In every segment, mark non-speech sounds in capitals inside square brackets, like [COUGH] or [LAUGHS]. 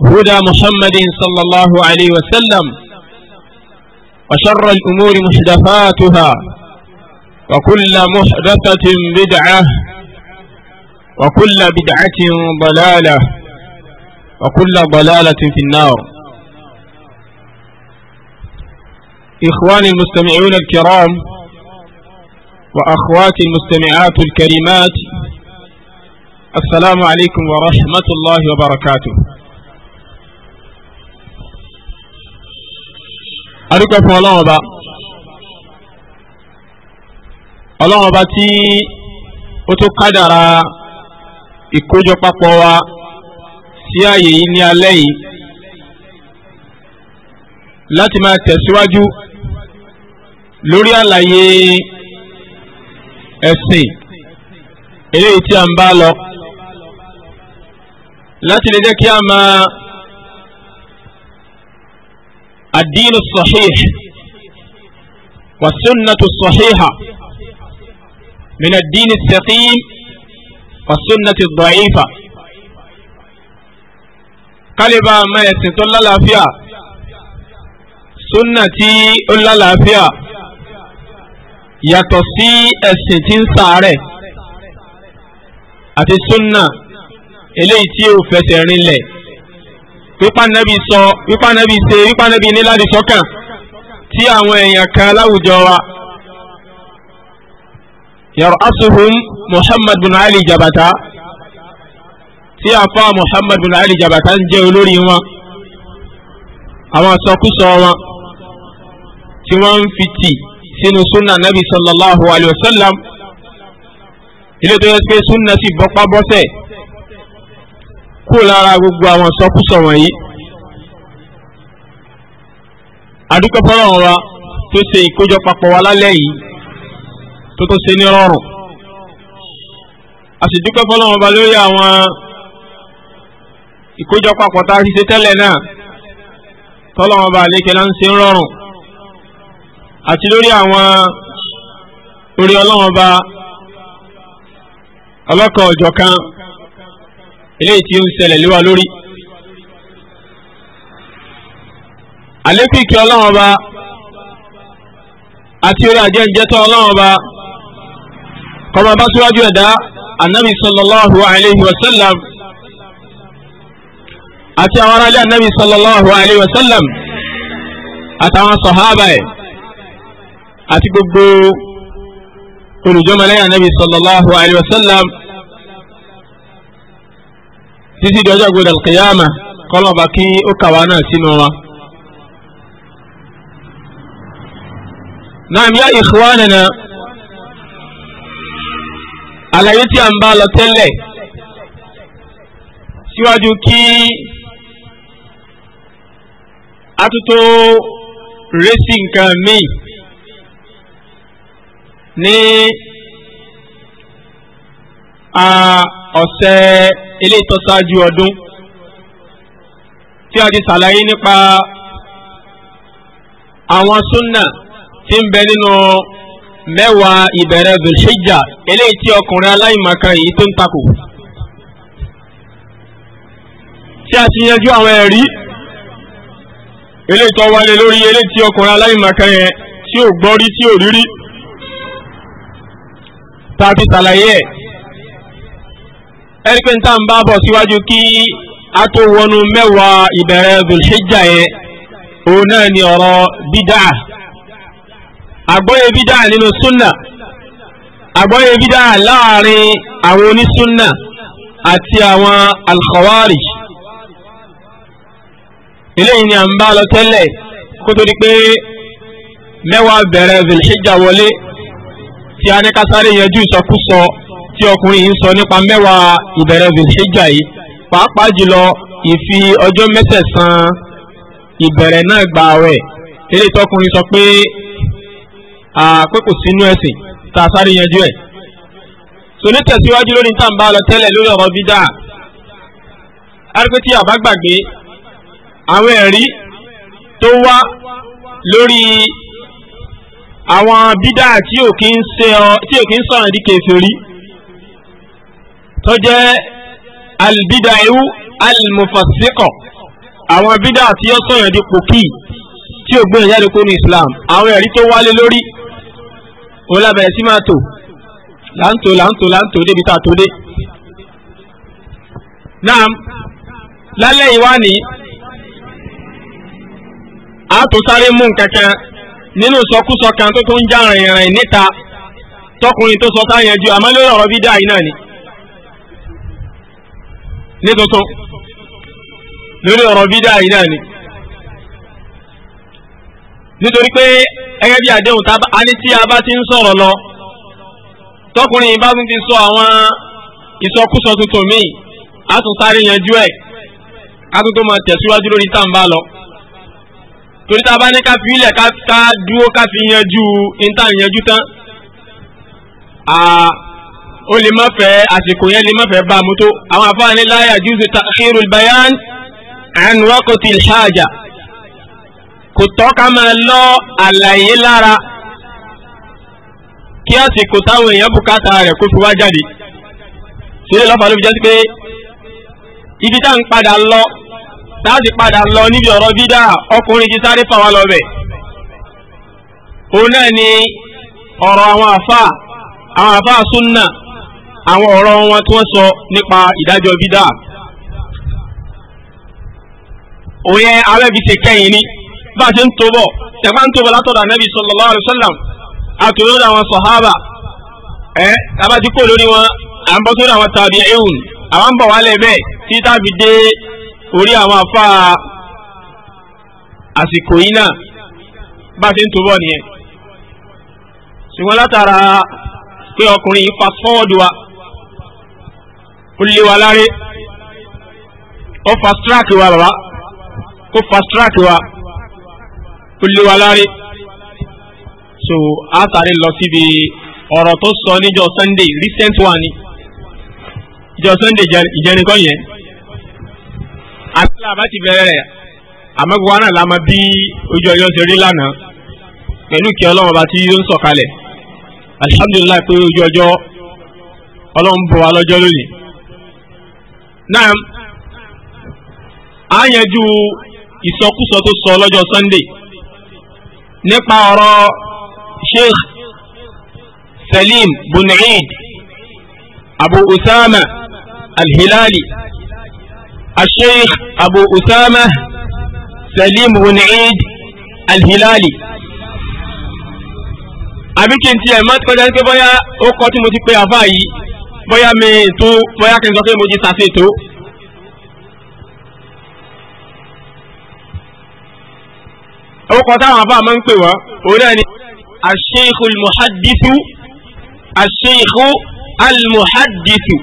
هدى محمد صلى الله عليه وسلم وشر الأمور محدثاتها وكل محدثة بدعة وكل بدعة ضلالة وكل ضلالة في النار إخواني المستمعون الكرام وأخواتي المستمعات الكريمات السلام عليكم ورحمة الله وبركاته adúpẹ́ fún ọlọ́run ọba ọlọ́run ọba tí ó tó kádàrá ìkójọpapọ̀ wa sí ààyè yìí ní alẹ́ yìí láti máa tẹ̀síwájú lórí àlàyé ẹ̀sìn eléyìí tí a ń bá lọ láti lè jẹ́ kí a máa. الدين الصحيح والسنة الصحيحة من الدين السقيم والسنة الضعيفة قلب ما يسنت الله لافيا sunnati ọlọ́láàfíà yàtọ̀ sí ẹ̀sìn tí ń ṣàárẹ̀ àti sunna eléyìí tí ó wípa nẹ́bí sọ wípa nẹ́bí ṣe wípa nẹ́bí ní láti sọ́kàn tí àwọn èèyàn kan láwùjọ wa yar'asuhum muhammad bin ali jabata tí àfa muhammad bin ali jabata ń jẹ́ olórí wọn àwọn sọkúsọ wọn tí wọ́n ń fi tì sínú sunna nabi sallallahu alayhi wa sallam ilé tó yẹ pé sunna sì bọ́pá bọ́sẹ̀ kúrò lára gbogbo àwọn sọkúsọ wọ̀nyí adúpẹ́ fọlọ́run wa tó ṣe ìkójọpapọ̀ wa lálẹ́ yìí tó tó ṣe ní rọrùn a sì dúpẹ́ fọlọ́run wa lórí àwọn ìkójọpapọ̀ tá a ti ṣe tẹ́lẹ̀ náà tọ́lọ́run wa àlékẹ́ náà ń ṣe ń rọrùn àti lórí àwọn orí ọlọ́run ọba ọlọ́kan ọ̀jọ̀kan eléyìí tí ó ń ṣẹlẹ̀ léwa lórí. àlékún ìkẹ́ ọlọ́run ọba àti orí àjẹ́ǹjẹ́tọ́ ọlọ́run ọba kọ́mọ bá síwájú ẹ̀dá anabi sallallahu alayhi wa sallam àti àwọn aráàlú anabi sallallahu alayhi wa sallam àtàwọn sọ̀hábà ẹ̀ àti gbogbo olùjọ́mọlẹ́yìn anabi sallallahu alayhi wa sallam títí di ọjọ́ gbọdọ̀ kìyàmà kọlọ́ba kí ó kà wá náà sínú wa. naam ya ikhwanana àlàyé tí a ń bá lọ tẹ́lẹ̀ síwájú kí atuto resi nǹkan míì ní ọ̀sẹ̀ eléyìítọ́ ṣáájú ọdún tí a ti ṣàlàyé nípa àwọn súnà tí ń bẹ nínú mẹ́wàá ìbẹ̀rẹ̀ zulhijja eléyìí tí ọkùnrin aláìmọ̀kan yìí tó ń takò tí a ti yanjú àwọn ẹ̀rí eléyìí tó wálé lórí eléyìí tí ọkùnrin aláìmọ̀kan yẹn tí ò gbọ́rí tí ò rírí tá a ti ṣàlàyé ẹ̀ ẹ̀ríkẹ́ níta ń bá bọ̀ síwájú kí a tó wọnú mẹ́wàá ìbẹ̀rẹ̀ zulhijja yẹn òun náà ni ọ̀rọ̀ bídà àgbọ́yé bídà nínú súnà àgbọ́yé bídà láàrin àwọn onísúnà àti àwọn alkhawari eléyìí ni à ń bá lọ tẹ́lẹ̀ kó di pé mẹ́wàá bẹ̀rẹ̀ zulhijja wọlé tí a ní ká sáré yanjú ìsọkúsọ. So tí ọkùnrin yìí ń sọ nípa mẹ́wàá ìbẹ̀rẹ̀ zulhijja yìí pàápàá jùlọ ìfi ọjọ́ mẹ́sẹ̀sán ìbẹ̀rẹ̀ náà gba àwẹ̀ eré tọkùnrin sọ pé pé sínú ẹ̀sìn tá a sáré yanjú ẹ̀. sòní tẹ̀síwájú lórí tá à ń bá lọ tẹ́lẹ̀ lórí ọ̀rọ̀ bídà arípẹ́tì àbágbàgbé àwọn ẹ̀rí tó wá lórí àwọn bídà tí ò kí ń sọ̀rọ̀ di kèfèrí tó jẹ́ albidayu almufasiqo àwọn bídà tí ó sọ̀yàn di pòkì tí ò gbóyàn jáde kúrò ní Islam àwọn ẹ̀rí tó wálé lórí òun lábẹ̀rẹ̀ sí máa tò láǹtò láǹtò láǹtò débi tá a tó dé. Naam lálẹ́ ìwá ni a tó sáré mú nǹkankan nínú sọkúsọ kan tó tó ń já rìnrìn níta tọkùnrin tó sọ sáyẹn ju àmọ́ lórí ọ̀rọ̀ bídà yìí náà ni ní tuntun lórí ọ̀rọ̀ bídà yìí náà ni nítorí pé ẹgẹ́ bí àdéhùn tá a ní tí a bá ti ń sọ̀rọ̀ lọ tọkùnrin bá tún ti sọ àwọn ìsọkúsọ tuntun míì a tún sáré yanjú ẹ̀ a tún tó máa tẹ̀síwájú lórí tá à ń bá lọ torí tá a bá ní ká fi ilẹ̀ ká dúró ká fi yanjú ní tá à ń yanjú tán ó lè má fẹ́ àsìkò yẹn lè má fẹ́ bá mu tó àwọn àfáàní la yajuzu ta'khirul bayan an waqtil haja kò tọ́ ká máa lọ àlàyé lára kí àsìkò táwọn èèyàn bùkátà rẹ̀ kó fi wá jáde sílẹ̀ lọ́fà ló fi jẹ́ pé ibi tá à ń padà lọ tá a sì padà lọ níbi ọ̀rọ̀ bídà ọkùnrin ti sáré fà wá lọ bẹ̀ òun náà ni ọ̀rọ̀ àwọn àfáà àwọn àfáà súnà àwọn ọ̀rọ̀ wọn tí wọ́n sọ nípa ìdájọ́ bídà òye abẹ́bíṣe kẹ́yìn ni bá a ṣe ń tó tẹ̀fà ń tó látọ̀dọ̀ ànábì sallallahu alaihi wasallam àtòlódà àwọn sọ̀hábà ẹ̀ abájú kò lórí wọn à ń bọ́ sórí àwọn tàbí ẹ̀hùn àwọn ń bọ̀ wálẹ̀ bẹ́ẹ̀ tí tábì dé orí àwọn afá àsìkò yìí náà bá a ṣe ń tó nìyẹn ṣùgbọ́n látara pé ọkùnrin yìí fast forward wa ó lé wa láré ó fast track wa bàbá kó fast wa ó lé so a sáré lọ síbi ọ̀rọ̀ tó sọ níjọ́ Sunday recent one ni Sunday ìjẹnikọ́ yẹn àti làbá ti bẹ̀rẹ̀ rẹ̀ àmọ́ gbogbo náà la mọ bí ojú ọjọ́ ṣe rí lánàá pẹ̀lú kí ọlọ́run bá ti ó ń sọ̀kalẹ̀ alihamudulilayi pé ojú ọjọ́ ọlọ́run bọ̀ wá lọ́jọ́ lónìí náà á yanjú ìsọkúsọ tó sọ lọ́jọ́ Sunday nípa ọ̀rọ̀ Sheikh Salim bin Abu Usama al-Hilali al-Sheikh Abu Usama Salim bin Eid al-Hilali àbí kí n tiẹ̀ má tọ́jà ní pé bóyá ó kọ́ tí mo ti pe àfáà yìí bóyá mi tún bóyá kí n sọ pé mo ti ṣàfihàn tó. orúkọ táwọn afá máa ń pè wọ́n òun náà ni aṣèkú almuhadisu aṣèkú almuhadisu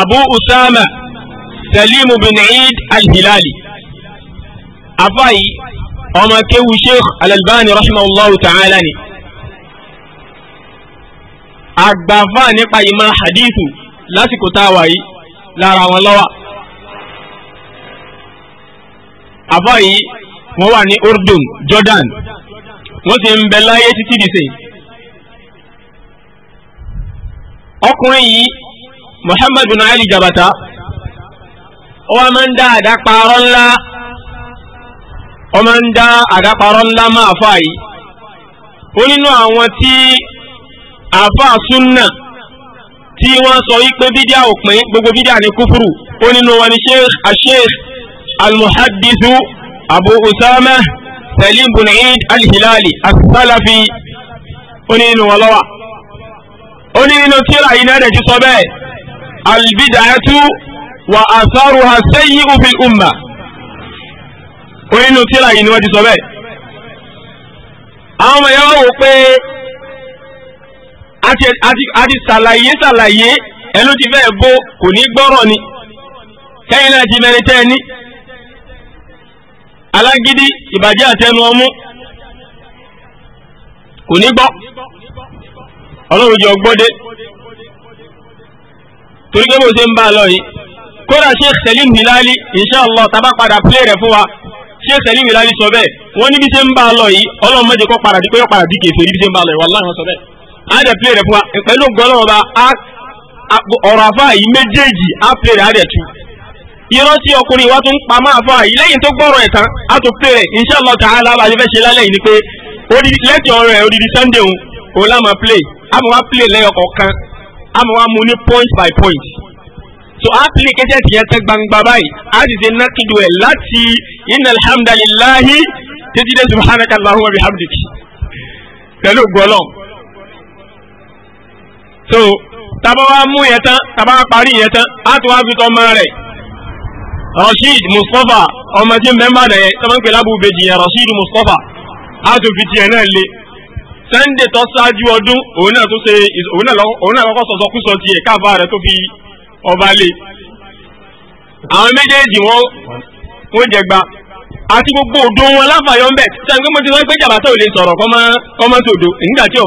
abu usama salim bin eid alhilali afá yìí ọmọ kéwu sheikh alalbani rahimahullahu ta'ala ni àgbàfà nípa ìmọ̀ hadithu lásìkò tá a wà yìí lára wọn lọ́wọ́ àfà yìí wọ́n wà ní Urdun Jordan wọ́n ti ń bẹ láyé títí dìse ọkùnrin yìí Muhammad bin Ali Jabata ó wá máa ń dá àdáparọ́ ńlá ó máa ń dá àdáparọ́ ńlá máa fà yìí ó nínú àwọn tí àfáà súnà tí wọ́n sọ wípé bídíà òpin gbogbo bídíà ní kúfúrù ó nínú wọn ni sheikh asheikh almuhaddisu abu usama salim bin eid alhilali asalafi ó nínú wọn lọ́wọ́ ó nínú tíra yìí náà ti sọ bẹ́ẹ̀ albidayatu wa asaruha sayyi'u fil umma ó nínú tíra yìí ni wọ́n ti sọ bẹ́ẹ̀ àwọn ọmọ yẹn wọ́n wò pé. a ti ṣàlàyé ṣàlàyé ẹnu ti fẹ́ bó kò ní gbọ́rọ̀ ni kẹ́yìn náà ti mẹ́rin tẹ́ ní alágídí ìbàjẹ́ àtẹnu ọmú kò ní gbọ́ ọlọ́run torí pé bó ṣe ń bá a lọ yìí kódà pleere Salim Hilali inshallah tábà padà pílẹ̀ rẹ̀ fún wa sọ bẹ́ẹ̀ wọ́n ní ṣe ń bá a lọ yìí ọlọ́run àádẹ play rẹ fún wa pẹ̀lú gbọ́dọ̀ ọba ọ̀rọ̀ àfa yìí méjèèjì á play rẹ àádẹ tu irọ́ tí ọkùnrin wa tún pa máa fa yìí lẹ́yìn tó gbọ́rọ̀ ẹ̀ tán á tún play rẹ inshallah ta'ala bá a ṣe fẹ́ ṣe lálẹ́ yìí ni pé lẹ́tì ọ̀rọ̀ ẹ̀ odidi sunday òun òun láà máa play á máa wá play lẹ́yọ kọ̀ọ̀kan á máa wá mu ní point by point so application tiẹ̀ tẹ́ gbangba báyìí a ti ṣe nákìdù ẹ̀ láti inna alhamdulillahi títí dé subhanaka allahumma bihamdiki pẹ̀lú gbọ́lọ́m so tàbá wa mú yẹn tán tàbá wa parí yẹn tán á tún wá fi tọ́ ọmọ rẹ̀ Rasheed Mustapha ọmọ tí mẹ́mbà rẹ̀ tọ́mọ́ ń pè lábúbejì yẹn Rasheed Mustapha á tún fi tiẹ̀ náà le Sunday tó ṣáájú ọdún òun náà tún ṣe òun náà kọ́kọ́ sọ̀sọ́ kú sọ tiẹ̀ káfá rẹ̀ tó fi ọba lé àwọn méjèèjì wọn wọ́n jẹ gba àti gbogbo òdo wọn láfàyọ́ ń bẹ̀ sẹ́ńgbẹ́mọ́tì wọn gbé jàbátà ò lè sọ̀rọ̀ kọ́mọ́tò òdo nígbà tí ò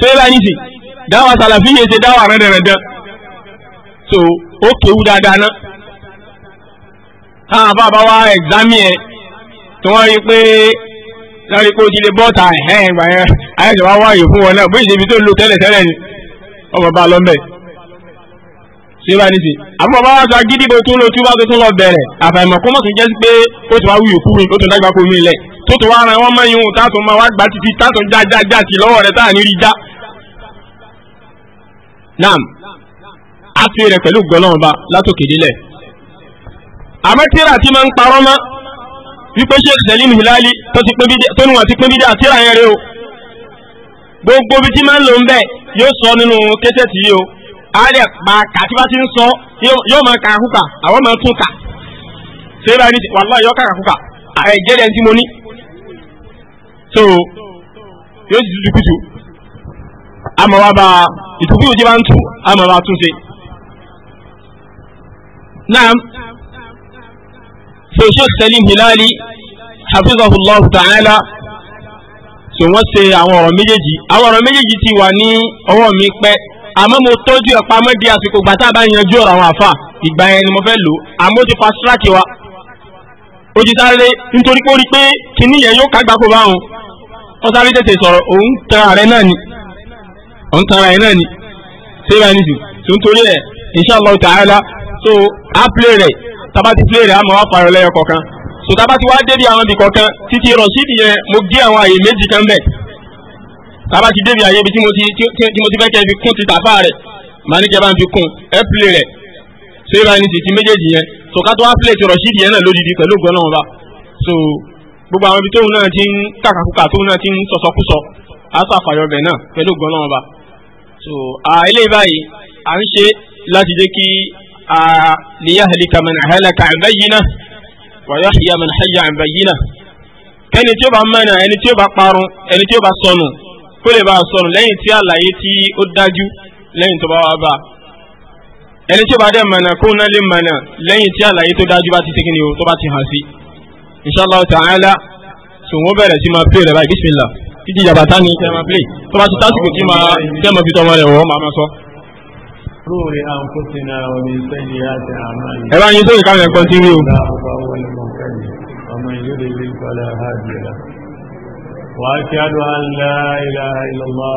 so yẹ bá ní sìn dáwà sàlàfí yẹ ṣe dáwà rẹ́dẹ̀rẹ́dẹ́ so ó kéwú dáadáa ná táwọn afáàbá wa ẹ̀gzámì ẹ̀ tí wọ́n rí pé lórí pé o ti lè bọ́ta ẹ̀hẹ́ ìgbà yẹn ayẹ̀sẹ̀ wá wáyé fún wọn náà bó ìṣèbí tó lò tẹ́lẹ̀tẹ́lẹ̀ ni ọmọ bá lọ mbẹ́ ṣé bá ní sí àmọ́ bá wá sọ agídí bó tún lọ tún bá tó tún lọ bẹ̀rẹ̀ àfàìmọ̀ kó mọ̀ tún jẹ́ pé ó ti wá wúyò kú mi ó tún dágbà kú mi lẹ̀ tó tó wá ara wọn mẹ́yìn òun táàtò máa wá gbà títí táàtò jájájá sí lọ́wọ́ rẹ̀ táà ní rí já. naam a rẹ̀ pẹ̀lú gbọ́lọ́mọba látòkè délẹ̀. àmọ́ ti máa ń parọ́ mọ́ wípé Sheikh Salim Hilali tó ní wọ́n ti pín bídí àtíra yẹn rẹ o. gbogbo bí tí máa ń lò ń bẹ̀ yóò sọ nínú kẹ́sẹ̀tì yìí o. àárẹ̀ máa kà tí bá ti ń sọ yóò máa kà kúkà àwọn máa tún kà. sèrè àyè wàlúwà yóò kà kúkà àyè jẹ́rẹ̀ mo ní so yóò di dúdú kùtù àmọ́ wa bá ìtùkú yóò jẹ́ bá ń tù àmọ́ wa tún ṣe. naam so sheikh salim hilali hafizahu allah ta'ala so wọ́n ṣe àwọn ọ̀rọ̀ méjèèjì àwọn ọ̀rọ̀ méjèèjì ti wà ní ọwọ́ mi pẹ́ àmọ́ mo tọ́jú ẹ̀ pamọ́ di àsìkò gbàtà bá yanjú ọ̀rọ̀ àwọn àfà ìgbà yẹn ni mo fẹ́ lò àmọ́ ti fa síráàkì wa ó ti sáré nítorí pé ó rí pé kinní yẹn yóò kágbá kó bá wọn ó sáré tètè sọ̀rọ̀ òun tan ààrẹ náà ni òun tan ààrẹ náà ni ṣé bá nìsí tó ń torí ẹ̀ insha Allah ta'ala so á plé rẹ̀ tábà ti plé rẹ̀ á mọ̀ wá parọ́ lẹ́yọ kọ̀ọ̀kan so tábà ti wá débi àwọn ibì kọ̀ọ̀kan títí rọ̀ṣídì yẹn mo gé àwọn àyè méjì kan bẹ̀ tábà ti débi àyè ibi tí mo ti fẹ́ kẹ́ fi kún ti tàfà rẹ̀ màá ní kẹ́ bá ń fi kún ẹ́ plé rẹ̀ so yíba ní títí méjèèjì yẹn so ká tó wá plate rọ̀ṣídì yẹn náà lódìdí pẹ̀lú ògbọ́n náà bá so gbogbo àwọn ibi tóun náà ti ń kàkàkùkà tóun náà ti ń sọ̀sọ̀kùsọ̀ àtàfàyọ̀ bẹ̀ náà pẹ̀lú ògbọ́n náà bá so ilé báyìí à ń ṣe láti jẹ́ kí liyahlika man halaka an bayyina wa yahya man hayya an bayyina ẹni tí ó bá mẹ́nà ẹni tí ó bá parun ẹni tí ó bá sọnù kó lè bá sọnù lẹ́yìn tí àlàyé tí ó dájú lẹ́yìn tó bá wá bá a ẹni tí ó bá dẹ̀ mọ̀nà kó náà lè mọ̀nà lẹ́yìn tí àlàyé tó dájú bá ti ṣe kíni o tó bá ti hàn sí inshallah ta'ala sùn wọ́n bẹ̀rẹ̀ sí máa pèrè báyìí bismillah títí ìjàmbá tá ní kẹ́ máa pèrè tó bá ti tásìkò tí máa kẹ́ máa fi tọ́ ọmọ rẹ̀ wọ́n máa máa sọ. ẹ̀rọ anyin sóyè káwọn ẹ̀kọ́ sí rí o. وأشهد أن لا إله إلا الله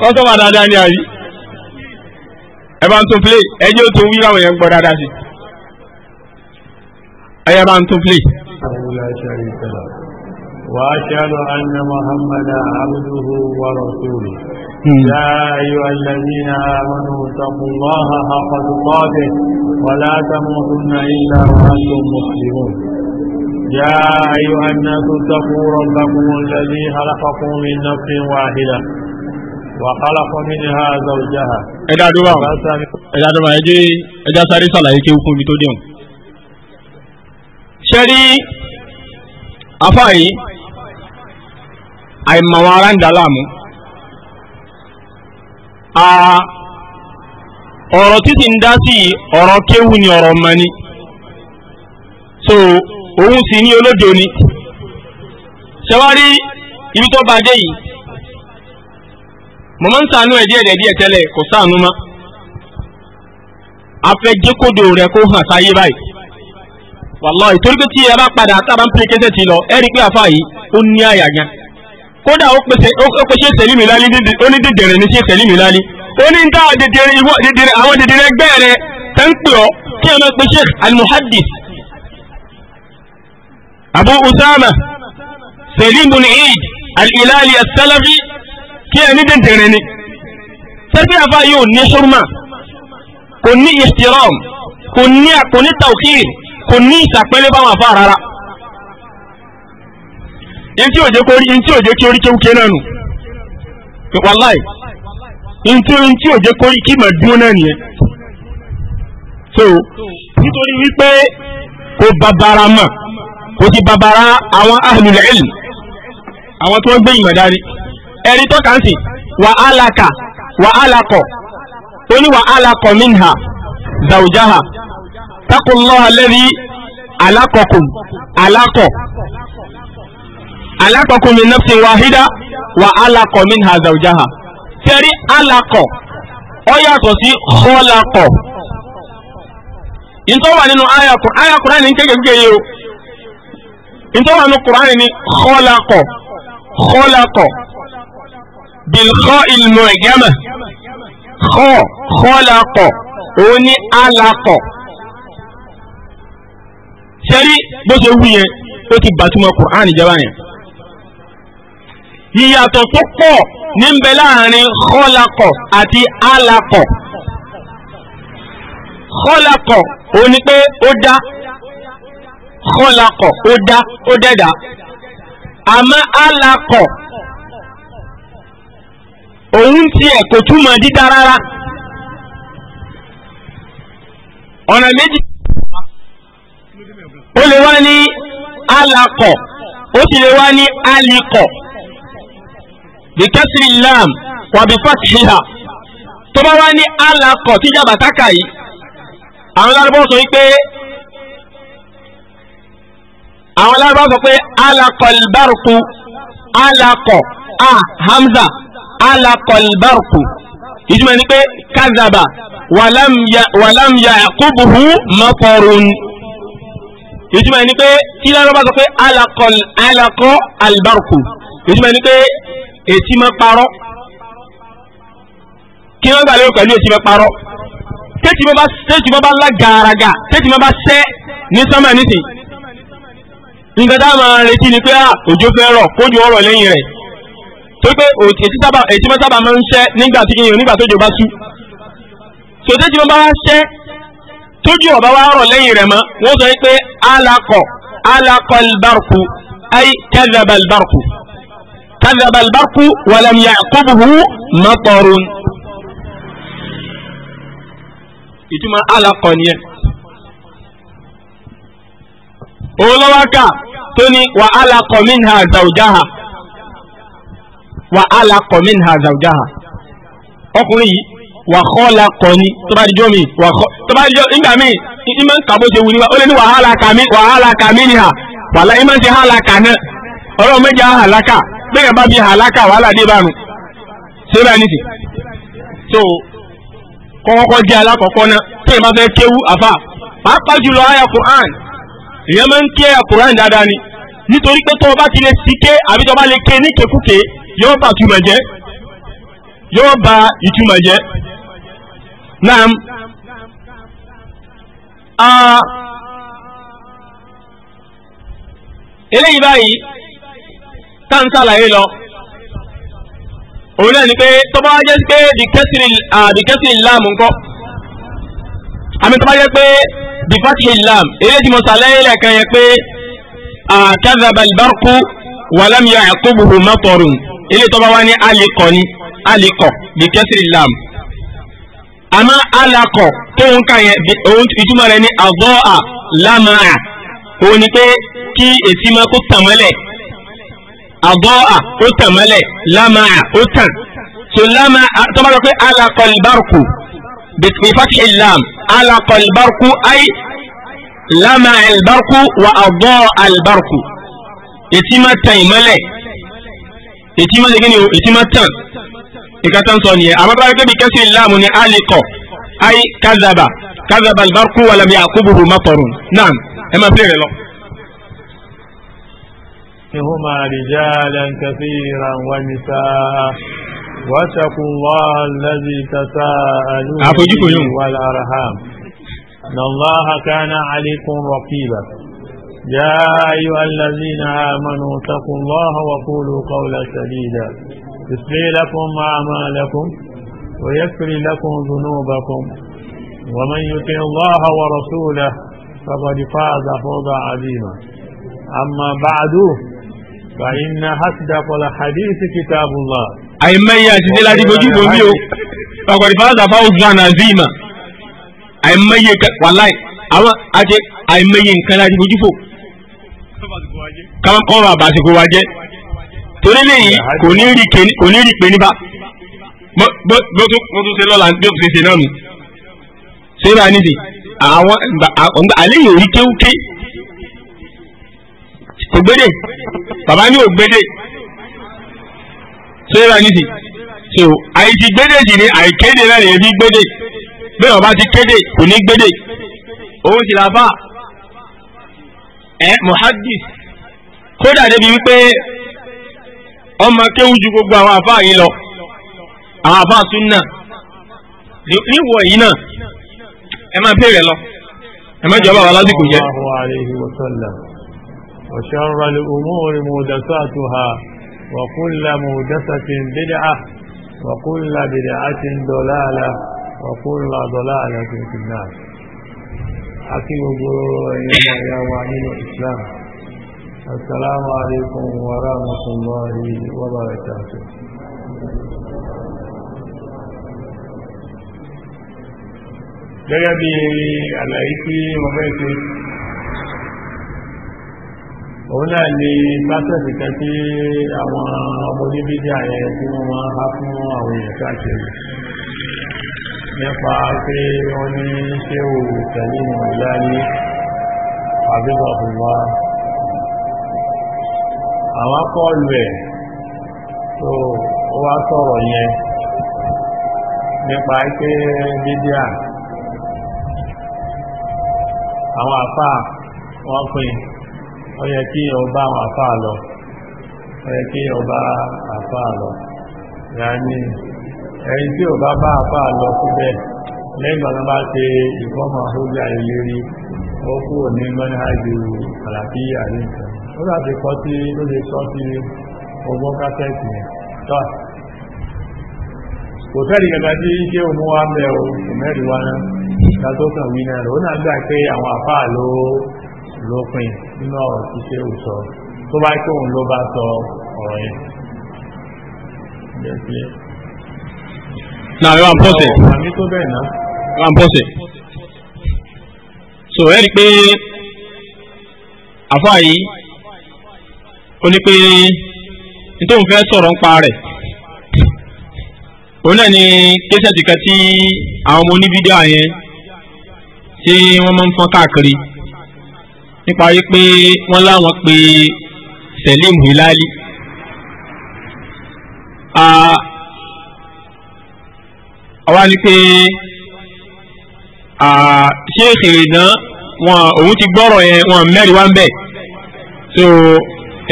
kọ́sọ́mà dáadáa ni àyí ẹ bá ń tún play ẹjẹ́ ó tún wí láwọn yẹn ń gbọ́ dáadáa sí ẹyẹ bá ń tún play. وأشهد أن محمدا عبده ورسوله يا أيها الذين آمنوا اتقوا الله حق تقاته ولا تموتن إلا وأنتم مسلمون يا أيها الناس اتقوا ربكم الذي خلقكم من نفس واحدة وخلق منها زوجها إذا دعوا إذا دعوا يجي إذا ساري صلاة يكي وكم يتوديون شري أفاي أي مواران دلامو آه ọ̀rọ̀ títí ń dá sí ọ̀rọ̀ kéwù ni ọ̀rọ̀ mọ́ so òun sì ní olódò ni ṣẹwárí ibi tó bá dé yìí mọ̀mọ́ ń sànú ẹ̀ díẹ̀ díẹ̀ tẹ́lẹ̀ kò sànú mọ́ afẹ́jẹ́kọ̀dọ̀ rẹ̀ kó hàn sáyé báyìí wàláhì torí pé tí ẹ bá padà tábà ń pè kẹsẹ̀ ti lọ ẹ rí i pé àfa yìí ó ní àyà gan kódà ó pèsè ṣẹ̀lí mi lálé ó ní dìdẹ̀rẹ̀ ní ṣẹ̀lí mi lálé ó ní dá àwọn dìdẹ̀rẹ̀ ẹgbẹ́ rẹ̀ tẹ́ ń pè ọ́ kí ẹ máa pe Sheikh al-Muhaddith abu usama selim bin eid al-ilali as-salafi kí ẹni dẹ̀dẹ̀rẹ̀ ni sẹ́fí àbá yóò ní ṣúrmà kò ní ihtiram kò ní kò ní tawqir kò ní ìsàpẹ́lẹ́ báwọn afá rárá ntí òjé kórí ntí òjé kí orí kéwúké náà nù wàláì ntí ntí òjé kórí kí mà dúró náà nìyẹn so nítorí wípé kò bàbàrà mà kò ti bàbàrà àwọn ahlul ilm àwọn tí wọ́n gbé ìmọ̀ dání ẹ̀rí tọ́ka sí wà á laka wà á lakọ̀ ó ní wà á lakọ̀ minha zawjaha taqullaha alladhi alaqakum alaqo alaqakum min nafsin wahida wà á lakọ̀ minha zawjaha tẹ́rí yàtọ̀ sí khalaqo ìtọ́wà nínú ayakùn ayakùn láì ní kékeré yìí o nítorí àwọn kùránì ni kọ́lákọ̀ kọ́lákọ̀ bilkọ́ ilmọ̀ ìgámà kọ́ kọ́lákọ̀ òun ní alakọ̀ sẹ́rí bó ṣe wú yẹn ó ti bàtúmọ̀ kùránì jẹ́ báyẹn ìyàtọ̀ tó pọ̀ ní ń bẹ láàrin àti alakọ̀ kọ́lákọ̀ òun pé ó dá kọ́lákọ̀ ó dá ó dẹ́dà àmọ́ alákọ̀ òun tiẹ̀ kò túmọ̀ dídá rárá ọ̀nà méjì ó lè wá ní alakọ̀ ó sì lè wá ní alikọ̀ bìkẹ́sì lam wàbí fàtìhà tó bá wá ní alakọ̀ tíjà bàtàkà yìí àwọn lárúbọ̀ sọ wípé àwọn alábàá sọ pé alakọlbarku alakọ a hamza alakọlbarku ìjùmọ̀ ni pé kazaba wàlám yaqubuhu matarun ìjùmọ̀ ni pé kí lárúbá sọ pé alakọl alakọ albarku ìjùmọ̀ ni pé èsì máa parọ́ kí wọ́n gbà lérò pẹ̀lú èsì máa parọ́ tẹ́tì máa bá lágàáràgà tẹ́tì máa bá sẹ́ ní sọ́mà nísìnyí nǹkan tá a máa retí ni pé ah, òjò fẹ́ rọ̀ kójú ọ̀rọ̀ lẹ́yìn rẹ̀ tó pé ètí sábà ètí máa sábà máa ń ṣẹ́ nígbà tí kìnìún nígbà tójò bá sú sòtẹ́ tí wọ́n bá ṣẹ́ tójú ọ̀bá wa rọ̀ lẹ́yìn rẹ̀ mọ́ wọ́n sọ pé alakọ̀ alakọ̀ albarku ay kadhaba albarku kadhaba albarku walam ya'qubhu matarun ìtumọ̀ alakọ̀ nìyẹn. olówó ká tó ní wà á la kọ̀ minha zawjaha wà á la kọ̀ minha zawjaha ọkùnrin yìí wà kọ́ la kọ̀ ni tó bá dijọ́ mi wà kọ́ tó bá dijọ́ nígbà míì ìmọ̀ ń kàbó ṣe wù wa ó lé ní wàhálà kàmí wàhálà kàmí ni hà wàhálà ìmọ̀ ń ṣe hàlà náà ọlọ́run méjì á bẹ́ẹ̀ bá bí hàlákà wàhálà dé bánu ṣé bá nìsí. so kọ́kọ́kọ́ jẹ́ alákọ̀ọ́kọ́ náà tí ìbá fẹ́ kéwú àfà pàápàá jùlọ àyà Qur'an èèyàn máa ń ké àkùrán dáadáa ni nítorí pé tó o bá ti lè si ké àbí tó o bá lè ké ní kékúké yóò bà túmọ̀ jẹ́ yóò bà ìtumọ̀ jẹ́ náà a eléyìí báyìí tá n ṣàlàyé lọ òun náà ni pé tó bá jẹ́ pé bìkẹ́sìrì láàmù ńkọ́ àmì tó bá jẹ́ pé bifatihi lam eléyìí tí mo sàlàyé lẹ́ẹ̀kan yẹn pé kadhaba al-barqu wa lam ya'qubuhu matarun eléyìí tó bá wá ní alikọ ni alikọ bi kasri lam àmọ́ alakọ tó ń kà yẹn òun ìtumọ̀ rẹ̀ ní àbọ́à lámàá òun ni pé kí èsì máa kó tàn mọ́lẹ̀ ó tàn mọ́lẹ̀ ó tàn so lámàá tó bá lọ pé alakọ al بفتح اللام علق البرق أي لمع البرق وأضاء البرق ìtìmá tan ìmọ́lẹ̀ ìtìmá ṣe kíni o ìtìmá tan ìkàtà ń sọ nìyẹn àbábá rẹ bẹ́bí kẹ́sì láàmù ni alikọ ayi kazaba kazaba albarku walami akubuhu mataru naam ẹ máa fi rẹ lọ. ihuma rijalan kathiran wa nisaa. واتقوا الله الذي تساءلون به والأرحام إن الله كان عليكم رقيبا يا أيها الذين آمنوا اتقوا الله وقولوا قولا سديدا يصلي لكم أعمالكم ويكفر لكم ذنوبكم ومن يطع الله ورسوله فقد فاز فوزا عظيما أما بعد فإن أصدق الحديث كتاب الله àìmọye àṣìṣe láti fojú bò mí o ọkọ̀dì fáwọn àfáwò gbọ́n àzìmà àìmọye wàláì àwọn àti àìmọye nǹkan láti fojú fò káwọn kọ́ bàbá àsìkò wa jẹ́ torí lèyìn kò ní rí pé níbà bó tún ṣe lọ́la bí ó ti se náà nù ṣé bá nídìí àwọn àléyìn orí kéwúké kò gbédè bàbá ní ògbédè ṣé bá ní sí so àìsí gbédèjì ni àìkéde náà lè fi gbédè bẹ́ẹ̀ ọba ti kéde kò ní gbédè òun sì làbá ẹ muhaddis kódà débi wípé ọmọ kéwú ju gbogbo àwọn àfáà yìí lọ àwọn àfáà tún náà yìí náà ẹ máa bèèrè lọ ẹ má jọba wà lásìkò jẹ. wa sharral umuri muhdathatuha. وكل مودثة بدعة وكل بدعة ضلالة وكل ضلالة في النار أكيد إلى يوانين الإسلام السلام عليكم ورحمة الله وبركاته gẹ́gẹ́ bí àlàyé tí wọ́n fẹ́ ṣe òun náà ni pásẹ̀sì kan tí àwọn ọmọ oníbídíà yẹn tí wọ́n máa há fún àwọn èèyàn káàkiri nípa pé wọ́n ní ṣé ò tẹ̀lé ìmọ̀lá ní àbíbọ̀ àwọn akọ́ọ̀lù ẹ̀ tó wá sọ̀rọ̀ yẹn nípa pé bídíà àwọn àfáà wọ́n pín ó yẹ kí ọba àwọn àfáà lọ ó yẹ kí ọba àfáà lọ yàní ẹ̀yí tí ọba bá àfáà lọ síbẹ̀ lẹ́gbàá bá ṣe ìfọ́mọ̀ àhójá ìlérí ó kúrò ní mọ́níhájú àlàáfíà ní ìtàn ó láti kọ́ sí ló lè sọ sí ọgbọ́n kásẹ̀tì tọ́ kò fẹ́rì gẹ́gẹ́ tí ń ṣe òmúwá mẹ́ o kò mẹ́rin wá náà ìgbà tó kàn wí náà lò ó náà gbà pé àwọn àfáà ló lópin nínú ọ̀rọ̀ tí ṣe ò sọ tó bá kí òun ló bá sọ ọ̀rọ̀ yẹn. Now you are important. Àmì tó bẹ́ẹ̀ náà. You are important. So ẹ rí i pé àfáà yìí ó ní pé nítorí òun fẹ́ sọ̀rọ̀ nípa rẹ̀ òun náà ni kéṣẹ́tì kan tí àwọn ọmọ onífídíò yẹn tí wọ́n máa ń fọ́n káàkiri nípa wípé wọ́n láwọn pe Selim Hilali àwa ni pé ṣé èsèrè náà wọn òun ti gbọ́rọ̀ yẹn wọn mẹ́rin wá ń bẹ̀ so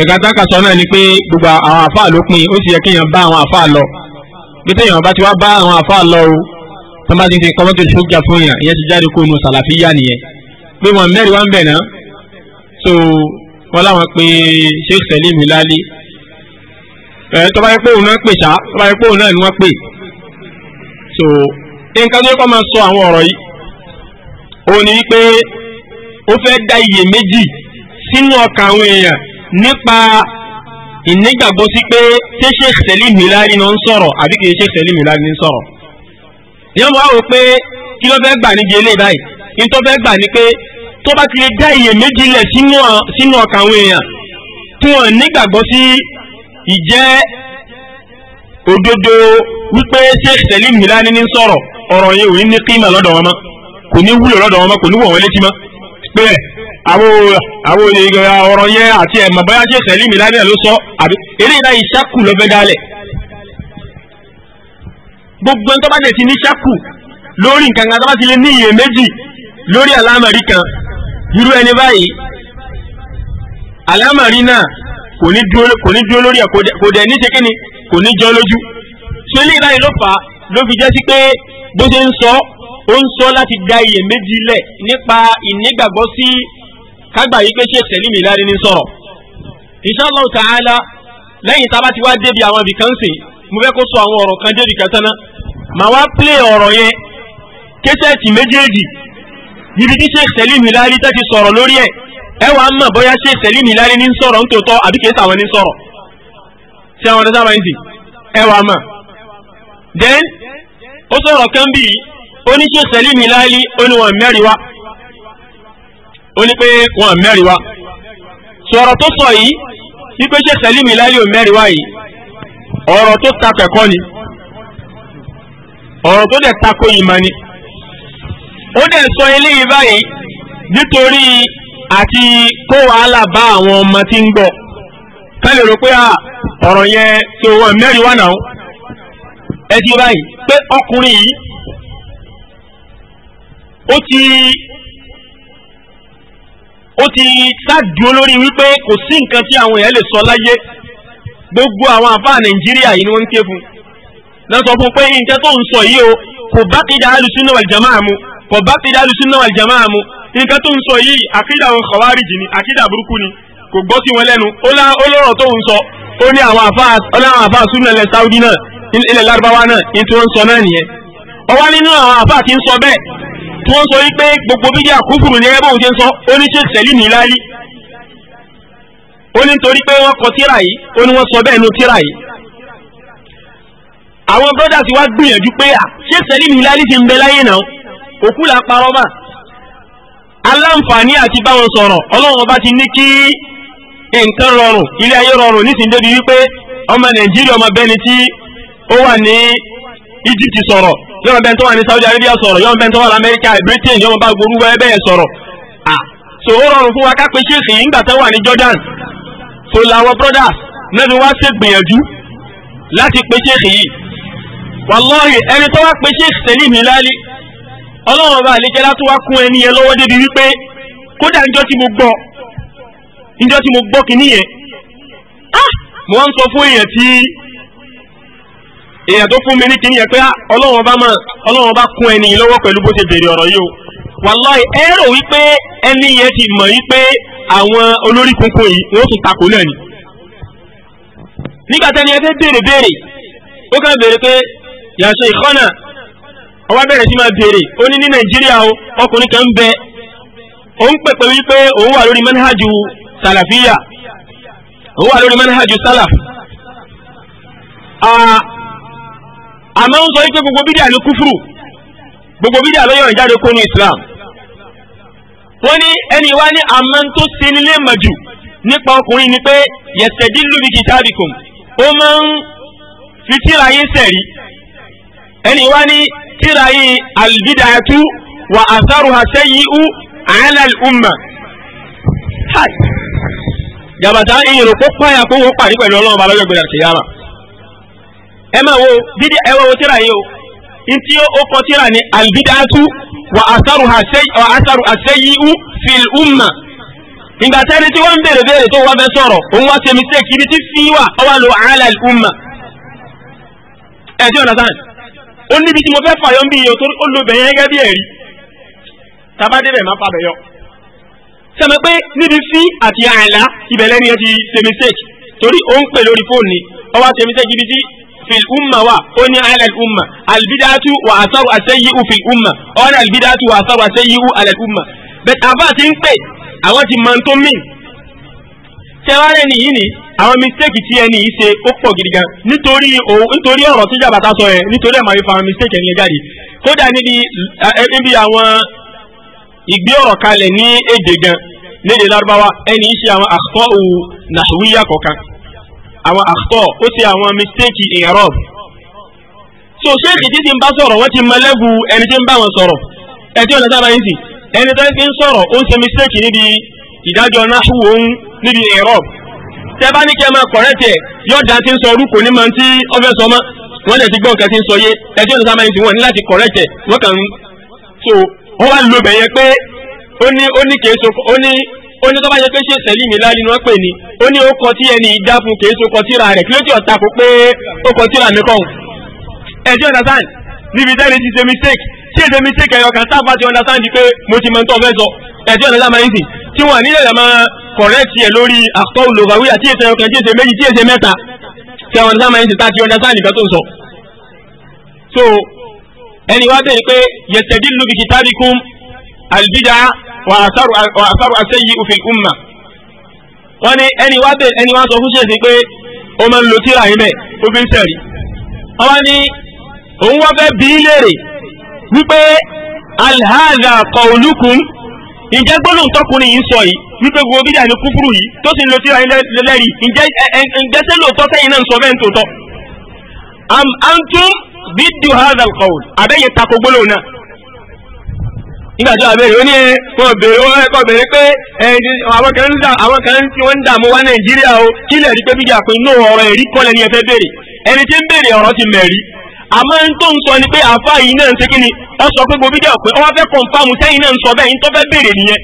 ẹ̀ka táǹkà sọ náà ni pé gbogbo àwọn àfáà ló pin ó sì yẹ kéèyàn bá àwọn àfáà lọ bí téèyàn bá ti wá bá àwọn àfáà lọ o tó ti ń ṣe fún yàn ìyẹn ti jáde kó nu sàlàfíyà nìyẹn pé wọn mẹ́rin wá ń bẹ̀ náà so wọ́n láwọn pé Sheikh Salim Hilali ẹ̀ tọ́ba yẹ pé òun náà pè sá tọ́ba yẹ pé òun náà ni wọ́n pè so nǹkan tó yẹ kó máa sọ àwọn ọ̀rọ̀ yìí òun ni wípé ó fẹ́ dá iyèméjì sínú ọkàn àwọn èèyàn nípa ìnígbàgbọ́ sí pé ṣé Sheikh Salim Hilali náà ń sọ̀rọ̀ àbí kì í Sheikh Salim Hilali ń sọ̀rọ̀ ìyá mo wá wò pé kí ló fẹ́ gbà nídìí eléyìí báyìí nítorí fẹ́ gbà ní pé tó bá ti lè dá iyèméjì lẹ̀ sínú ọkàn àwọn èèyàn tí wọ́n nígbàgbọ́ sí ìjẹ́ òdodo wípé Sheikh Salim Hilani ní sọ̀rọ̀ ọ̀rọ̀ yẹn ò ní ní kíma lọ́dọ̀ wọn mọ́ kò ní wúlò lọ́dọ̀ wọn mọ́ kò ní wọ̀ wọn létí mọ́ pé àwọn ọ̀rọ̀ yẹn àti ẹ̀mọ̀ bóyá Sheikh Salim Hilani ló sọ àbí eléyìí náà ìṣàkù lọ́fẹ́ dálẹ̀ gbogbo ẹni tó bá dẹ̀ ti ní ṣàkù lórí nǹkan kan tó bá ti lè irú ẹni báyìí àlámàrí náà kò ní dúró lórí ẹ̀ kò dẹ̀ ní ṣe kíni kò ní jọ lójú ṣé ilé ìbáyìí ló fà á ló fi jẹ́ sí pé bó ṣe ń sọ ó ń sọ láti da iyèméjì lẹ̀ nípa ìnígbàgbọ́ sí kágbà yìí pé ṣe tẹ̀lé mi lárí ní sọ̀rọ̀ insha Allah ta'ala lẹ́yìn tá a bá ti wá débi àwọn ibì kan sìn mo fẹ́ kó sọ àwọn ọ̀rọ̀ kan débi kan tán náà màá wá pílé ọ̀rọ̀ yẹn késẹ́ẹ̀tì méjèèjì níbi tí Sheikh Salim Hilali tẹ́ ti sọ̀rọ̀ lórí ẹ̀ ẹ wàá mọ̀ bóyá Sheikh Salim Hilali ní sọ̀rọ̀ nítòótọ́ àbí kìí sàwọn ní sọ̀rọ̀ ṣé àwọn ọ̀dọ́ sábà ń sìn ẹ mọ̀. then ó sọ̀rọ̀ kan bíi oní Sheikh Salim Hilali ó ní wọn mẹ́rin wá ó ní pé wọn mẹ́rin wá sọ̀rọ̀ tó sọ yìí wípé Sheikh Salim Hilali ò mẹ́rin wá yìí ọ̀rọ̀ tó takẹ̀kọ́ ni ọ̀rọ̀ tó dẹ̀ takò ìmọ̀ ni. ó dẹ̀ sọ eléyìí báyìí nítorí àti kó wàhálà bá àwọn ọmọ tí ń gbọ́ lè rò pé ọ̀rọ̀ yẹn tó wọ́n mẹ́rin wà náà ẹ ti báyìí pé ọkùnrin yìí ó ti ó ti ṣáàdúró lórí wípé kò sí nǹkan tí àwọn èèyàn lè sọ láyé gbogbo àwọn àfáà nàìjíríà yìí ni wọ́n ń ké fún náà sọ fún pé nǹkan tó ń sọ o kò bá kéde náà mu kò bá ti dáàlú sínú àwọn jamaa mu nǹkan tó ń sọ yìí àkídà àwọn khawarij ni àkídà burúkú ni kò gbọ́ sí wọn lẹ́nu ó lọ́rọ̀ tó ń sọ ó ní àwọn àfáà súnmọ́ ilẹ̀ Saudi náà ilẹ̀ Lárúbáwá náà ní tí wọ́n ń sọ náà nìyẹn ọwá nínú àwọn àfáà ti ń sọ bẹ́ẹ̀ tí wọ́n sọ wípé gbogbo bídí àkúkùrù ní ẹgbẹ́ òun ti ń sọ ó ní ṣe tẹ̀lé ní láyé ó ní torí pé wọ́n kọ tíra yìí ó ní wọ́n sọ bẹ́ẹ̀ nu tíra yìí àwọn brothers wá gbìyànjú pé à ṣe tẹ̀lé ní láyé ti ń bẹ láyé náà òkú là parọ́ mà aláǹfààní àti báwọn sọ̀rọ̀ ọlọ́run ọba ti ní kí nǹkan rọrùn ilé ayé rọrùn nísìnyí débi wípé ọmọ nàìjíríà ọmọ bẹni tí ó wà ní Egypt sọ̀rọ̀ yọmọ bẹni tó wà ní Saudi Arabia sọ̀rọ̀ yọmọ bẹni Britain yọmọ bá so ó rọrùn fún wa ká pe ṣéèkì tó wà ní Jordan so làwọn brothers náà fi wá ṣe gbìyànjú láti yìí wàlọ́ọ̀rì ẹni tó wá ọlọ́run ọba àlejẹ́lá tó wá kún ẹni yẹn lọ́wọ́ débi wípé kódà níjọ́ tí mo gbọ́ níjọ́ tí mo gbọ́ kìíní yẹn ah, mo wá ń sọ fún èèyàn tí èèyàn tó fún mi ní kìíní yẹn pé ah, ọlọ́run ọba máa ọlọ́run ọba kún ẹni yìí lọ́wọ́ pẹ̀lú bó ṣe bèrè ọ̀rọ̀ yìí o wàláì ẹ rò wípé ẹni yẹn ti mọ̀ wípé àwọn olórí kunkun yìí wọ́n tún takò náà ni nígbà tẹ́ni ẹ fẹ́ béèrè béèrè ó kàn béèrè pé yàtọ̀ ìkọ́nà ọwọ́ bẹ̀rẹ̀ sí máa béèrè ó ní ní nàìjíríà o ọkùnrin kan ń bẹ òun pèpè wípé òun wà lórí manhajú sàlàfíà òun wà lórí manhajú sálàf àmọ́ ń sọ wípé gbogbo bídíà ló kúfùrù gbogbo bídíà ló yọ̀rọ̀ jáde kó ní islam wọ́n ní ẹni wá ní àmọ́ tó ṣe nílé màjù nípa ọkùnrin ni pé yẹ̀sẹ̀dí lùbí kìtàbíkùn ó máa ń fi tíra yín sẹ̀rí ẹni wá ní tíra yìí albidatu wa atharuha sayyi'u ala al-umma jàbàtà ìyẹ̀rọ kó pààyà kó wọ́n pàdé pẹ̀lú ọlọ́run balọ́jọ́ gbẹ̀rẹ̀ kìyàmà ẹ máa wo bídí ẹ wọ́n wo tíra yìí o ntí ó kọ tíra ní albidatu wa asaru aseyiu fil umma ìgbà tẹ́ni tí wọ́n ń béèrè béèrè tó wọ́n fẹ́ sọ̀rọ̀ òun wá ṣe mistake ibi tí fi wà ọwọ́ lo ala al ẹ̀ tí ọ̀nà sáà ó níbi tí mo fẹ́ fàyọ ń bí iyọ̀ tó ó lo bẹ̀yẹn gẹ́gẹ́ bí ẹ̀rí tabadébẹ̀ má fàbẹ̀ yọ. sẹ́mi pé níbi fí àti àìlá ìbẹ̀lẹ́ ni ẹ ti ṣe mistake torí ó ń pè lórí fóònù ni ó wá ṣe mistake ibi tí fil umma wa ó ní ala al umma al wa asaru asayi'u fil umma ó albidatu wa asaru asayi'u u al umma bẹ́ẹ̀ àbá ti ń pè àwọn ti mọ̀ tó mìn tẹ́wárẹ́ nìyí ni àwọn mistake tí ẹni yìí ṣe ó pọ̀ gidi gan nítorí nítorí ọ̀rọ̀ tí jàbàtà sọ yẹn nítorí ẹ̀ máa fi fa àwọn mistake ẹni yẹn jáde kódà níbi níbi àwọn ìgbé ọ̀rọ̀ kalẹ̀ ní èdè gan lédè lárúbáwá ẹni yìí ṣe àwọn àkọ́ òwò nàṣúwíyà kọ̀ọ̀kan àwọn àkọ́ ó ṣe àwọn mistake ìyàrọ̀ so ṣéèkì tí ti ń bá sọ̀rọ̀ wọ́n ti mọlẹ́gù ẹni tí ń bá wọn sọ̀rọ̀ ẹ tí ọ̀nà sábà yín sì ẹni tó ń sọ̀rọ̀ ó ń ṣe mistake níbi ìdájọ́ náṣúwò òun níbi ìyàrọ̀ tẹ́bá ní kí ẹ máa kọ̀rẹ́ tiẹ̀ yóò dá tí ń sọ orúkọ ní máa tí ọfẹ́ sọ mọ́ wọ́n lè ti gbọ́ nǹkan tí ń sọ yé ẹjọ́ ìdọ́sá máa ń ti wọ́n ní láti kọ̀rẹ́ tiẹ̀ wọ́n kàn ń so wọ́n wá lo bẹ̀yẹ pé ó ní ó ní kèé so ó ní ó ní tó bá yẹ pé ṣe sẹ́lí mi láàrin wọn pè ní ó ní ó kọ ẹni ìdá fún kèé so kọ tíra rẹ̀ kí ló ti ọ̀ta kó pé ó kọ tíra mi kọ́ ẹjọ́ ìdọ́sá níbi tẹ́lẹ̀ ti ṣe mistake tí èdè mi tẹ́kẹ̀ ẹ̀yọ̀ kan táàbà ti understand pé mo ti mọ̀ ń tọ́ fẹ́ sọ ẹ̀tí ọ̀nà láàmà yìí sì tí wọ́n nílẹ̀ lọ́mọ correct yẹ lórí àkọ́ olùwàwí àti ètò ẹ̀yọ̀ kan tí èdè méjì tí èdè mẹ́ta tẹ ọ̀nà láàmà yìí sì táàbà ti understand nǹkan tó ń sọ. so ẹni wá bẹ̀rẹ̀ pé yẹtẹ̀dí lu bìkì tábìkún àlùbídà wà àṣàrò àṣẹyí òfin umma wọ́n ní ẹni wá bẹ̀rẹ̀ ẹni wá sọ fún ṣèṣin pé ó máa ń lo tíra yìí bẹ́ẹ̀ ó fi ń sẹ̀rí. wọ́n wá ní òun wá fẹ́ bí léèrè wípé alhaza qawlukum ǹjẹ́ gbólóhùn tọkùnrin yìí sọ yìí wípé gbogbo bídà ní kúkúrú yìí tó sì ń lo tíra lẹ́rìí ǹjẹ́ ǹjẹ́sẹ́ lóòótọ́ sẹ́yìn náà ń sọ bẹ́ẹ̀ ń tòótọ́. am antum biddu hadha alqawl abẹ́yẹ tako gbólóhùn náà. nígbà tó abẹ́rẹ́ ó ní ẹ kọ́ bèrè ó kọ́ bèrè pé àwọn kan àwọn kan tí wọ́n ń dààmú wá Nàìjíríà o kí rí pé bídà pé inú ọ̀rọ̀ ẹ̀rí kọ́lẹ̀ ni ẹ fẹ́ bèrè ẹni tí ń bèrè ọ̀rọ̀ ti mẹ̀rí àmọ́ ń tó ń sọ ni pé àfa yìí náà ń ṣe kíni ọ sọ pé gbogbo bídíà pé ọwọ́ fẹ́ kọ̀ǹfàmù sẹ́yìn náà ń sọ bẹ́ẹ̀ ń tó fẹ́ béèrè nìyẹn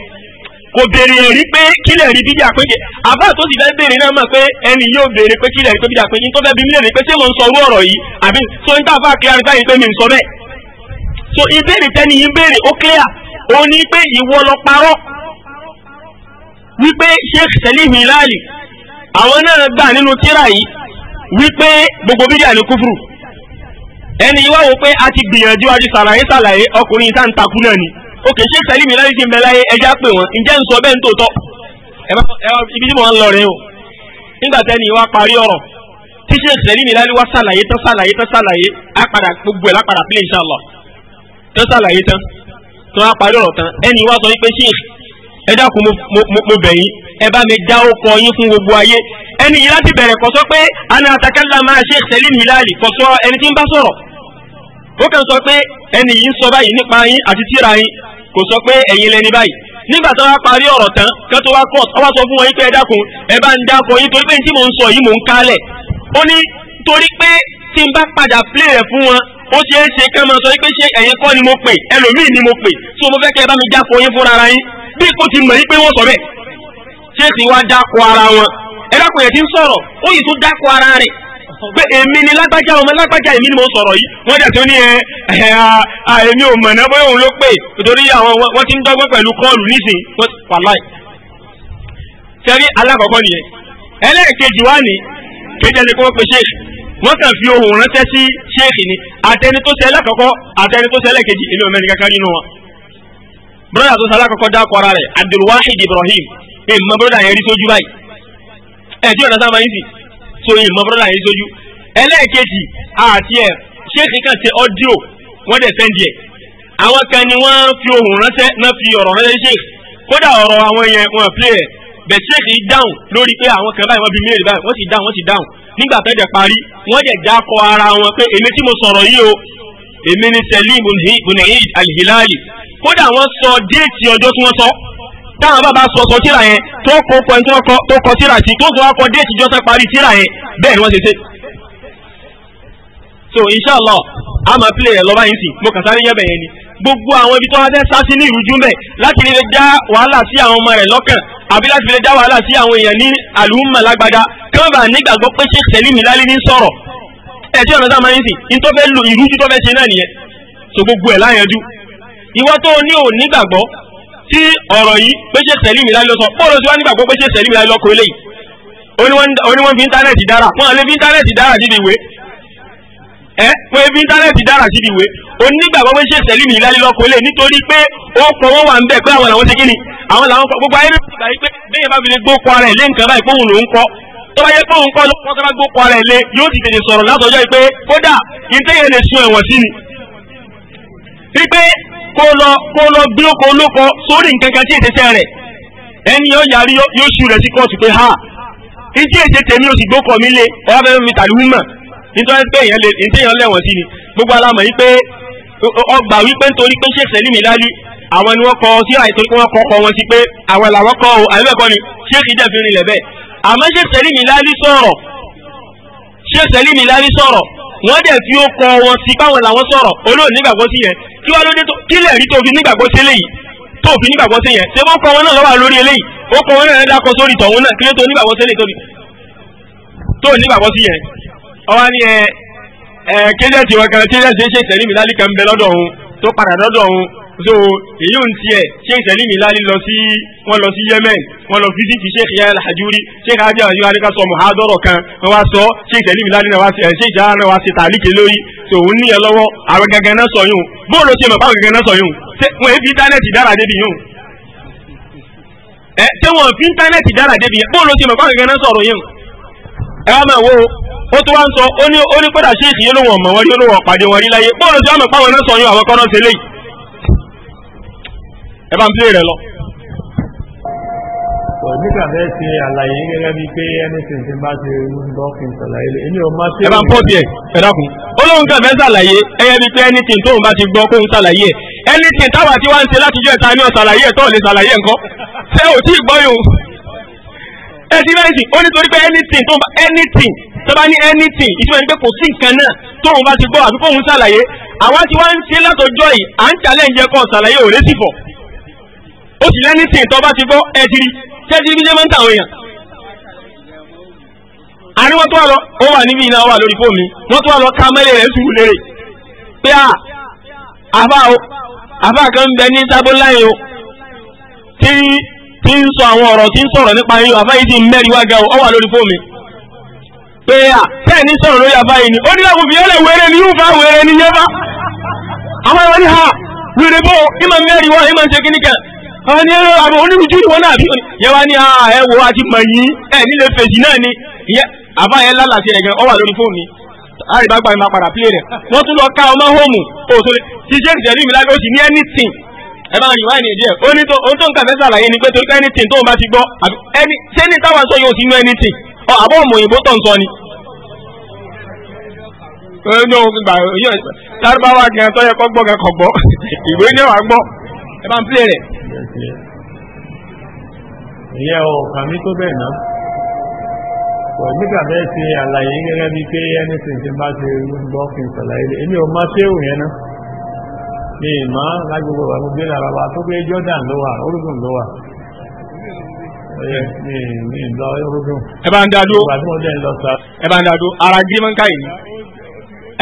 kò béèrè ẹ̀rí pé kílẹ̀ rí bídíà pé jẹ àfa tó sì fẹ́ béèrè náà mọ̀ pé ẹni yóò béèrè pé kílẹ̀ rí tó bídíà pé ń tó fẹ́ bí mílíọ̀nù pé ṣé mo ń sọ orú ọ̀rọ̀ yìí àbí tó ń tà fáà kílárí báyìí pé mi ń sọ bẹ́ẹ̀ so ìbéèrè tẹ́ni ìbéèrè ó clear ó ní pé ìwọ lọ parọ́ wípé Sheikh Salim Hilali àwọn náà gbà gbogbo bídíà ní kúfùrù ẹni yìí wá pé a ti gbìyànjú a ti sàlàyé sàlàyé ọkùnrin ìta ń takú náà ni òkè ṣé sẹ́lí mi láti fi ń láyé ẹja pè wọ́n ǹjẹ́ ń sọ bẹ́ẹ̀ ń ibi tí mo ń lọ o nígbà parí ọ̀rọ̀ tí ṣe sẹ́lí mi láti wá sàlàyé tán sàlàyé tán sàlàyé gbogbo ẹ̀ tán sàlàyé tán tán á parí ọ̀rọ̀ tán ẹni sọ wípé ẹ dákun mo bẹ̀ yín ẹ bá mi dá okọ̀ yín fún gbogbo ayé ẹni yìí láti bẹ̀rẹ̀ kọ́ sọ pé ana atakala máa ṣe Salim Hilali kọ́ sọ ẹni tí ń bá sọ̀rọ̀ ó kàn sọ pé ẹni yìí ń sọ báyìí nípa yín àti tíra yín kò sọ pé ẹ̀yin lẹni báyìí nígbà tó wá parí ọ̀rọ̀ tán kí tó wá kọ́ ọ wá sọ fún wọn yín pé ẹ dákun ẹ bá ń dákọ̀ yín torí pé tí mò ń sọ yìí mò ń kálẹ̀ ó ní torí pé tí n bá padà plé rẹ̀ fún wọn ó ṣeé ṣe kí wọ́n máa sọ pé ṣé ẹ̀yin kọ́ ni mo pè ẹlòmíì ni mo pè so mo fẹ́ kẹ́ ẹ bá mi dákọ̀ yín fúnra ara yín bí kò ti mọ̀ yí wọ́n sọ bẹ́ẹ̀ ṣé ti wá dákọ̀ ara wọn ẹ yẹn ti ń sọ̀rọ̀ ó yìí tún dákọ̀ ara rẹ̀ pé èmi ni lágbájá ọmọ lágbájá èmi ni mo sọ̀rọ̀ yìí wọ́n jà tó ní ẹ ẹ à èmi ò mọ̀ náà bóyá òun ló pè nítorí àwọn wọ́n ti ń dọ́gbọ́n pẹ̀lú kọ́ọ̀lù nísìn wàláì sẹ́rí alákọ̀ọ́kọ́ nìyẹn ẹlẹ́ẹ̀kejì wá ní kéde ẹni kí wọ́n pe ṣéèkì wọ́n kàn fi ohun ránṣẹ́ sí ṣéèkì ni àtẹni tó ṣe ẹlẹ́kọ̀ọ́kọ́ àtẹni tó ṣe ẹlẹ́kejì èmi ò mẹ́ni kankan nínú wọn brother, tó sálá kọ́kọ́ dákọ̀ ara rẹ̀ Abdulwahid Ibrahim ẹ̀ mọ brother, yẹn rí sójú báyìí ẹ̀ tí ọ̀nà sábà yìí sì so ẹ̀ mọ broda yẹn rí sójú ẹlẹ́ẹ̀kejì àti ẹ̀ ṣéèkì kan ṣe ọ́díò wọ́n dẹ̀ sẹ́ndì ẹ̀ àwọn kan ni wọ́n fi ohùn ránṣẹ́ náà fi ọ̀rọ̀ ránṣẹ́ ṣe kódà ọ̀rọ̀ àwọn yẹn wọn fi ẹ̀ bẹ̀ ṣéèkì dáhùn lórí pé àwọn kan báyìí wọ́n bí méèrè báyìí wọ́n sì dáhùn wọ́n sì dáhùn nígbà tó dẹ̀ parí wọ́n dẹ̀ já kọ ara wọn pé èmi tí mo sọ̀rọ̀ yìí o èmi ni Salim bunaid alhilali kódà wọ́n sọ déètì ọjọ́ tí wọ́n sọ táwọn bàbá sọ sọ tíra yẹn tó kọ kọ ẹni tó kọ tíra sí tó sọ wá kọ déètì jọ́sẹ̀ parí tíra yẹn bẹ́ẹ̀ ni wọ́n ṣe ṣe. so inshallah a máa pílẹ̀ rẹ̀ lọ́ba yìí sí mo kàtàrí yẹn bẹ̀yẹn ni gbogbo àwọn ibi tó wá fẹ́ sá sí ní ìrújú mẹ́ láti lè dá wàhálà sí àwọn ọmọ rẹ̀ lọ́kàn àbí láti lè dá wàhálà sí àwọn èèyàn ní àlùmọ̀ lágbádá kí wọ́n bá nígbàgbọ́ pé ṣe Salim Hilali ní sọ̀rọ̀ ẹ̀sí ọ̀nà sáà máa ń sìn ní tó fẹ́ lu ìrújú tó fẹ́ ṣe náà nìyẹn so gbogbo ẹ̀ láyanjú ìwọ tó ní ò nígbàgbọ́ tí ọ̀rọ̀ yìí pé ṣe tẹ̀lé mi láyé lọ́sọ̀ bóòlù tí wọ́n nígbàgbọ́ pé ṣe tẹ̀lé mi láyé lọ́kọ̀ eléyìí oníwọ́n fi íńtánẹ́ẹ̀tì dára wọ́n lè fi íńtánẹ́ẹ̀tì dára síbi ìwé ẹ wọ́n fi íńtánẹ́ẹ̀tì dára síbi ìwé onígbàgbọ́ pé ṣe tẹ̀lé mi láyé lọ́kọ̀ eléyìí nítorí pé ó pọ̀ wọ́n wà ń bẹ̀ pé àwọn làwọn ṣe kí ni àwọn làwọn gbogbo ayé nígbà yìí pé bẹ́ẹ̀ bá fi lè gbó kọ́ ara ẹ̀ lé tó bá yẹ pé òun kọ́ ló kọ́ sábà gbó kọ́ rẹ̀ lé yóò ti tètè sọ̀rọ̀ látọjọ́ pé kódà ìtẹ́yẹ lè sun ẹ̀wọ̀n sí ni. wípé kó lọ kó lọ gbé oko olóko sórí nǹkan kan tí ètẹ́sẹ̀ rẹ̀ ẹni yóò yarí yóò ṣu rẹ̀ sí kóòtù pé ha ìdí ètè tèmi ò sì gbó kọ́ mi lé ọ̀rọ̀ fẹ́ mi tàlú mọ̀ nítorí pé ìtẹ́yẹ lẹ̀wọ̀n ni gbogbo alámọ̀ yìí pé ọgbà wípé nítorí pé ṣèṣẹ́ ní mi lálú àwọn ni wọ́n kọ sí àìsàn tí wọ́n kọ́ kọ́ wọn sí pé àwọn làwọn kọ́ o àbẹ́bẹ̀ kọ́ ni ṣé kìí jẹ́ fi rinlẹ̀ bẹ́ẹ̀ àmọ́ ṣe sẹ́lìmì láàrí sọ̀rọ̀ ṣe sẹ́lìmì láàrí sọ̀rọ̀ wọ́n dẹ̀ fi ó kọ wọn sí báwọn làwọn sọ̀rọ̀ olóò nígbàgbọ́ sí yẹn kí wá lóde tó kílẹ̀ rí tó fi nígbàgbọ́ sí eléyìí tó fi nígbàgbọ́ sí yẹn ṣé wọ́n kọ wọn náà lọ́wọ́ lórí eléyìí ó kọ wọn náà dákọ sórí tọ̀hún náà kílẹ̀ tó nígbàgbọ́ sí eléyìí tó nígbàgbọ́ sí yẹn ọwọ́ ni ẹ ẹ kéjẹ́ tiwọn kan kéjẹ́ ṣe ṣe sẹ́lìmì láàrí kan bẹ lọ́dọ̀ òun so èyí ò ń tiẹ̀ ṣé ìṣẹ̀lẹ̀ mi lálẹ́ lọ sí wọ́n lọ sí Yemen wọ́n lọ fisiti sheikh yahya alhajuri sheikh hajj alhajuri adika sọ muhadoro kan wọ́n wá sọ ṣé ìṣẹ̀lẹ̀ mi lálẹ́ náà wá sí eh, náà wá sí tàlíkè lórí so òun níyẹn lọ́wọ́ àwọn gangan náà sọyún bóòlù ṣe mọ̀ fáwọn gangan náà sọyún wọn èyí fi íńtánẹ́ẹ̀tì dára débi yún ẹ eh, ṣé wọn fi íńtánẹ́ẹ̀tì dára débi yẹn bóòlù ṣe mọ̀ fáwọn gangan náà sọ̀rọ̀ yún ẹ wá máa wo ó tó wá ń sọ ó ní ó ní pẹ́dà ṣéèṣì yóò lóun ọ̀mọ̀ wọn rí ó lóun ọ̀pàdé wọn rí láyé bóòlù ṣe wá mọ̀ fáwọn náà sọyún àwọn kọ́nọ́ ṣe ẹ bá ń play rẹ lọ. òní kàfẹ́ ṣe àlàyé gẹ́gẹ́ bíi pé anything ti bá ṣe ń bọ́ kí n ṣàlàyé lè èmi ò má ṣe. ẹ bá ń pọ̀ tiẹ̀ ẹ dákun. olóhùn kàfẹ́ ṣàlàyé ẹyẹ bíi pé anything tóun bá ti gbọ́ kóun ṣàlàyé ẹ anything táwa ti wá ń ṣe látijọ́ ẹ̀ta ni ọ̀ ṣàlàyé ẹ̀ tọ́ ò lè ṣàlàyé nǹkan ṣé ò tí ì gbọ́ yòó ẹsibẹsi ó ní torí pé anything tó ń bá anything tó bá ní anything ìtumọ̀ ní pé kò sí nǹkan náà tóun bá ti gbọ́ àbí kóun ṣàlàyé àwa tí wọ́n ń ṣe látọjọ́ yìí à ń ṣàlẹ̀ ń jẹ́ kọ́ ṣàlàyé òré sì fọ̀ ó sì lẹ́ni tẹ̀ tọ́ bá ti gbọ́ ẹ ti rí máa ń tàwọn èèyàn. àní wọ́n tó wà lọ ó wà níbi iná wà lórí fóònù o kan bẹ ní o tí tí ń sọ àwọn ọ̀rọ̀ tí ń sọ̀rọ̀ ti ń mẹ́rin wá ga o ó wà lórí fóònù pé à bẹ́ẹ̀ ní sọ̀rọ̀ lórí àfa yìí ni ó fi ni yóò fa ni yẹ́ fa àwọn ìwọ ha wèrè ìmọ̀ mẹ́rin wá ìmọ̀ ń ṣe àwọn ní ẹ̀rọ àwọn onírújú ìwọ náà bí yẹn wá ní ah, ẹ wo àti mọ̀ yín ẹ nílé fèsì náà ni àbá yẹn lálàsí ẹ̀ gan ọ wà lórí fóònù mi láì bá gba ìmọ̀ padà pílé rẹ̀ wọ́n tún lọ ká ọmọ hóòmù òṣèlú ti ṣe ìṣẹ̀lú mi lábẹ́ òsì ní anything ẹ bá rìn wáìnì díẹ̀ ó ní tó ohun tó ń kàfẹ́ sàlàyé ni pé torí pé anything tó ń bá ti gbọ́ ẹni ṣé ní táwọn sọ yóò sí inú anything ọ àbọ̀ ọmọ òyìnbó tó ń sọ ni. ẹnu òun gbà yóò sáré bá wà gan tó yẹ kó gbọ́ gan kọ̀ gbọ́ [LAUGHS] ìwé ni wàá gbọ́ ẹ bá ń pílé rẹ̀ sílẹ̀ ìyẹ́ ọ̀kà tó bẹ́ẹ̀ náà pọ̀ nígbà bẹ́ẹ̀ ṣe àlàyé gẹ́gẹ́ bí pé ti bá ṣe gbọ́ kí n ṣàlàyé máa ṣe òun yẹn náà ní lágbègbè wà gbogbo tó pé Jordan ló wà orúkún ló wà ní ìlọ ẹ bá ń dájú ara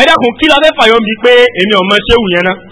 ẹ dákun kí fẹ́ fàyọ́ bí pé èmi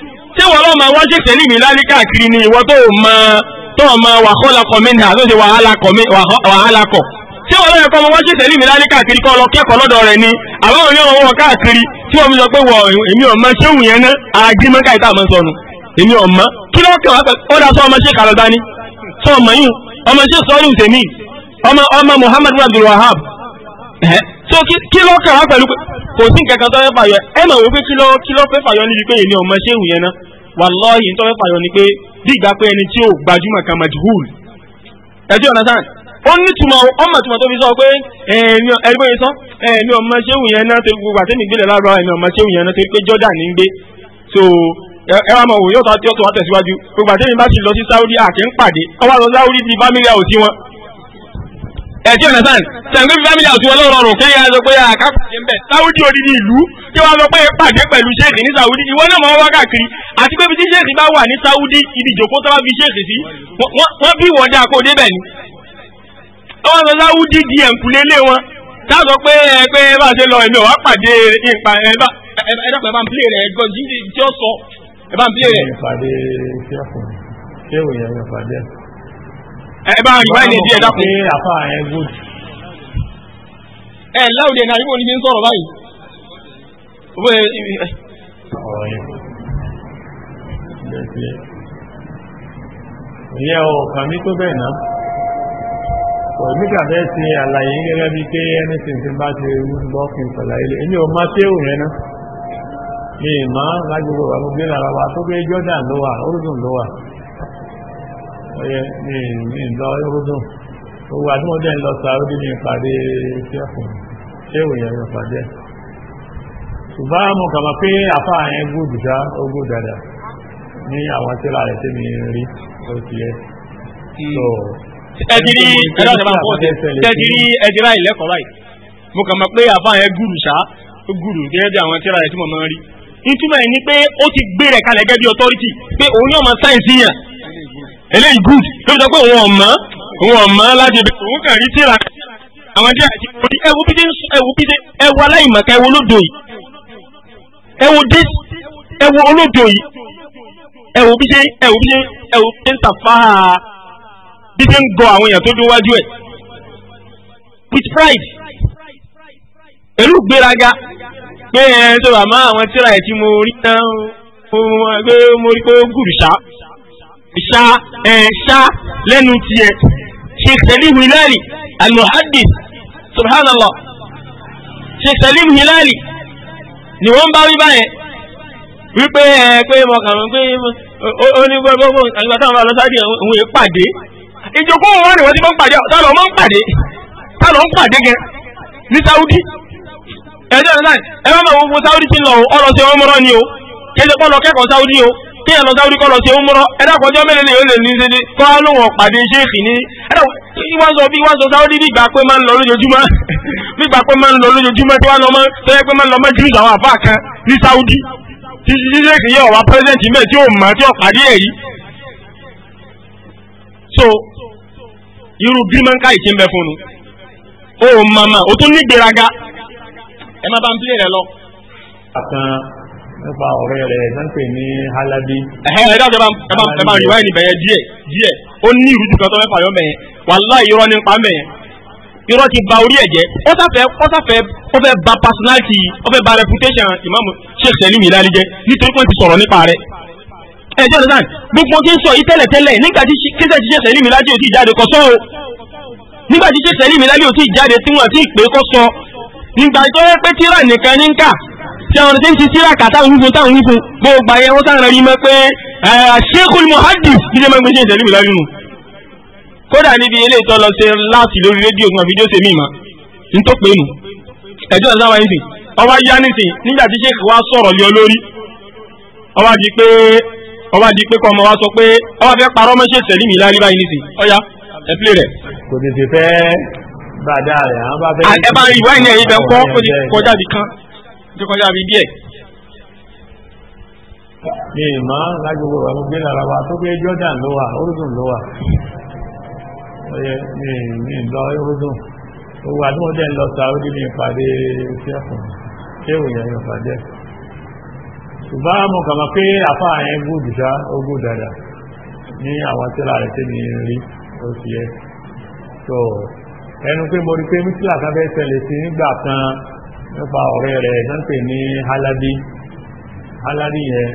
tí wọ́n lọ́ọ́ máa wá ṣèṣẹ́ ní ìmìlárí káàkiri ni ìwọ tó mọ tó mọ wàhálà ṣe wàhálà tí wọ́n lọ́ọ́ kọ́ ọmọ wá ṣèṣẹ́ ní ìmìlárí káàkiri kọ́ lọ kẹ́kọ̀ọ́ lọ́dọ̀ ni àwọn òní ọmọ wọn káàkiri tí wọ́n mi sọ pé wọ èmi ọmọ yẹn náà káyìí tá a èmi ọmọ kí ló sọ ọmọ ṣe so kí ló kàn wá pẹ̀lú pé kò sí nǹkan kan tó fẹ́ fàyọ ẹ mọ̀ wípé kí ló kí ló fẹ́ fàyọ níbi pé èmi ọmọ ṣéwù yẹn náà wàlọ́ọ̀hì tó fẹ́ fàyọ ni pé bí ìgbà pé ẹni tí ò gbajúmọ̀ kan majhul ẹjọ́ ọ̀nà sáà ó ní tuma ọmọ tuma tó fi sọ pé ẹgbẹ́ yẹn sọ ẹ̀mí ọmọ ṣéwù yẹn náà tó gbogbo àtẹ́mi gbélé lára ẹ̀mí ọmọ ṣéwù yẹn náà tó pé jọ́dá ní ń gbé so ẹ wá mọ̀ wò yóò tó wá tẹ̀síwájú gbogbo àtẹ́mi bá ti lọ sí Saudi àti ń pàdé ọwọ́ lọ Saudi di family house wọn ẹtí ọ̀nà sàn sàǹgbé family house wọn lọ́rọ̀ rùn kéèyàn sọ pé àkàkùnjẹ ah, ń bẹ̀ sáwùdí odidi ìlú kí wọ́n sọ pé pàdé pẹ̀lú ṣéèkì ní sáwùdí ìwọ náà máa wá káàkiri àti pé bí ṣéèkì bá wà ní sáwùdí ibi ìjòkó tó bá fi ṣéèkì sí wọ́n bí wọ́n dáa kó o débẹ̀ ni. wọ́n sọ sáwùdí di ẹ̀ǹkùlélé wọn káàsọ pé ẹ bá a ṣe lọ èmi ò wá pàdé ìpa ẹ bá ìwà ilé díẹ̀ dákun. ẹ láwùjẹ náà ibo ni mi ń sọ̀rọ̀ báyìí. Eh, eh, eh. ìyá ò kà mí tó bẹ́ẹ̀ náà òní kàfẹ́ ti àlàyé gẹ́gẹ́ bí pé ẹni tí ti bá ti gbọ́ fi ṣàlàyé lè ní o máa ṣe òun ẹ̀nà ní ìmá lágbègbè wà gbogbo lára wa tó pé jọ́dá ló wà orúkùn ló wà ọyẹ ní ìlọ ẹrúdùn owó àtúmọ̀dé ń lọ sàárúdì ní ìpàdé ṣẹ́fù ṣéwò yẹn lọ pàdé ṣùgbọ́n mo kàn mọ̀ pé àfa yẹn gùdù sá ogún dada ní àwọn tí ra rẹ̀ tí mi rí ó ti yẹ. ẹdiri ẹdá ìjọba fún ọtẹ ẹdiri ẹdira ìlẹkọọ báyìí mo kàn mọ̀ pé àfa yẹn gùdù sá gùdù gẹ́gẹ́ bí àwọn tí ra rẹ̀ tí mo máa ń rí nítorí ẹ̀ ní pé ó ti gbé rẹ̀ kalẹ̀ gẹ́gẹ́ bí ọtọ́rìtì pé òun yóò máa sáyẹ̀nsì yàn eléyìí good ló fi sọ pé òun ọ̀mọ́ òun ọ̀mọ́ láti ibi òun kàn rí tíra àwọn díẹ̀ àti orí ẹwú bídé ẹwú bídé ẹwú aláìmọ̀ká ẹwú olódò yìí ẹwú dé ẹwú olódò yìí ẹwú bídé ẹwú bídé ẹwú bídé ń tàfáà bídé ń gọ àwọn èèyàn tó dún wájú ẹ̀ with pride pẹ̀lú gbéraga pé ẹ sọ̀rọ̀ àmọ́ àwọn tíra ẹ̀ tí mo rí tán mo rí pé ó gùrù ṣáá ṣá ẹ̀ ṣá lẹ́nu tiẹ̀ sheikh salim hilali al-muhaddis subhanallah sheikh salim hilali ni wọ́n bá wí báyẹn wípé ẹ pé mo kàn mọ́ pé ó ní gbogbo àgbà táwọn bá lọ sáájú òun yẹn pàdé ìjókòó wọn ni wọ́n ti máa pàdé táwọn ọmọ ń pàdé táwọn ń pàdé gẹ ní saudi ẹjọ́ náà ẹ má máa wo saudi ti ń lọ ọ̀rọ̀ sí ọmọ mọ́rọ́ ni o kéde pọ́ lọ kẹ́kọ̀ọ́ saudi o kí ẹ lọ sáwọ́dí kọ́ lọ sí umrọ ẹ̀dàkọ̀jọ́ mélòó ni yóò lè ní ṣẹ́dí kọ́ lóun ọ̀pàdé ṣéèkì ní ìwọ́n sọ bí ìwọ́n sọ sáwọ́dí bí ìgbà pé máa ń lọ lójoojúmọ́ [LAUGHS] bí ìgbà pé máa ń lọ lójoojúmọ́ tí wọ́n lọ mọ́ tó yẹ pé máa ń lọ mọ́ jù àwọn àbá kan ní sáwọ́dí tí ṣéèkì yẹ ọ̀wá pẹ́sẹ̀ntì mẹ́ tí ò mọ̀ tí ọ̀pàdé ẹ̀ yìí. so irú gírímọ́ńkà ìkí ń bẹ fún un o mama o tún ní gbéraga ẹ má nípa ọ̀rẹ́ rẹ̀ sẹ́ńpẹ̀ ní halabi. ẹ̀hẹ́ ẹ̀dá ọ̀jọba ẹ máa rìwáyé níbẹ̀ yẹn díẹ̀ díẹ̀ ó ní ìrújú kan tó fẹ́ fàyọ́ mẹ́yẹn wàláhì irọ́ ní mẹ́yẹn irọ́ ti ba orí ẹ̀ ó sáfẹ́ ó sáfẹ́ ó fẹ́ ba personality ó fẹ́ ba reputation ìmáàmù Sheikh Salim Ilali jẹ́ nítorí pé ó ti sọ̀rọ̀ nípa rẹ̀ ẹ jẹ́ ọ̀dọ́sán gbogbo tí ń sọ yìí tẹ́lẹ̀ tẹ́lẹ̀ nígbà tí Sheikh Salim Ilali ò tí ì jáde kọ́ sọ́ nígbà tí Sheikh Salim Ilali ò tí ì jáde tí wọ́n ti pè é kọ́ sọ tí àwọn ọ̀dọ́ tí ń ti síra kà táwọn wífun táwọn wífun gbogbo ayé wọn sáré rí mọ́ pé Sheikhul Muhaddith nílé máa ń gbé ṣe ìtẹ̀lé mi lọ́rùn nù kódà níbi ilé ìtọ́ lọ ṣe láti lórí rédíò fún àfijọ́ ṣe mímọ́ nítorí pé nù ẹ̀jọ́ ìsáwá yìí sìn ọba yá nìsín nígbà tí Sheikh wa sọ̀rọ̀ lé olórí ọba di pé ọba di pé kọ́mọ wa sọ pé ọba fẹ́ parọ́ mọ́ ṣe ìtẹ̀lé mi lárí báyìí nìsín ọ̀yá ẹ̀ pílẹ̀ rẹ̀. kò tètè fẹ́ bàdá rẹ̀ àwọn bá fẹ́. ẹ bá rí ìwá ìyẹn yìí fẹ́ kọ́ kọjá di kan tó kọjá bí díẹ̀. mi ì máa ń lágbègbè wa ló gbé lára wa tó gbé Jordan ló wà orúdùn ló wà ọyẹ mi ì lọ orúdùn owó àdúgbòdẹ ń lọ Saudi ní ìpàdé ṣẹ́fù ṣéwù yẹn ní ìpàdé ṣùgbọ́n mo kàn mọ̀ pé àfa àyẹn gúdù sá ogún dada ní àwọn tíra rẹ̀ tí mi rí ó sì yẹ tó ẹnu pé mo rí pé mísílà kan fẹ́ tẹ̀lé sí nígbà kan nípa ọ̀rẹ́ rẹ̀ sáńpẹ̀ ní halabi halabi yẹn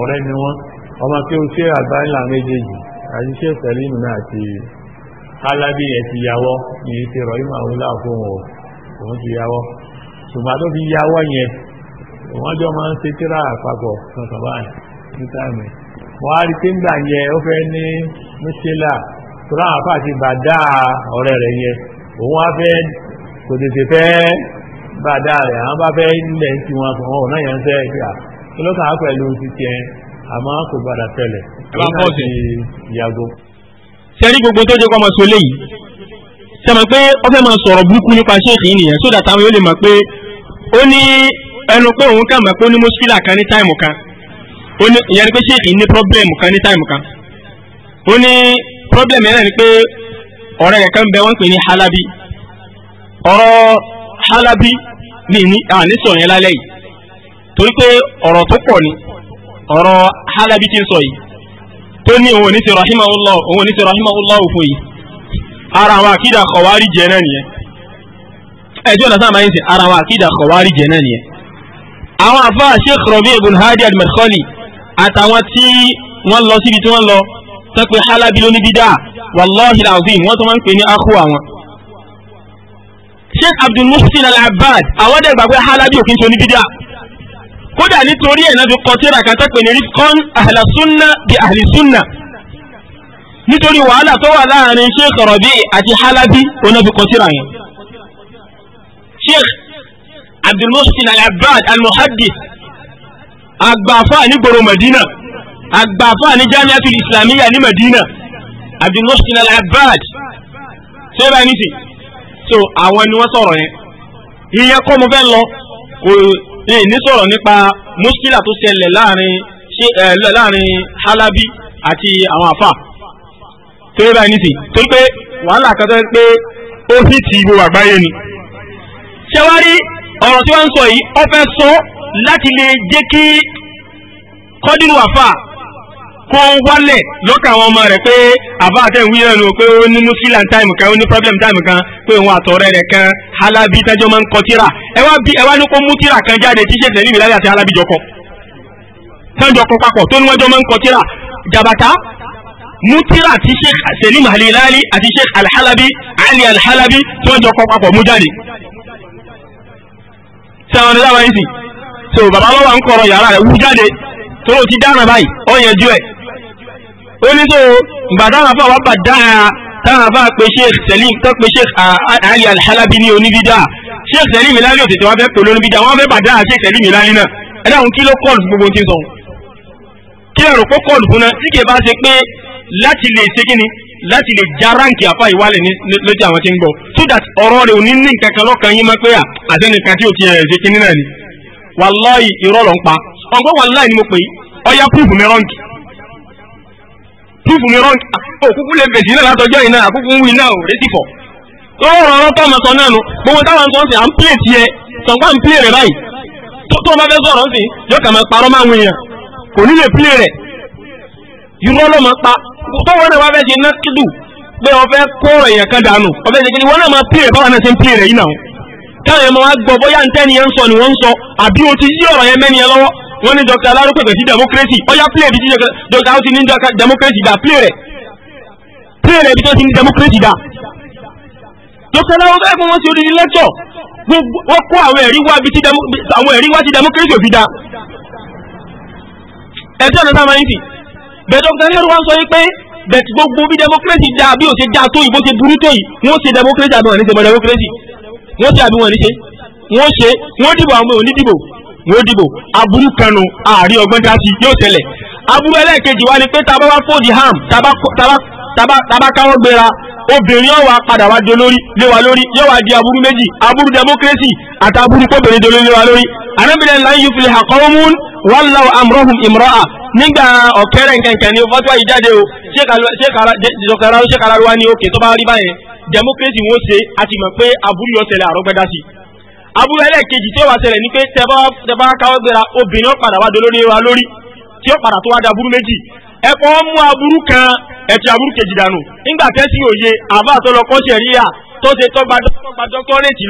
ọ̀rẹ́ ni wọ́n ọmọ kí o ṣe àgbáńlá méjèèjì àti ṣe sẹ́lìmù náà àti halabi yẹn ti yàwọ́ ní ìṣe rọ̀ ìmọ̀ àwọn láàfún òun ti yàwọ́ ṣùgbọ́n tó fi yàwọ́ yẹn wọ́n jọ máa ń ṣe tíra àpapọ̀ kankan báyìí ní táìmù wọ́n á rí pé ńgbà yẹn ó fẹ́ ní mísílà tó láwọn àpá àti bàdá ọ̀rẹ́ rẹ̀ yẹn òun á fẹ́ kò tètè fẹ́ bàdá rẹ̀ àwọn bá fẹ́ ilẹ̀ tí wọ́n sọ wọn náà yẹn ń fẹ́ ìgbà olókà pẹ̀lú títí ẹ àmọ́ kò gbọ́dọ̀ tẹ̀lẹ̀ láti yàgò. sẹ́rí gbogbo tó jẹ́ kọ́ máa sọ léyìí sẹ́mi pé ó fẹ́ máa sọ̀rọ̀ burúkú nípa ṣéèkì nìyẹn sódà táwọn yóò lè mọ̀ pé ó ní ẹnu pé òun kà pé ó ní mọ́síkìlà kan ní táìmù kan ìyẹn ni pé ṣéèkì ní pọ́blẹ́mù kan ní táìmù kan ó ní pọ́blẹ́mù ni mi ní àní sọ yẹn lálẹ́ yìí torí pé ọ̀rọ̀ tó pọ̀ ni ọ̀rọ̀ Halabi ti ń sọ yìí tó ní òun ò ní ṣe rahimahullah òun ò ní ṣe rahimahullah òfò yìí ara àwọn àkídà kọ̀wárí jẹ náà nìyẹn ẹ̀jọ́ ọ̀nà sáà máa ń sìn ara àwọn àkídà kọ̀wárí jẹ náà nìyẹn. àwọn àfa Sheikh Rabi ibn Hadi al-Madkhali àtàwọn tí wọ́n lọ síbi tí wọ́n lọ tó máa ń pè ní akhu àwọn sheikh abdul muhsin al-abbad àwọn dẹ̀ gbà pé halabi òfin tó ní bídíà kódà nítorí ẹ̀ náà fi kọ́ tíra kan tẹ́pẹ̀ ní rifkon ahlasunna bi ahlisunna nítorí wàhálà tó wà láàrin sheikh rabi àti halabi òun náà fi kọ́ tíra yẹn sheikh abdul muhsin al-abbad al-muhaddith àgbàfà ní gbòòrò madina àgbàfà ní jamiatul islamiyya ní madina abdul muhsin al-abbad sẹ́yìn báyìí nìsín so àwọn ni wọ́n sọ̀rọ̀ yẹn ìyẹn kọ́ mo fẹ́ lọ kò ní sọ̀rọ̀ nípa muskila tó ṣẹlẹ̀ láàrin láàrin halabi àti àwọn afa tó yẹ báyìí nísìn torí pé wàhálà kan tó yẹ pé ó sì ti gbogbo àgbáyé ni ṣẹ́wárí ọ̀rọ̀ tí wọ́n ń sọ yìí ọ fẹ́ sọ láti lè jẹ́ kí kọ́dínú àfà kó wálẹ̀ lọ́kàn àwọn ọmọ rẹ̀ pé àbá àtẹ̀wé náà nù pé ó ní muslim time kan ó ní problem time kan pé òun àtọ̀rẹ́ rẹ̀ kan alábí tẹ́jọ́ máa ń kọ tíra ẹ wá bí ẹ wá ní kó mú tíra kan jáde tí ṣètìlẹ́ níbi láyé àti alábí jọkọ tẹ́jọ́ kọ papọ̀ tó ní wọ́n jọ máa ń kọ tíra jàbàtà ti sheikh selim alilali àti sheikh alhalabi ali alhalabi tó ń jọ kọ papọ̀ mú jáde sẹ́wọ̀n ní láwọn yìí sì so bàbá lọ́wọ́ ń kọ̀rọ̀ yàrá ó ní tó ìgbà táwọn afọ àwọn bá dáa táwọn afọ àpè sheikh Salim tó pe sheikh ah, ah, Ali alhalabi halabi ní oníbídà sheikh Salim Ilani òtítọ́ wọn fẹ́ pè lónìbídà wọn fẹ́ bá dáa sheikh Salim Ilani náà ẹ dáhùn kí ló kọ́ọ̀lù gbogbo ti sọ kí ẹ̀rọ kó kọ́ọ̀lù fún náà tí kì í bá ṣe pé láti lè ṣe kí ni láti lè já ráǹkì àfa ìwálẹ̀ lójú àwọn tí ń gbọ́ so that ọ̀rọ̀ rẹ̀ ò ní ní kankan lọ́kàn yín máa pé à àtẹnìkan tí ò ti ẹ̀ eh, ṣe kí ní náà ni wàláì irọ́ ló ń pa ọgbọ́n wàláì ni mo pè é ọya púùpù mi púpù mi rán òkúkú lè fèsì náà látọjọ́ iná àkúkú ń wí náà ò retí fọ̀. lọ́wọ́ ọ̀rọ̀ tó ọmọ sọ náà nu gbogbo táwọn sọ ń sìn à ń pílè tiẹ̀ sọ̀gbà ń pílè rẹ̀ báyìí tó tó bá fẹ́ sọ̀rọ̀ ń sìn yóò kà máa parọ́ máa ń wìyàn kò ní lè pílè rẹ̀ irọ́ ló máa pa tọ́wọ́ náà wá fẹ́ ṣe nákìdù pé ọ fẹ́ kó èèyàn kan dànù ọ fẹ́ ṣe kí ni wọ́n náà máa pílè báwa náà ṣe ń pílè rẹ̀ yìí náà táwọn èèyàn máa gbọ́ bóyá ntẹ́niyẹn ń sọ ni wọ́n ń sọ àbí o ti yí ọ̀rọ̀ yẹn mẹ́niyẹn lọ́wọ́ wọ́n ní dr aláró pẹ̀pẹ̀ sí democracy ọ̀yá play bíi dr house ní democracy dá play rẹ̀ play rẹ̀ bíi tó ti ní democracy dá. dr aláró bẹ́ẹ̀ kó wọ́n ti orí lẹ́tọ̀ wọ́n kó àwọn ẹ̀rí wá bíi àwọn ẹ̀rí wá ti democracy òfin dá. ẹ̀jẹ̀ ọ̀nà táwọn ẹ̀yìn bẹ́ẹ̀ dr aláró wá sọ pé bẹ́ẹ̀ gbogbo bí democracy dá bí ó ṣe dá tó yìí bó ṣe burú tó yìí wọ́n ṣe democracy àbí wọ́n ní ṣe mọ́ democracy wọ́n ṣe àbí wọ́n ní ṣe wọ́n ṣe wọ́n dìbò àwọn ò ní yóò dìbò aburú kanu àárí ọgbọ́n dá sí yóò tẹ̀lẹ̀ aburú ẹlẹ́ẹ̀kejì wa ni pé tá a bá wá fòdì ham tá a bá káwọ́ gbéra obìnrin ọ̀wà padà wá di olórí lé wa lórí yóò wá di aburú méjì aburú democracy àti aburú kóbìnrin dolórí lé wa lórí anábìrin lan yufliha qawmun wallaw amrahum imra'a nígbà ọ̀kẹ́rẹ́ nkẹ̀kẹ́ ni fọ́tíwá yìí jáde o ṣé kàrà ló wá ní òkè tó bá rí báyẹn democracy wọn ṣe àti mọ̀ pé aburú aburú ẹlẹ́ẹ̀kejì tí ó wà ṣẹlẹ̀ ní pé tẹ́bá káwọ́ gbéra obìnrin ó padà wá dolórí wa lórí tí ó padà tó wá da méjì mú aburú kan ẹ̀tì aburú kejì dànù nígbà tẹ́sí òye àbá tó lọ kọ́ sẹ̀ríà tó ṣe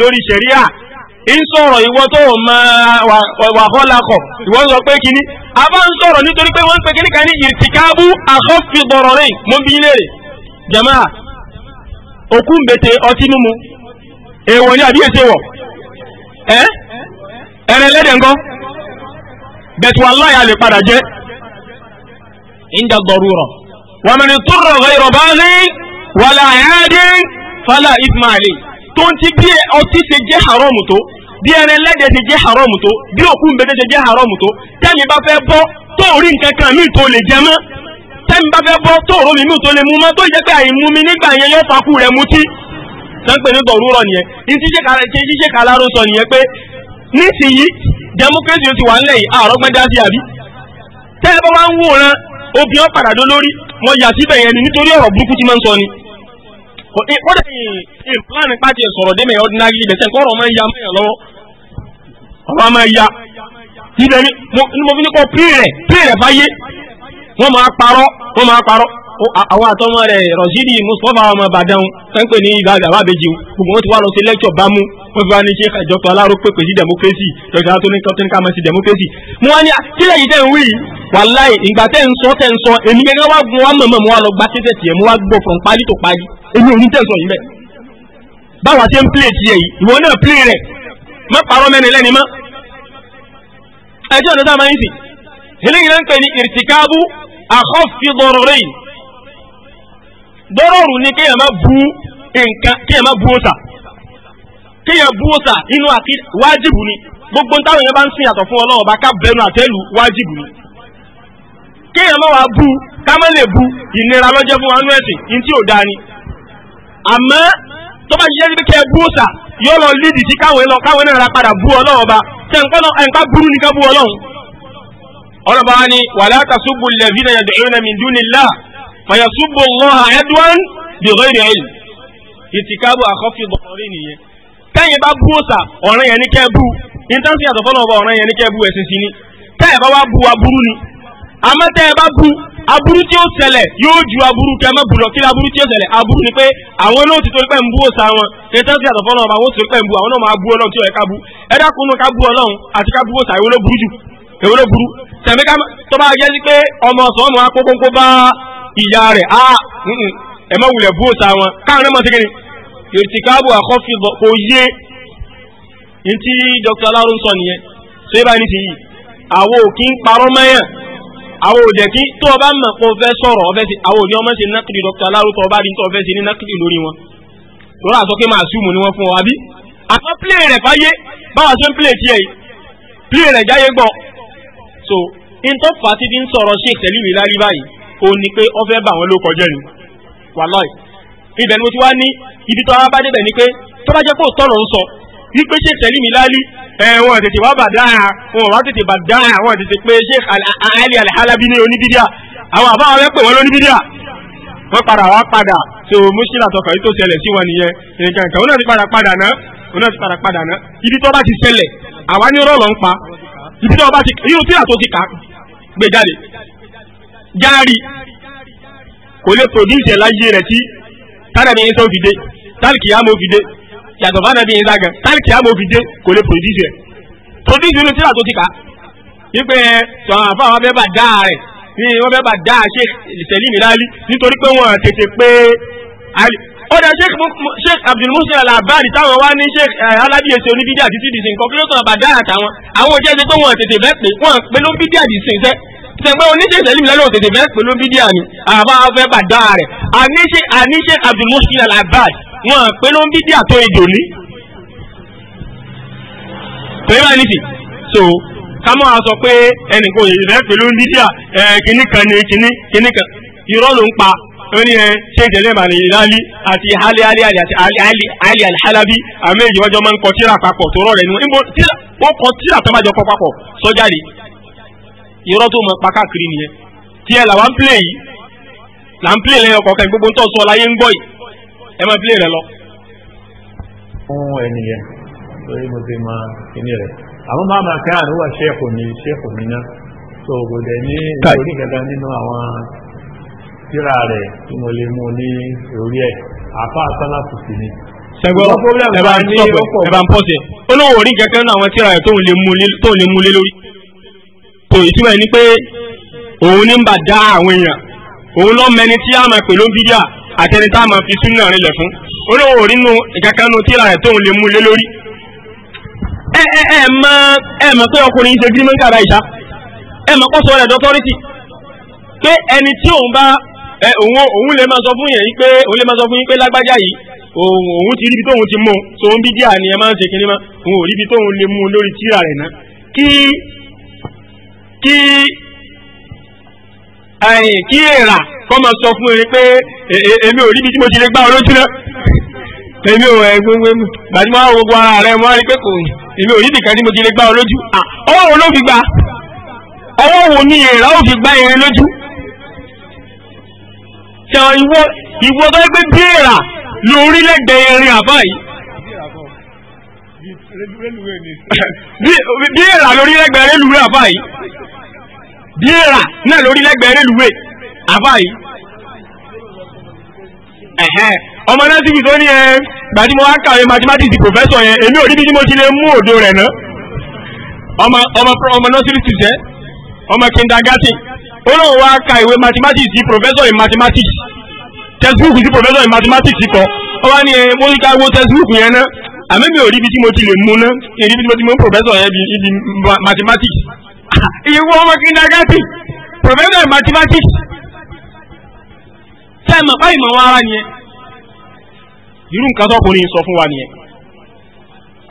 lórí sẹ̀ríà ń sọ̀rọ̀ ìwọ tó wà ìwọ sọ pé kíní àbá ń sọ̀rọ̀ nítorí pé wọ́n pe kíní kan ní ìrìtìkábù àkọ́fìdọ̀rọ̀ ẹ́ ẹ̀rẹ̀ ẹlẹ́dẹ̀ ńkọ́ bẹ̀tù wallahi a lè padà jẹ́ inda darura wa man turra ghayra baghin wala 'adin fala ithma alayh tó ń ti bí ọtí ṣe jẹ́ haramu tó bí ẹ̀rẹ̀ ẹlẹ́dẹ̀ ṣe jẹ́ haramu tó bí òkú mbẹ́dẹ́ ṣe jẹ́ haramu tó tẹ́mi bá fẹ́ bọ́ tó rí nǹkan kan mí tó lè jẹ mọ́ tẹ́mi bá fẹ́ bọ́ tó rí mi tó lè mú mọ́ tó jẹ́ pé àìmú mi nígbà yẹn yóò fakú rẹ̀ mutí sánpẹ̀ ní dọ̀rúrọ̀ nìyẹn ìṣíṣe kàláró sọ nìyẹn pé nísìnyí democracy ó ti wà nílẹ̀ yìí àrọ́gbọ́n dá sí àbí tẹ́ bá wá ń wòran obìnrin padà lórí wọn yà síbẹ̀ yẹn ni nítorí ọ̀rọ̀ burúkú ti máa ń sọ ni ó dẹ̀ yìí sọ̀rọ̀ dẹ́mẹ̀ kọ́rọ̀ máa ń ya mẹ́yàn lọ́wọ́ ọba máa ya ibẹ̀ mo fi ní kọ́ pírẹ̀ pírẹ̀ báyé wọ́n máa parọ́ wọ́n máa parọ́ àwọn àtọmọ rẹ̀ rọ̀ṣídì mustapha ọmọ ìbàdàn sánpẹ ní ibà àbábẹjì gbogbo wọn ti wá lọ sí lẹ́kítọ̀ bámú wọn fi wá ní sheikh àjọpọ̀ aláró pèpè sí democracy dr atonika máa sí democracy. mo wá ní ah, kílẹ̀ yìí tẹ̀ ń wí wàláì ìgbà tẹ̀ ń sọ tẹ̀ ń sọ èmi gẹ́gẹ́ wá gun wá mọ̀mọ́ mo wá lọ gbá tẹ́tẹ̀ tiẹ̀ mo wá gbọ́ from pálí tó pálí èmi ò ní tẹ̀ sọ yìí bẹ́ẹ̀. báwa ṣe ń plé tiẹ̀ yìí máa ń sìn eléyìí náà ń pè ní ìrìtìkáàbù àkọ́fì dọ́rọ̀rù ni kéèyàn má bú nǹkan kéèyàn má bú òòṣà kéèyàn bú òòṣà inú àti wájìbù ni gbogbo ń táwọn èèyàn bá ń sìn yàtọ̀ fún ọlọ́run ọba ká bẹnu àtẹ́lu wájìbù ni kéèyàn má wàá bú ká má lè bú ìnira lọ́jọ́ fún wa nú ẹ̀sìn ní tí ò dáa ni àmọ́ tó bá ṣiṣẹ́ níbi kẹ́ ẹ bú òòṣà yóò lọ lídìí sí káwọn lọ káwọn náà padà bú ọlọ́run ọba tẹ̀ nǹkan burú ni ká bú ọlọ́run ọlọ́ba ni wàlá tasubbu alladhina yad'una min dunillah fàyàsúbò lọ́hà edwin bìrọ̀ ìrìn àìlì ìtìkábù àkọ́fì bọ̀rọ̀ nìyẹn kẹ́yìn bá bú òsà ọ̀ràn yẹn ní kẹ́ bú intanṣi àtọ̀ fọlọ́ ọba ọ̀ràn yẹn ní kẹ́ ẹ̀sìn sí ni tẹ́ ẹ̀ bá wá bu aburú ni àmọ́ tẹ́ ẹ bá bu aburú tí ó ṣẹlẹ̀ yóò ju aburú kẹ́ mọ́ bùrọ̀ kí aburú tí ó ṣẹlẹ̀ aburú ni pé àwọn náà ti tó pẹ́ ń bú òsà wọn intanṣi àtọ̀ fọlọ́ ọba wọn ti tó pẹ́ ń bu àwọn náà máa bú ọlọ́run tí ó yẹ ká bú ẹ dákun ká bú ìyá rẹ̀ a ah, ẹ má wulẹ̀ bú òta wọn káwọn náà má ti kiri ìrìtìkáàbù àkọ́fì kò yé ní tí Dr. Aláró ń sọ nìyẹn tó yẹ báyìí nìyí àwọn ò kí ń parọ́ mẹ́yàn àwọn ò dẹ̀ kí tó o bá mọ̀ pé o fẹ́ sọ̀rọ̀ ọ̀fẹ́ sí àwọn òní ọmọ ṣe nákìlì Dr. Aláró tó o bá rí tó o fẹ́ ṣe ní nákìlì lórí wọn tó rà sọ pé màá súnmù ni wọ́n fún ọ àbí àtọ́ pílẹ̀ rẹ̀ fáyé báwa ṣe ń pílẹ̀ tiẹ̀ yìí pílẹ̀ rẹ̀ jáyé gbọ́ so in tó fà á ti fi ń sọ̀rọ̀ ṣe ìtẹ̀lú ìlàrí báyìí òun ni pé ó fẹ́ bà wọ́n ló kọjá ni wàláì ibẹ̀ ni mo ti wá ní ibi tó bá débẹ̀ ni pé tó bá jẹ́ pé òtọ́rọ̀ ń sọ wípé ṣe tẹ̀lé mi lálí wọn tètè wá bàdáyà wọn wá tètè bàdáyà wọn tètè pé ṣe àlẹ́ àlẹ́hálábí ní oníbídíà àwọn àbá wọn pè wọn lóníbídíà wọn padà wá padà tó mùsùlùmí àtọkọ̀ yìí tó ṣẹlẹ̀ sí wọn nìyẹn nǹkan nǹkan wọn náà ti padà padà ná wọn náà ti padà padà ná ibi tó bá ti jáàrí kò lè produce láyé rẹ̀ tí tánàbí yín tó fi dé tálkì yá mo fi dé yàtọ̀ fánàbí yín ságan tálkì yá mo fi dé kò lè produce rẹ̀ produce inú tíra tó ti kà wípé sọ̀rọ̀ àfa wọn bẹ́ẹ̀ bá dá rẹ̀ ní wọn bẹ́ẹ̀ bá dá ṣe ìṣẹ̀lẹ̀ mi láàlí nítorí pé wọn tètè pé ọ̀dà sheikh abdul musa alabari táwọn wá ní sheikh eh, alábíyèsí oníbídíà títí dìsìn kọ́kúrẹ́tọ̀ àbàdá àtàwọn àwọn òjẹ́ ẹni pé wọn tètè bẹ́ẹ̀ pé wọn pé ló ń bídíà dìsìn sẹ́ sẹ̀gbẹ́ oníṣẹ́ ìṣẹ̀lẹ̀ ìlànà òtètè fẹ́ pẹ̀lú bídíà ni àbá fẹ́ bàdá rẹ̀ àníṣe àníṣe abdulmusin alabad wọn pẹ̀lú bídíà tó ìdò ní. pẹ̀lú àníṣe so ká máa sọ pé ẹnìkan òyìnbó fẹ́ pẹ̀lú bídíà ẹ̀ kìíní kan ní kìíní kìíní kan irọ́ ló ń pa oní ẹ ṣe ìjẹ̀lẹ̀ ìbànú ìlàlí àti ali ali ali àti ali ali alhalabi àmì èyí wọ́n jọ máa ń kọ tíra papọ̀ tó rọ̀ rẹ̀ nínú wọ́n kọ tíra tó máa jọ kọ papọ̀ sọ́jáde irọ́ tó mọ̀ pàkàkiri nìyẹn tí ẹ làwọn pílẹ̀ yìí là ń pílẹ̀ lẹ́yìn ọkọ̀ kan gbogbo ń tọ́ sọ láyé ń gbọ́ yìí ẹ máa pílẹ̀ rẹ lọ. fún ẹnìyẹn lórí mo ti máa kíní rẹ àwọn máa máa ká àdúrà ṣẹ́ẹ̀kù ní ṣẹ́ẹ̀kù mi ná tó o gbọdọ̀ ní orí kẹta nínú àwọn tíra rẹ̀ tí mo lè mú ní orí ẹ̀ àfa àtàlàfù sí ni sẹgbọrọ ẹ bá ń pọ̀ sí olówó orí kẹkẹ náà àwọn tíra rẹ̀ tó ń lè mú lé lórí tó ìtumọ̀ ní pé òun ní ń bà dá àwọn èèyàn òun lọ́ mẹni tí a máa pè ló bídíà àtẹni tá a máa fi súnà rinlẹ̀ fún olówó nínú ìkankanú tíra rẹ̀ tóun lè mú lé lórí. ẹ ẹ ẹ mọ ẹ mọ pé ọkùnrin ṣe gírí mẹ́ta àbáyìí ṣá ẹ mọ kọ́sọ̀ rẹ̀ dọ́tọ́rìtì pé ẹni tí òun bá òun lè máa sọ fún yẹn pé òun lè máa sọ fún yín pé lágbájá yìí òun ti ríbi tóun ti mú un tó ń bídíà ni ẹ máa ń ṣe kinní mọ́ òun ò ríbi tóun lè mú un lórí tíra rẹ̀ náà kí kí ẹ̀yìn kí èrà kọ́ máa sọ fún erin pé e, e, èmi ò rí ibi tí mo ti lè gbá olójú náà èmi ò ẹ gbogbo ẹmu gbàdí máa wo gbogbo ara rẹ mo á rí pé kò yìn èmi ò rí ibìkan tí mo ti lè gbá olójú ọwọ́ wo ló fi gbà ọwọ́ wo ni èrà ó fi gbá erin lójú ṣàn ìwọ ìwọ tó gbé bí èrà lórí lẹ́gbẹ̀ẹ́ erin àbá yìí bí [LAUGHS] èrà lórí lẹ́gbẹ̀ẹ́ erin lórí àbá yìí bíra náà lórí lẹ́gbẹ̀ẹ́ rélùwé àbá yìí ẹ̀hẹ́ ọmọ náà sì fi tó ní ẹ gbàdí mo wá kàwé mathematics professor yẹn èmi ò rí bí mo ti lè mú òdo rẹ̀ ná ọmọ ọmọ ọmọ nursery to jẹ́ ọmọ kindergarten ó lóun wá ka ìwé mathematics sí professor in mathematics textbook sí professor in mathematics kọ ó wá ní ẹ mo ní ká wo textbook yẹn ná àmì mi ò rí bí mo ti lè mú ná èrí bí mo ti mú professor yẹn bí mathematics ìwọ ọmọ kindergarten professor mathematics ṣe mọ̀ báyìí mọ̀ wá ara nìyẹn irú nǹkan tọkùnrin sọ fún wa nìyẹn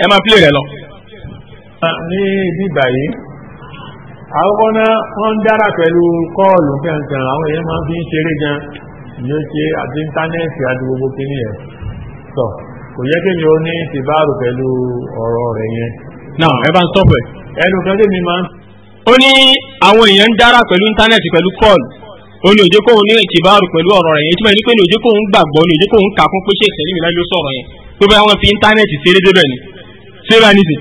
ẹ máa pílè rẹ lọ. Ah, ní bíbà yìí àkọ́kọ́ náà wọ́n ń dára pẹ̀lú kọ́ọ̀lù kankan àwọn èèyàn máa ń fi ń ṣeré gan ní ó ṣe àti íńtánẹ́ẹ̀tì àti gbogbo kìíní yẹn sọ kò yẹ kí ni ó ní tìbáàrù pẹ̀lú ọ̀rọ̀ rẹ̀ yẹn. náà ẹ bá ń sọ̀pẹ̀. ẹnu kan tí mi máa ń ó ní àwọn èèyàn ń dára pẹ̀lú íńtánẹ́ẹ̀tì pẹ̀lú kọ́ọ̀lù ó ní òjé kóhun ní ìtìbáàrù pẹ̀lú ọ̀rọ̀ rẹ̀ yẹn tí mo ní pé ní òjé kóhun gbàgbọ́ ní òjé kóhun kà fún pé ṣe ìṣẹ̀lẹ̀ mi lájọ́ sọ̀rọ̀ yẹn tó bá wọn fi íńtánẹ́ẹ̀tì ṣeré débẹ̀ ni ṣeré àníṣe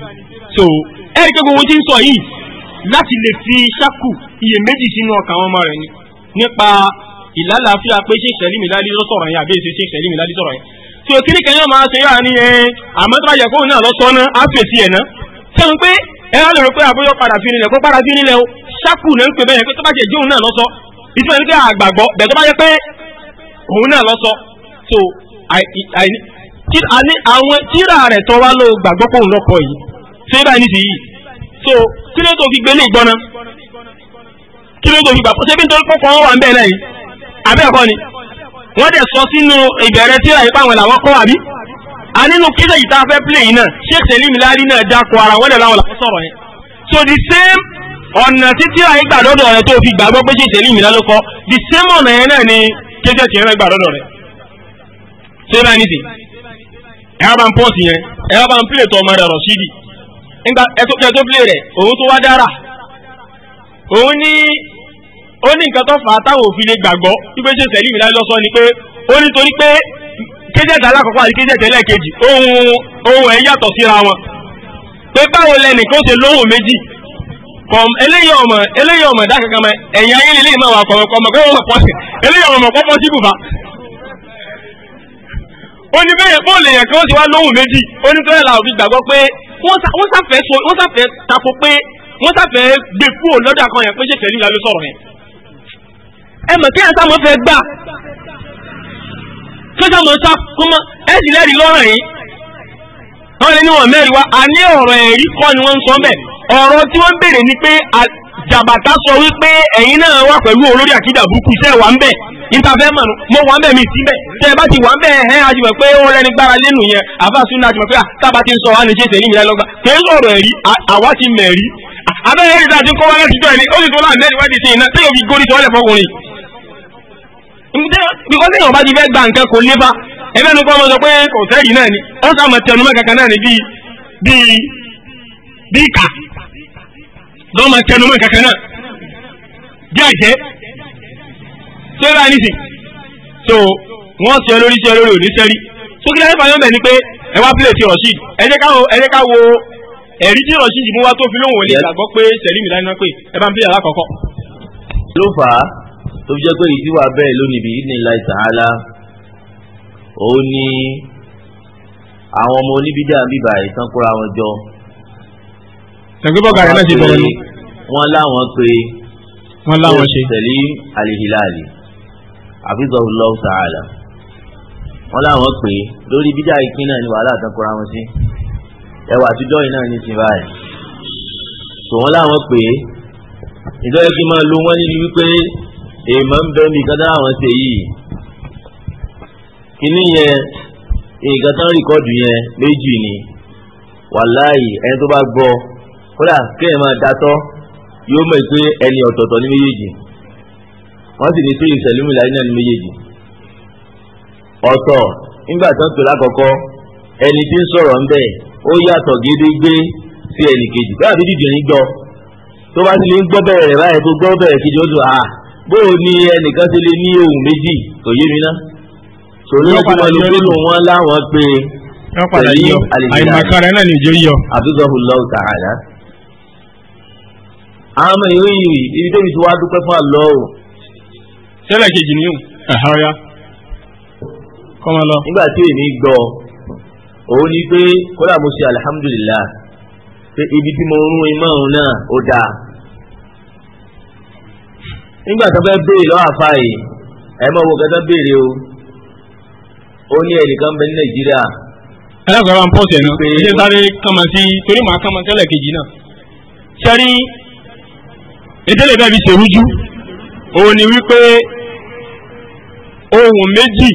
so ẹ̀rí pé gbogbo tí ń sọ yìí láti lè fi ṣákù iyèméjì sínú ọkàn àwọn ọmọ rẹ̀ ni nípa ìlàlàáfíà pé ṣe ìṣẹ̀lẹ̀ mi lájọ́ sọ̀rọ̀ yẹn àbí èsì ṣe ìṣẹ̀lẹ̀ mi lájọ́ sọ̀rọ̀ yẹn so o kiri kan yóò máa ṣe yára ní ẹ àmọ́ tó bá yẹ kóhun náà lọ́sọ̀ọ́nà á fèsì ẹ̀ ná sẹ́wọ́n pé ẹ á lè rò pé àbúyọ padà fi nílẹ̀ kó padà fi nílẹ̀ o ṣákù náà ń pè bẹ́yẹn pé tó bá jẹ́ jóun náà lọ́sọ ìtumọ̀ ní pé àgbàgbọ́ bẹ̀ tó bá jẹ́ pé òun náà lọ́sọ so àwọn tíra rẹ̀ tọ́ wá ló gbàgbọ́ pé òun lọ́kọ yìí ṣé báyìí níbi yìí so kí ló tó fi gbé ní ìgbọ́ná kí ló tó fi gbà ṣé bí nítorí pọ́pọ́ wọn wà ń bẹ́ẹ̀ náà yìí àbẹ́ẹ̀kọ́ ni wọ́n dẹ̀ sọ sínú ìbẹ̀rẹ̀ tíra yìí pàwọn làwọn kọ́ àbí a nínú kíṣẹ́ yìí tá a fẹ́ play yìí náà Sheikh Salim Lari náà dákọ̀ ara wọ́n dẹ̀ láwọn làwọn sọ̀rọ̀ yẹn so the same ọ̀nà títí àyè gbàdọ́dọ̀ rẹ tó fi gbàgbọ́ pé Sheikh Salim Lari lọ́kọ́ the same ọ̀nà yẹn náà ni kíṣẹ́ tiẹ̀ rẹ gbàdọ́dọ̀ rẹ ṣé bá nìdí ẹ bá ń pọ́ọ̀sì yẹn ẹ bá ń play tọ́ ọmọ rẹ rọ̀ síbi nígbà ẹ tó kẹ́ tó play kéjẹ̀tì alákọ̀ọ́kọ́ àti kéjẹ̀tì ẹlẹ́ẹ̀kejì ohun ohun ẹ̀ yàtọ̀ síra wọn pé báwo lẹ́nì kó ṣe lóhùn méjì eléyìí ọmọ eléyìí ọmọ ìdá kankan mọ ẹ̀yìn ayé lè má wà kọ̀ọ̀kọ̀ ọmọ pé wọ́n mọ̀ pọ́sì eléyìí ọmọ mọ̀ pọ́pọ́ sí bùbá. ó ní bẹ́ẹ̀ bó lè yẹ kí wọ́n ti wá lóhùn méjì ó ní tọ́lẹ̀ làwọn fi gbàgbọ́ pé wọ́n sàfẹ́ so wọ́n sàfẹ́ tako pé wọ́n sàfẹ́ gbé kúrò lọ́dọ̀ kan yẹn pé ṣèṣẹ́ nílá ló sọ̀rọ̀ yẹn. ẹ mọ̀ kí kẹ́sà mọ̀ sá kó mọ́ ẹ sì lẹ́rìí lọ́rọ̀ yìí wọ́n lé níwọ̀n mẹ́rin wa a ní ọ̀rọ̀ ẹ̀rí kọ́ ni wọ́n ń sọ bẹ́ẹ̀ ọ̀rọ̀ tí wọ́n béèrè ni pé jàbàtà sọ wípé ẹ̀yin náà wà pẹ̀lú olórí àkídà burúkú iṣẹ́ wà ń bẹ̀ ìtafẹ́ mọ̀nù mo wà ń bẹ̀ mi sí bẹ̀ tẹ́ ẹ bá ti wà ń bẹ̀ ẹ̀ a ti mọ̀ pé ó rẹni gbára lẹ́nu yẹn àfa sunu a ti mọ̀ pé tábà ti ń sọ wà ní jésù ẹ̀yìn mi lọ́gbà kì í sọ̀rọ̀ ẹ̀rí àwa ti mẹ̀rí abẹ́rẹ́ ẹ̀rí dáa ti kọ́ wá láti jọ ẹ̀rí ó sì tó láàbẹ̀rẹ̀ wá di sí iná tẹ́yọ̀ fi gorí sọ́ọ́lẹ̀ fọkùnrin because èèyàn bá ti fẹ́ gba nǹkan kò lépa ẹgbẹ́ nu kọ́ ọmọ sọ pé kò sẹ́rì náà ni ó sàmọ̀ tẹnu mọ́ kankan náà ni bíi bíi bíi kà lọ́mọ tẹnu mọ́ kankan náà bí àjẹ́ tí ó bá ní sìn so wọ́n sọ lórí sọ lórí òní sẹ́rí sókè láyé fàyọ́ bẹ̀ ni pé ẹ wá pílẹ̀ ti rọ̀ṣì ẹ jẹ́ ká wo ẹ̀rí tí rọ̀ṣì yìí mú wá tó fi lóhùn wọlé ìgbàgbọ́ pé sẹ̀rí mi láyé náà pé ẹ bá ń pílẹ̀ alákọ̀ọ́kọ́. ló fà á tó fi jẹ́ pé ìdí wà bẹ́ẹ̀ lónìí bí ìdí ńlá ìtàhálà òun ni àwọn ọmọ oníbídà bíbà ìtàn kóra wọn jọ. tẹ̀gbẹ́bọ̀gà rẹ̀ náà ti bẹ̀rẹ̀ ni. wọ́n láwọn pé wọ́n láwọn ṣe tẹ̀lé alihilali àfihàn sàálà wọ́n láwọn pé lórí bídà ìkín náà ni wàhálà tán kóra wọn sí ẹwà àtijọ́ yìí náà ní ti báyìí tòun láwọn pé ìdọ́yẹ́kí máa lo wọ́n níbi wípé èèmọ̀ ń ní kátà àwọn ṣe yìí kínní yẹn nǹkan tán rìkọ́dù yẹn méjì ni wàláyì ẹni tó bá gbọ́ kódà kéèyàn máa datọ́ yóò mọ̀ pé ẹni ọ̀tọ̀ọ̀tọ̀ ní méjèèjì wọ́n sì ní tó ìṣẹ̀lúmù ìlànà náà ní méjèèjì ọ̀tọ̀ nígbà tán tó lákọ̀ọ́kọ́ ẹni tí ń sọ̀rọ̀ ń bẹ̀ ó yàtọ̀ gédégbé sí ẹnì kejì bẹ́ẹ̀ àbí dídì ní gbọ́ tó bá sì ní gbọ́ bẹ̀rẹ̀ báyìí tó gbọ́ bẹ̀rẹ̀ kejì ó dùn áà bóò ni ẹnìkan ti lè ní ohun méjì kò yé mi ná sòrí wọn kúmọ ló pínu wọn láwọn pé pẹ̀lú àìmọ̀kàrẹ́ náà nìjọ yọ. abdullahu ta'ala. àwọn ọmọ ìwé yìí ibi tóbi tí wàá dúpẹ́ fún àlọ́ o. tẹ́lẹ̀ kejì ni ẹ̀hán ya kọ́mọ lọ. nígbà tí èmi gbọ́ òun ni pé kódà mo ṣe alihamudulilayi pé ibi tí mo rún imọ̀ òun náà ó dáa. nígbà tó fẹ́ béèrè lọ́wọ́ àfa yìí ẹ mọ̀ wò kẹ́tọ́ béèrè o ó ní ẹnìkan bẹ ní nàìjíríà. ẹlẹ́kọ̀ọ́ bá ń pọ̀ sẹ́nu ṣé sáré kàmá sí torí màá kejì náà ìdílé òun ni wípé ohun méjì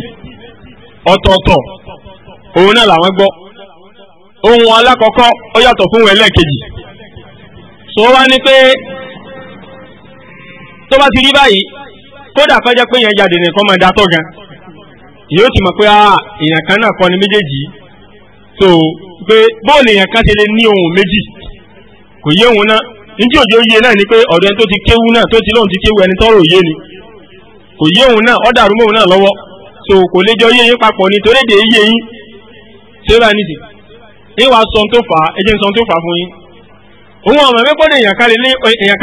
ọ̀tọ̀ọ̀tọ̀ òun náà làwọn gbọ́ ohun alákọ̀ọ́kọ́ ó yàtọ̀ fún wọn ẹlẹ́ẹ̀kejì sọ wá tó bá ti rí báyìí kódà kọjá pé yẹn jáde nìkan máa dátọ́ gan yóò ti mọ̀ pé ah, èèyàn kan náà kọ́ ni méjèèjì so pé bóòlù èèyàn kan ti ní ohun méjì kò yé òun náà níjí òjò yé náà ni pé ọ̀dọ̀ ẹni tó ti kéwu náà tó ti lóun ti kéwu ẹni tọ́rọ̀ ni kò yé òun náà ọ̀dà àrùmọ̀ òun náà lọ́wọ́ so kò lè jọ yé yín papọ̀ ni torí èdè yé yín ṣé bá nìyí sọ tó fà á ẹ jẹ́ sọ tó fà á fún yín òun ọ̀mọ̀ èèyàn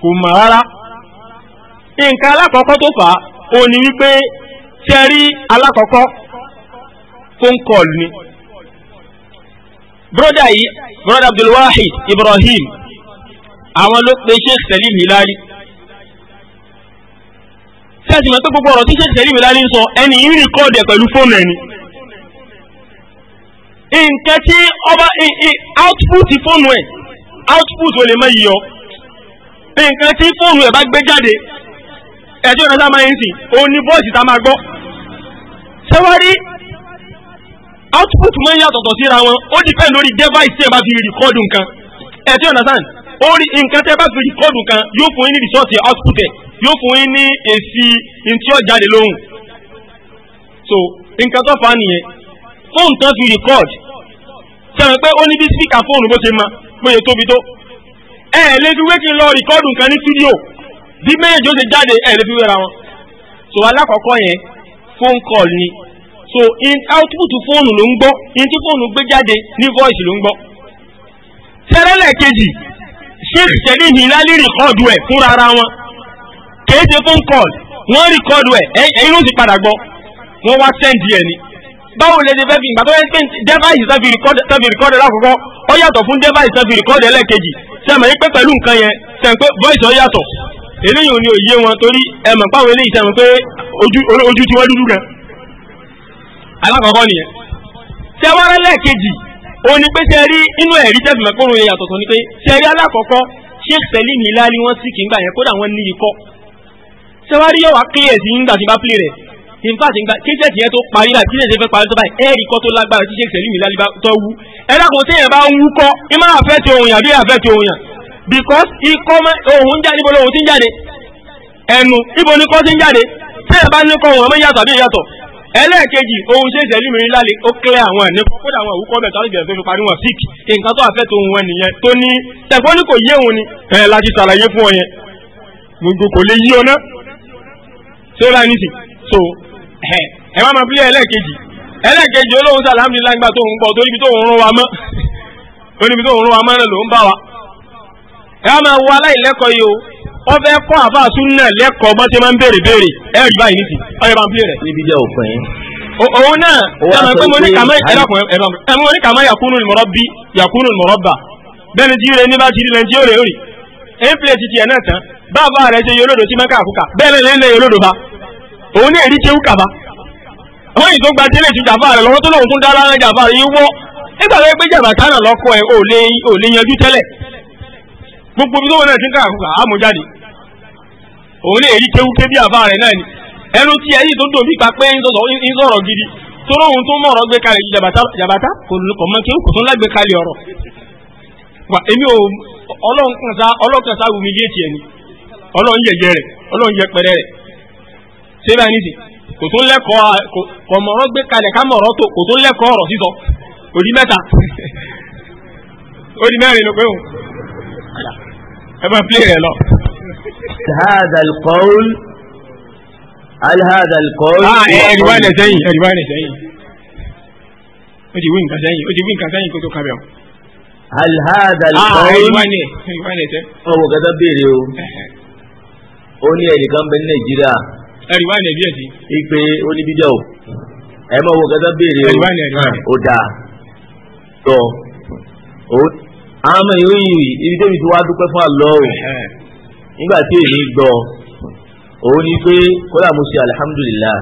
kò mọ̀ rárá nǹkan alákọ̀ọ́kọ́ tó fà á ò ní wípé tí ẹ rí alákọ̀ọ́kọ́ phone call ni broda yìí broda abdulwahid ibrahim àwọn ló pe sheikh salim hilali sẹ́ẹ̀sì mọ̀ pé gbogbo ọ̀rọ̀ tí sheikh salim hilali ń sọ ẹni yìí rìkọ́ọ̀dù ẹ̀ pẹ̀lú fóònù ẹni nǹkan tí ọba output fóònù ẹ̀ output ò lè mọ iyọ̀ nǹkan tí fóònù ẹ̀ bá gbé jáde ẹ̀jọ́ ìrẹsà máa ń sìn òun ni bọ́ọ̀sì tá máa gbọ́ ṣẹ́wárí output máa ń yàtọ̀tọ̀ síra wọn ó di pẹ́ lórí device tí ẹ bá fi rìkọ́dù nǹkan ẹ̀jọ́ ìrẹsà orí nǹkan tẹ́ bá fi rìkọ́dù kan yóò fún yín ní rìsọ́ọ̀tì output ẹ̀ yóò fún yín ní èsì ntí ó jáde lóhùn so nǹkan tó fà á nìyẹn fóònù tán fi rìkọ́d sẹ́wọ̀n pé ó ní bí spíkà fóònù bó ṣe máa péye tóbi tó ẹ ẹ lè fi wé kí n lọ rìkọ́dù nǹkan ní stúdíò bí méjèèjì ó ṣe jáde ẹ lè fi wéra wọn. so alákọ̀ọ́kọ́ yẹn phone call ni so in output fóònù ló ń gbọ́ in tí fóònù gbé jáde ní voice ló ń gbọ́. tẹ́lẹ̀lẹ̀ kejì sheikh selim hilali rìkọ́dù ẹ̀ fúnra ara wọn kèé ṣe phone call wọ́n rìkọ́dù ẹ̀ ẹ̀yin ló sì padà gbọ́ wọ́n wá send ẹ̀ ni báwo lè ṣe fẹ́ fi ìgbà tó yẹ pé device tán fi record lákòókò ó yàtọ̀ fún device tán fi record ẹlẹ́ẹ̀kejì sẹ́mi pé pẹ̀lú nǹkan yẹn sẹ́mi pé voice ó yàtọ̀ eléyìí ò ní òye wọn torí ẹmọ̀ páwọn eléyìí sẹ́mi pé ojú ti wọ́n dúdú gan alákọ̀ọ́kọ́ nìyẹn tẹ́wọ́rẹ́ lẹ́ẹ̀kejì ó ní pé ṣe rí inú ẹ̀rí tẹ́fì mẹ́kọ́rùn yẹn yàtọ̀tọ̀ ni pé ṣe rí alákọ̀ọ́kọ́ Sheikh Salim Hilali wọ́n sì kì í gbà yẹn kódà wọ́n ní ikọ́ tẹ́wọ́rẹ́ yóò wá clear sí nígbà tí bá play rẹ̀ in fact ìgbà kéjẹ́ tiẹ̀ tó parí láti kíjẹ́ tiẹ̀ fẹ́ parí tó báyìí ẹ̀rí kọ́ tó lágbára tí ṣèkìsẹ̀ lùmí lálíbá tó wú ẹ̀rọ kò téèyàn bá ń wú kọ́ ẹ máa fẹ́ ti ohun yàn bí àfẹ́ ti ohun yàn because ikọ́ ohun ń jáde ibo ni ohun ti ń jáde ẹnu ibo ni kọ́ ti ń jáde téèyàn bá ní kọ́ ohun ọmọ yàtọ̀ àbí yàtọ̀ ẹlẹ́ẹ̀kejì ohun ṣe ìṣẹ̀lú mi lálẹ́ ó kílẹ̀ àwọn ẹ̀ nípa kódà àwọn òwúkọ́ bẹ̀ sáré bẹ̀rẹ̀ tó fi parí wọn sick nǹkan tó àfẹ́ tó ń wọn nìyẹn tó ní tẹ̀gbọ́n ní kò yé òun ni ẹ̀ láti ṣàlàyé fún ọ yẹn gbogbo kò lè yí ọ náà ṣé ó rà nísì so ẹ wá máa bí ẹlẹ́ẹ̀kejì ẹlẹ́ẹ̀kejì olóhùn sí alhamdulilayi nígbà tó ń gbọ́ tó níbi tó ń rún wa mọ́ tó níbi tó ń rún wa mọ́ náà ló ń bá wa. ẹ wá máa wo aláìlẹ́kọ̀ọ́ yìí o wọ́n fẹ́ kọ́ àfa súnà lẹ́kọ̀ọ́ bọ́ tí máa ń béèrè béèrè ẹ rí báyìí nìsí ọyọ bá ń bí rẹ̀. níbi jẹ́ òfin. òun náà ẹ̀mọ̀ pé mo ní kàmá yakunu mọ̀rọ̀bí yakunu mọ̀rọ̀bà bẹ́ẹ̀ ni jíire ní bá ti rí lẹ́ńtí ó rè ó rè é ń pèsè tiẹ̀ náà tán bá a òun ní èrí kéwú kàbá wọ́n yìí tó gba délé ju jàmbá rẹ̀ lọ́wọ́ tó lóun tún dá lára jàmbá rẹ̀ yín wọ́ nígbà tó yẹ pé jàmbá tánà ò lè yanjú tẹ́lẹ̀ gbogbo bí tó wọn náà ti ń ká àkókò àmújáde òun lè rí kéwú kébí àbá rẹ̀ náà ni ẹnu tí ẹyí tó pa pé ń sọ̀rọ̀ gidi tó lóun ṣé bá ní sí kò tó lẹ́kọ̀ọ́ kò mọ̀rọ̀ gbé kalẹ̀ ká mọ̀rọ̀ tó kò tó lẹ́kọ̀ọ́ ọ̀rọ̀ sísọ ó mẹ́ta ó mẹ́rin ló pé o ẹ bá pílé rẹ lọ. هذا القول هل هذا القول اه اريوان سيين اريوان سيين ó ti wí nǹkan sẹ́yìn ó ti wí nǹkan sẹ́yìn kó tó kábẹ́ o. alhada ah, alqawl ọwọ́ gẹ́gẹ́ béèrè o ó ní ẹnìkan bẹ ní nàìjíríà ẹ̀rí wá ní ẹ̀bí ẹ̀sí. ipe oníbíjẹ́ o ẹ mọ̀ wo gẹ́gẹ́ béèrè o da tọ o àmọ́ ìròyìn ibi débi tí wàá dúpẹ́ fún àlọ́ o nígbà tí èmi gbọ́ òun ni pé kódà mo ṣe alihamudulilayi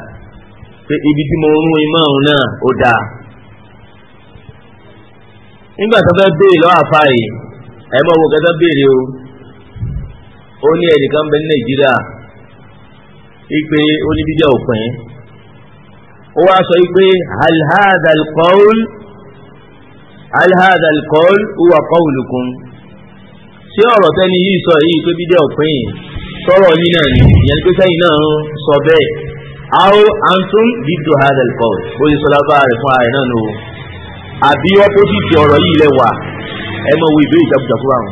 pé ibi tí mo rún imọ̀ òun náà ó dáa nígbà tó fẹ́ béèrè lọ́wọ́ àfa yìí ẹ mọ̀ wo gẹ́gẹ́ béèrè o ó ní ẹnìkan bẹ ní nàìjíríà ipe oníbíjà òpin ó wá sọ ipe alhadalkọ́ul alhadalkọ́ul huwa qawlukum tí ọ̀rọ̀ tẹ́ni yìí sọ yìí pé bídẹ́ òpin sọ̀rọ̀ yìí náà ni ìyẹn pé sẹ́yìn náà sọ bẹ́ẹ̀ ao antum dídò hadalkọ́ul ó lè sọ lábá rẹ̀ fún ààrẹ náà nù àbí ọ́pọ́sìtì ọ̀rọ̀ yìí lẹ́wà ẹ mọ̀ wo ìbéèrè ìjàkújàkú àwọn.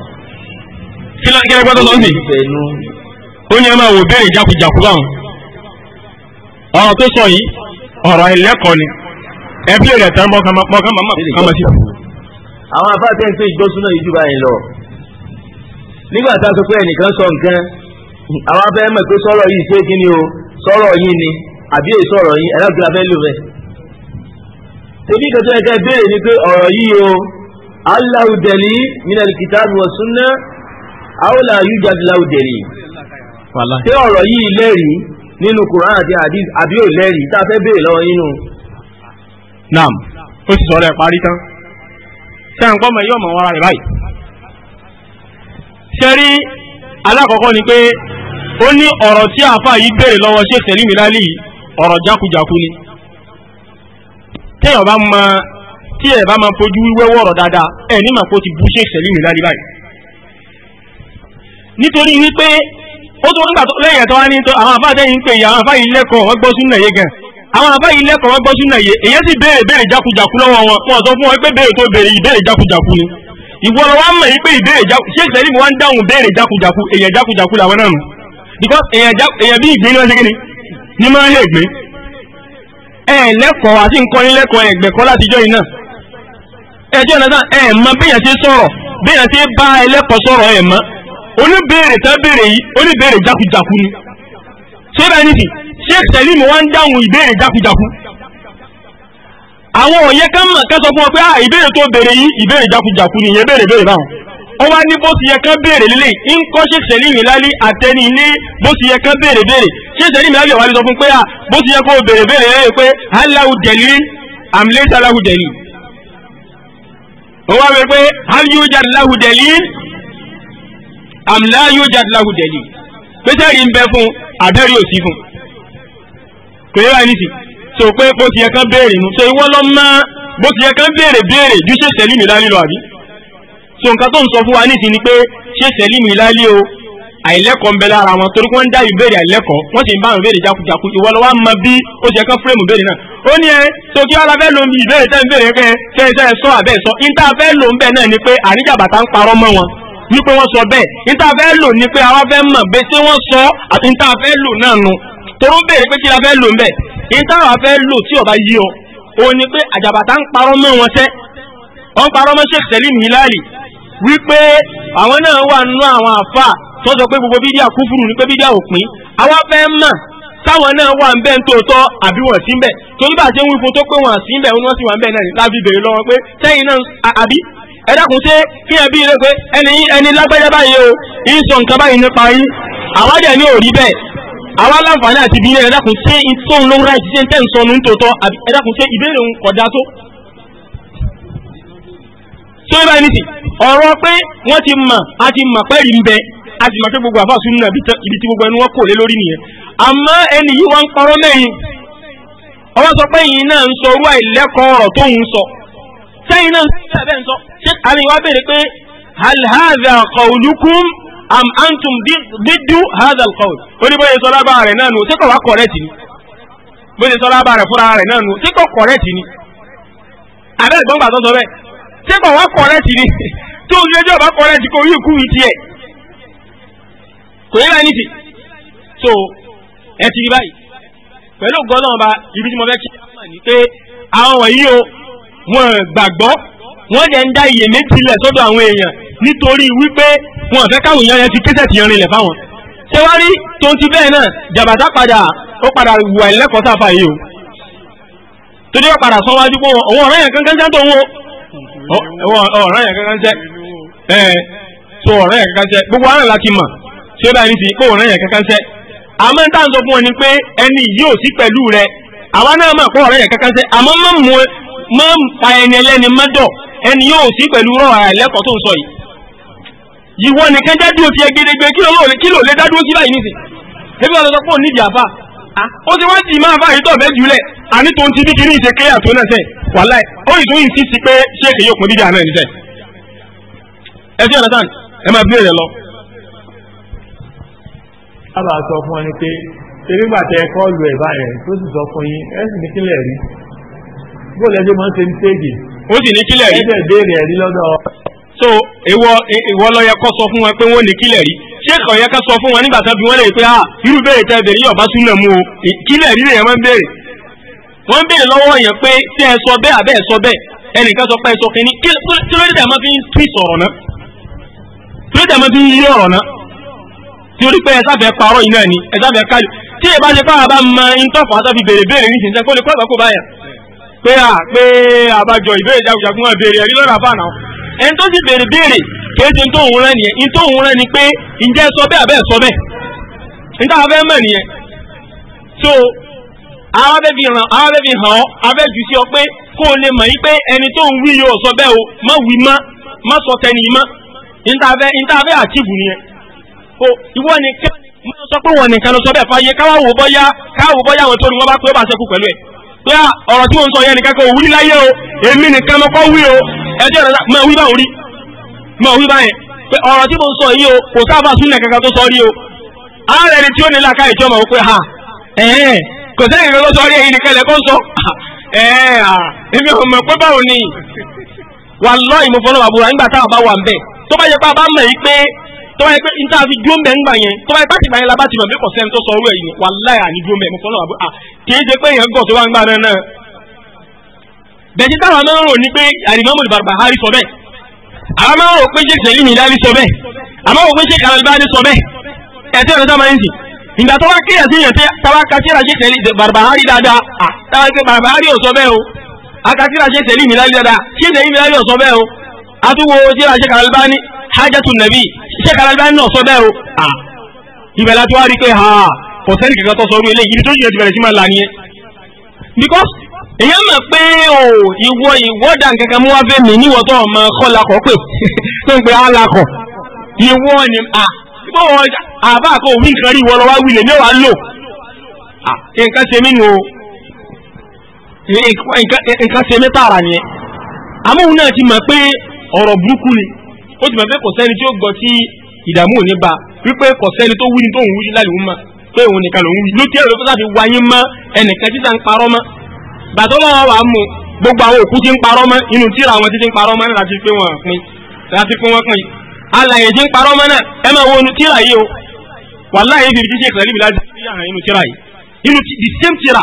kí ló ń kí ló gbọ́dọ̀ lọ́sìn? ó ní ẹ máa wo ìbéèrè ìjàkújàkú àwọn ọ̀rọ̀ tó sọ yìí ọ̀rọ̀ ẹlẹ́kọ̀ọ́ ni ẹbí rẹ̀ tán mọ́ kama kama sí. àwọn afáàtẹ̀ ń pè ìjọsúná yìí jù báyìí lọ nígbà tá a sọ pé ẹnìkan sọ nǹkan àwọn afẹ́ mọ̀ pé sọ̀rọ̀ yìí ṣé kí ni o sọ̀rọ̀ yìí ni àbí èyí sọ̀rọ̀ yìí ẹ̀rọ gbé abẹ́ lò bẹ́ẹ̀. tèmi kan tó yẹ ká béèrè ni pé ọ̀rọ̀ yìí o Allahu dali minal kitab wa sunna aw la yujad lahu dali. ṣé ọ̀rọ̀ yìí lẹ́rìí nínú Quran àti hadith àbí ò lẹ́rìí tá a fẹ́ béèrè lọ́wọ́ nínú. naam ó sì sọ̀rọ̀ ẹ̀ parí tán ṣé à ń kọ́mọ yóò mọ̀ wọ́n ara rẹ̀ báyìí. ṣe rí alákọ̀ọ́kọ́ ni pé ó ní ọ̀rọ̀ tí àáfàá yìí béèrè lọ́wọ́ ṣé sẹ́lí mi lálẹ́ ọ̀rọ̀ jákujàku ni téèyàn bá mọ tí ẹ bá máa fojú wíwẹ́wọ́ ọ̀rọ̀ dáadáa ẹ ní màá ti bú ṣe ìṣẹ̀lẹ̀ mi báyìí nítorí wípé ó tó nígbà tó lẹ́yìn ẹ̀tọ́ wá ní àwọn àbá àtẹ́yìn ń pè yà àwọn àbá yìí lẹ́kọ̀ọ́ wọ́n gbọ́ súnà yé gan àwọn àbá yìí lẹ́kọ̀ọ́ wọ́n gbọ́ súnà yé èyí sì béèrè béèrè jákujàku lọ́wọ́ wọn wọn sọ wọn pé tó ni wa mọ̀ yìí pé jákujàku ṣé dáhùn jákujàku jákujàku làwọn náà oníbèrè tá bèrè yìí oníbèrè jákujàku ni ṣé bẹ́ẹ̀ nìsín Sheikh Salim wá ń dáhùn ìbéèrè jákujàku àwọn òye kan mọ̀ ká sọ fún ọ pé à ah, ìbéèrè tó bèrè yìí ìbéèrè jákujàku ni ìyẹn bèrè bèrè báwọn ó wá ní bó ti yẹ kán bèrè lélẹ̀ ń kọ́ Sheikh Salim lálẹ́ àtẹni ilé bó ti yẹ kán bèrè bèrè Sheikh Salim lálẹ́ wà lè sọ fún pé à ah, bó ti yẹ kó bèrè bèrè lélẹ̀ pé aláwù dẹ̀lí àmì lẹ́sà aláwù dẹ̀lí ó wá wẹ pé aláwù dẹ̀lí àmìlá yóò jáde láwùjẹ yìí pété rí ń bẹ fún àbẹ́rí òsì fún kò yẹ báyìí nìsí so pé bó ti yẹ kán béèrè nu so ìwọ lọ mọ bó ti yẹ kán béèrè béèrè ju ṣe sẹ́lí mi lálẹ́ àbí so nǹkan tó ń sọ fún wa nìsí ni pé ṣe sẹ́lí mi lálẹ́ o àìlẹ́kọ̀ọ́ ń bẹ lára wọn torí wọ́n ń dá ìbéèrè àìlẹ́kọ̀ọ́ wọ́n sì ń bá àwọn ìbéèrè jákujáku ìwọ lọ wá mọ bí ó ti yẹ kán fúrẹ́mù béèrè náà ó ní ẹ tó kí wọn la fẹ́ lo ìbéèrè tẹ́ ń béèrè kẹ́ ẹ sọ àbẹ́ sọ ní tá a fẹ́ lo ń bẹ̀ náà ni pé àríjàbàtà ń parọ́ mọ́ wọn wípé wọ́n sọ bẹ́ẹ̀ níta fẹ́ lò ní pé àwa fẹ́ mọ̀ pé tí wọ́n sọ àti níta fẹ́ lò náà nu toró béèrè pé kí la fẹ́ lò ń bẹ̀ níta àwa fẹ́ lò tí ọba yí ọ o ní pé àjàbàtà ń parọ́ mọ́ wọn tẹ́ wọ́n parọ́ mọ́ Sheikh Salim Hilali wípé àwọn náà wà nínú àwọn àfà tó sọ pé gbogbo bídíà kúfùrù ní pé bídíà òpin àwa fẹ́ mọ̀ táwọn náà wà ń bẹ́ ń tòótọ́ àbí wọ́n sí ń bẹ̀ torí bá a ṣe ń wífo tó pé wọ́n sí ń bẹ̀ wọ́n sì wà ń bẹ̀ náà láti béèrè lọ́wọ́ pé sẹ́yìn náà àbí ẹ dákun ṣé kí ẹ bí ire pé ẹni ẹni lágbájá báyìí o yìí sọ nǹkan báyìí nípa yín àwa dẹ̀ ní òrí bẹ́ẹ̀ àwa láǹfààní àti ibi ẹ dákun ṣé ìtò ń lóra ìṣiṣẹ́ ń tẹ̀sán ní tòótọ́ ẹ dákun ṣé ìbéèrè ń kọjá tó. tó yẹ báyìí nìsí ọ̀rọ̀ pé wọ́n ti mọ̀ a ti mọ̀ pẹ́ẹ́rì ń bẹ a ti mọ̀ pé gbogbo àfa sẹ́yìn náà sẹ́yìn abẹ́ ń sọ ṣé àmì wa béèrè pé hal hadha qawlukum am antum diddu hadha alqawl ó ní bóyá sọlá bá rẹ̀ náà nù tí kò wá kọ̀rẹ́tì ni bóyá sọlá bá rẹ̀ fúnra rẹ̀ náà nù tí kò kọ̀rẹ́tì ni abẹ́ ìgbọ́n gbà sọ́sọ bẹ́ẹ̀ tí kò wá kọ̀rẹ́tì ni [LAUGHS] tó ń lẹ́jọ́ bá kọ̀rẹ́tì kò yí kú tiẹ̀ kò yẹ láì wọn gbàgbọ́ wọ́n dẹ̀ ń dá iyèméjì lẹ̀ sọ́dọ̀ àwọn èèyàn nítorí wípé wọn fẹ́ káwọn èèyàn yẹn fi kéṣẹ̀ ti yanrin lẹ̀ fáwọn. ṣé wá rí tó ń ti bẹ́ẹ̀ náà jàbàtà padà ó padà wà lẹ́kọ̀ọ́ sáfà yìí o. tó dé padà sọ wájú pé òun ọ̀rẹ́ yẹn kankan sẹ́ tó ń wo ọ̀rẹ́ yẹn kankan sẹ́ ẹ̀ so ọ̀rẹ́ yẹn kankan sẹ́ gbogbo ara la ti mọ̀ ṣé báyìí ní ti pé ọ̀rẹ́ yẹn kankan sẹ́ àmọ́ ń tà ń sọ fún ọ ni pé ẹni yóò sí má ń pa ẹni ẹlẹ́ni mẹ́dọ̀ ẹni yóò sí pẹ̀lú rọ̀rọ̀ àìlẹ́kọ̀ọ́ tó ń sọ yìí. ìwọ nìkan jáde òtí ẹgbẹ́dẹgbẹ́ kí ló lè dádúró sí báyìí nísìn ebi ọ̀dọ̀ pọ̀ nídìí àfà ó ti wá sí máa fáyìí tọ̀bẹ́ jùlẹ̀ àní tó ń ti bí kiri ìṣe kéyà tó náà sẹ̀ wàláì ó ì tó ń sì sí pé ṣéèkì yóò pín dídí àná ẹ̀ níṣẹ́ ẹ ti ọ̀nà tán ẹ máa bí èrè lọ. a bá ni pé ṣe bó lẹ́jọ́ máa ń ṣe mistake. ó sì ní kílẹ̀ rí. ẹ̀jẹ̀ béèrè ẹ̀rí lọ́dọ̀. so ìwọ ìwọ ló yẹ kó sọ fún wọn pé wọ́n ní kílẹ̀ rí ṣé kàn yẹ ká sọ fún wọn nígbà tó bí wọ́n lè pé ah irú béèrè tẹ́ bèrè yóò bá súnlẹ̀ mu o kílẹ̀ rí lèyàn máa ń béèrè. wọ́n ń béèrè lọ́wọ́ yẹn pé tí ẹ sọ bẹ́ẹ̀ àbẹ́ ẹ sọ bẹ́ẹ̀ ẹnìkan sọ pé ẹ sọ kínní kí ló dé àmọ́ fi ń tú ìsọ̀rọ̀ náà kí ló dé àmọ́ fi ń yí ọ̀rọ̀ náà tí pé ẹ sáfẹ́ parọ́ yìí náà ni ẹ sáfẹ́ kájú tí ẹ bá ṣe fáwọn bá mọ intọ́fọ̀ àtàfi béèrè béèrè kó lè kó àgbà kó báyà pé à pé àbájọ ìbéèrè jagunjagun náà béèrè ẹ̀rí lọ́dà fáànà ẹni tó sì béèrè béèrè kìí ṣe tó òun rẹ nìyẹn ní tó òun rẹ ni pé ǹjẹ́ sọ bẹ́ẹ̀ àbẹ́ sọ bẹ́ẹ̀ níta afẹ́ mọ̀ nìyẹn so ara fẹ́ fi hàn ara fẹ́ fi hàn ọ́ afẹ́ jù sí ọ pé kó o lè mọ̀ yí pé ẹni tó ń wí yóò sọ bẹ́ẹ̀ o má wí má má sọ tẹni má níta afẹ́ níta afẹ́ àtìbù nìyẹn o ìwọ nìkan mo sọ pé wọn nìkan lọ sọ bẹ́ẹ̀ fàyè káwá wò bọ́yá káwá wò bọ́yá àwọn tó ni wọ́n bá pé ó bá ṣẹ́kù pẹ̀lú ẹ̀ pé ọ̀rọ̀ tí mo ń sọ yẹn nìkan kò wí láyé o èmi nìkan mọ́kọ́ wí o ẹjọ́ rẹ̀ mọ̀ wí báwọn rí mọ̀ wí báyẹn pé ọ̀rọ̀ tí mo ń sọ yìí o kò sábà súnlẹ̀ kankan tó sọ rí o ààrẹ ni tí ó ní làákà ìjọba wípé ha ẹ̀ẹ́n kò sẹ́yìn kankan tó sọ rí èyí nìkan ilẹ̀ kó ń sọ [LAUGHS] ẹ̀ẹ́n èmi ò mọ̀ pé báwo ni wàláhì mo fọlọ́ àbúrò nígbà táwọn bá wà ń bẹ̀ tó bá yẹ pé a bá mọ̀ yìí pé tọ́wọ́ yẹ pé níta fi dúró mbẹ́ ńgbà yẹn tọ́wọ́ yẹ pàtìgbà yẹn labá ti mọ̀ bí kò sẹ́ni tó sọ orú ẹ̀ yìí wàláhì àní dúró mbẹ́ mo fọ́nà àbúrò à kì í ṣe pé èèyàn gọ̀ tó wá ń gbà náà náà. bẹ̀sí táwọn máa ń rò ní pé àdìmọ́mù Barbahari sọ bẹ́ẹ̀ àwọn máa ń rò pé ṣe ṣèlú nìdáli sọ bẹ́ẹ̀ àmọ́ rò pé ṣe kàlàlíbáni sọ bẹ́ẹ̀ sọ bẹ́ẹ̀ o akásíra ṣe ṣèlú nìdáli dáadáa ṣe ṣèlú nìdáli àtúwò jíra Sheikh Albani hajjatu nabi Sheikh Albani náà sọ bẹ́ẹ̀ o à ìbẹ̀ láti wá rí pé ha kò sẹ́ni kankan tó sọ orí eléyìí tó yẹ ti bẹ̀rẹ̀ sí máa là nìyẹn because èyàn mọ̀ pé o ìwọ ìwọ́dà kankan mú wá fẹ́ mi níwọ̀ tó ọmọ kọ́ lakọ̀ pé [LAUGHS] tó ń pe á lakọ̀ ìwọ ni à bó wọn àbá àkọ́ òwú nǹkan rí ìwọ lọ́wọ́ wílé mẹ́wàá lò nǹkan ṣe mí nù o nǹkan ṣe mí tààrà nìyẹn àmọ́ òun náà ti mọ̀ pé ọ̀rọ̀ burúkú ni ó ti mọ̀ pé kò sẹ́ni tí ó gọ tí ìdààmú òní ba wípé kò sẹ́ni tó wí ní tóun wí láì wúma pé òun nìkan lòun wí ló kéré ló fẹ́ láti wáyé mọ́ ẹnìkan títà ń parọ́ mọ́ bàtọ́ lọ́wọ́ wà á mú gbogbo àwọn òkú ti ń parọ́ mọ́ inú tíra àwọn títí ń parọ́ mọ́ náà láti pé wọ́n pin láti pé wọ́n pin alàyè ti ń parọ́ mọ́ náà ẹ máa wo inú tíra yìí o wàláyé bíbi títí ìkàlẹ́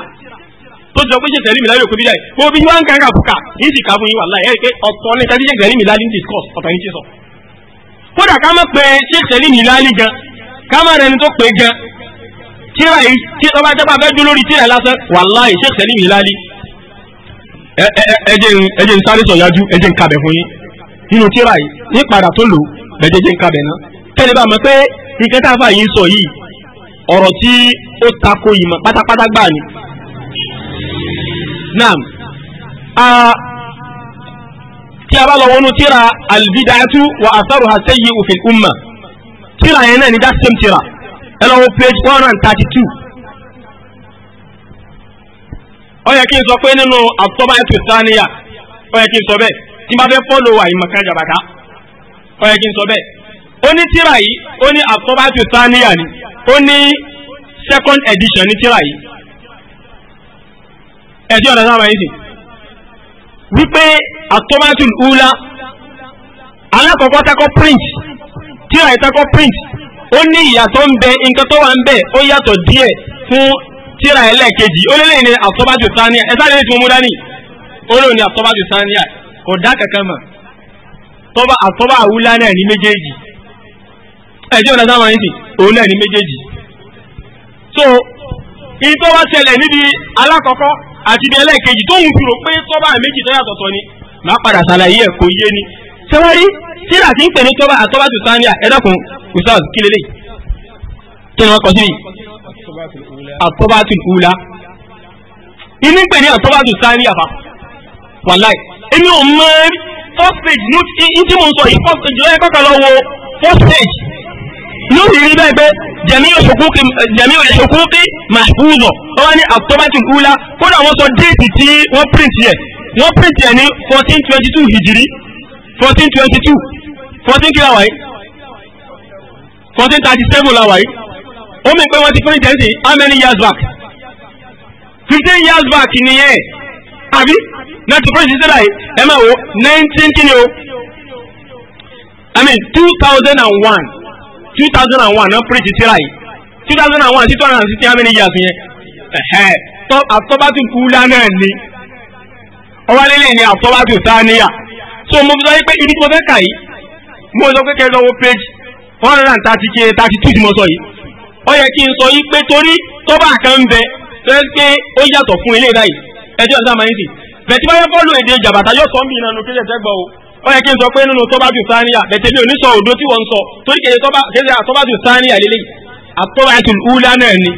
tó sọ pé ṣe tẹ̀lé mi láyé òkú bídà kó bí wá ń kàn kàbùkà yìí sì kàbù yín wà láyé ẹ̀rí pé ọ̀tọ̀ ní tàbí ṣe tẹ̀lé mi láyé ní discourse ọ̀tọ̀ yìí pe ṣe tẹ̀lé mi láyé gan ká má rẹni tó gan yìí ọba jábà fẹ́ dún lórí tíra lásán wà láyé ṣe tẹ̀lé mi láyé. ẹjẹ ń sáré kabẹ̀ fún yín nínú yìí ní naam tí a bá lọ wọnú tíra albidatu wa atharuha sayyi'u fil umma tíra yẹn náà ní that same tíra ẹ lọ page one hundred and thirty two ó yẹ kí n sọ pé nínú àtọ́bá ètò sáníyà ó yẹ kí n sọ bẹ́ẹ̀ tí n bá fẹ́ fọ́lọ̀ wà ìmọ̀ kan jàbàtà ó yẹ kí n sọ bẹ́ẹ̀ ó ní tíra yìí ó ní àtọ́bá ètò sáníyà ni ó ní second edition ní tíra yìí ẹ̀dí ọ̀nà sábà yìí wípé àtọ́mátùl ula alákọ̀ọ́kọ́ takọ́ print tí àyè takọ́ print ó ní ìyàtọ̀ ń bẹ nǹkan tó wà ń bẹ ó yàtọ̀ díẹ̀ fún tíra ẹlẹ́ẹ̀kejì ó lélẹ́yìn ní àtọ́bátù sáníà ẹ sáré tí mo mú dání ó lò ní àtọ́bátù sáníà kò dá kankan mà tọ́ba àtọ́bà àwúlá náà ní méjèèjì ẹ̀jẹ̀ ọ̀nà sábà yìí òun náà ní méjèèjì so ìtọ́wá níbi alákọ̀ọ́kọ́ àti ibi ẹlẹ́ẹ̀kejì tó ń fi rò pé tọ́ba méjì tó yàtọ̀tọ̀ ni máa padà ṣàlàyé ẹ̀ kò yé ni sẹ́wárí síra ti ń pè ní tọ́ba àtọ́ba tó sáníà ẹ dákun ustaz kí lélẹ̀ kí ni wọ́n kọ sí mi àtọ́ba tó kúla inú pè ní àtọ́ba tó èmi first ní sọ yìí yóò sì rí bẹ́ẹ̀ pé jẹ̀mí ìṣòkúkí mahfuz ó wá ní àtọ́bátì kúlá kódà wọ́n sọ déètì tí wọ́n print yẹ wọ́n print yẹ ní fourteen twenty two hijiri fourteen twenty two fourteen kí láwàá fourteen thirty seven láwàá yìí ó mi pé wọ́n ti print yẹn sí how many years back fifteen years back nìyẹn àbí náà ti print sílẹ̀ yìí ẹ máa wo nineteen kí o i mean two thousand and one two thousand and one náà pírìtì síra yìí two thousand and one sí two hundred and sixty how many years yẹn ẹ̀hẹ́ àtọ́bátù kúlá náà ni ọwálélẹ̀ ni àtọ́bátù sáníyà so mo sọ pé ibi tí mo fẹ́ kà yìí mo sọ pé kẹlẹ́ lọ́wọ́ page one hundred and thirty k thirty two tí mo sọ yìí ó yẹ kí n sọ yìí pé torí tọ́ba kan ń bẹ tó yẹ pé ó yàtọ̀ fún ilé báyìí ẹjọ́ ìsámayé sì bẹ̀tí báyọ̀ fọ́lù èdè jàbàtà yóò sọ mí ìnànú kílẹ̀ tẹ́gbọ̀ o ó yẹ kí n sọ pé nínú tọ́bátù sáníyà bẹ̀tẹ̀ mi ò ní sọ òdo tí wọ́n ń sọ torí kèye tọ́bátù sáníyà lélẹ̀ àtọ́bátù úlá náà ni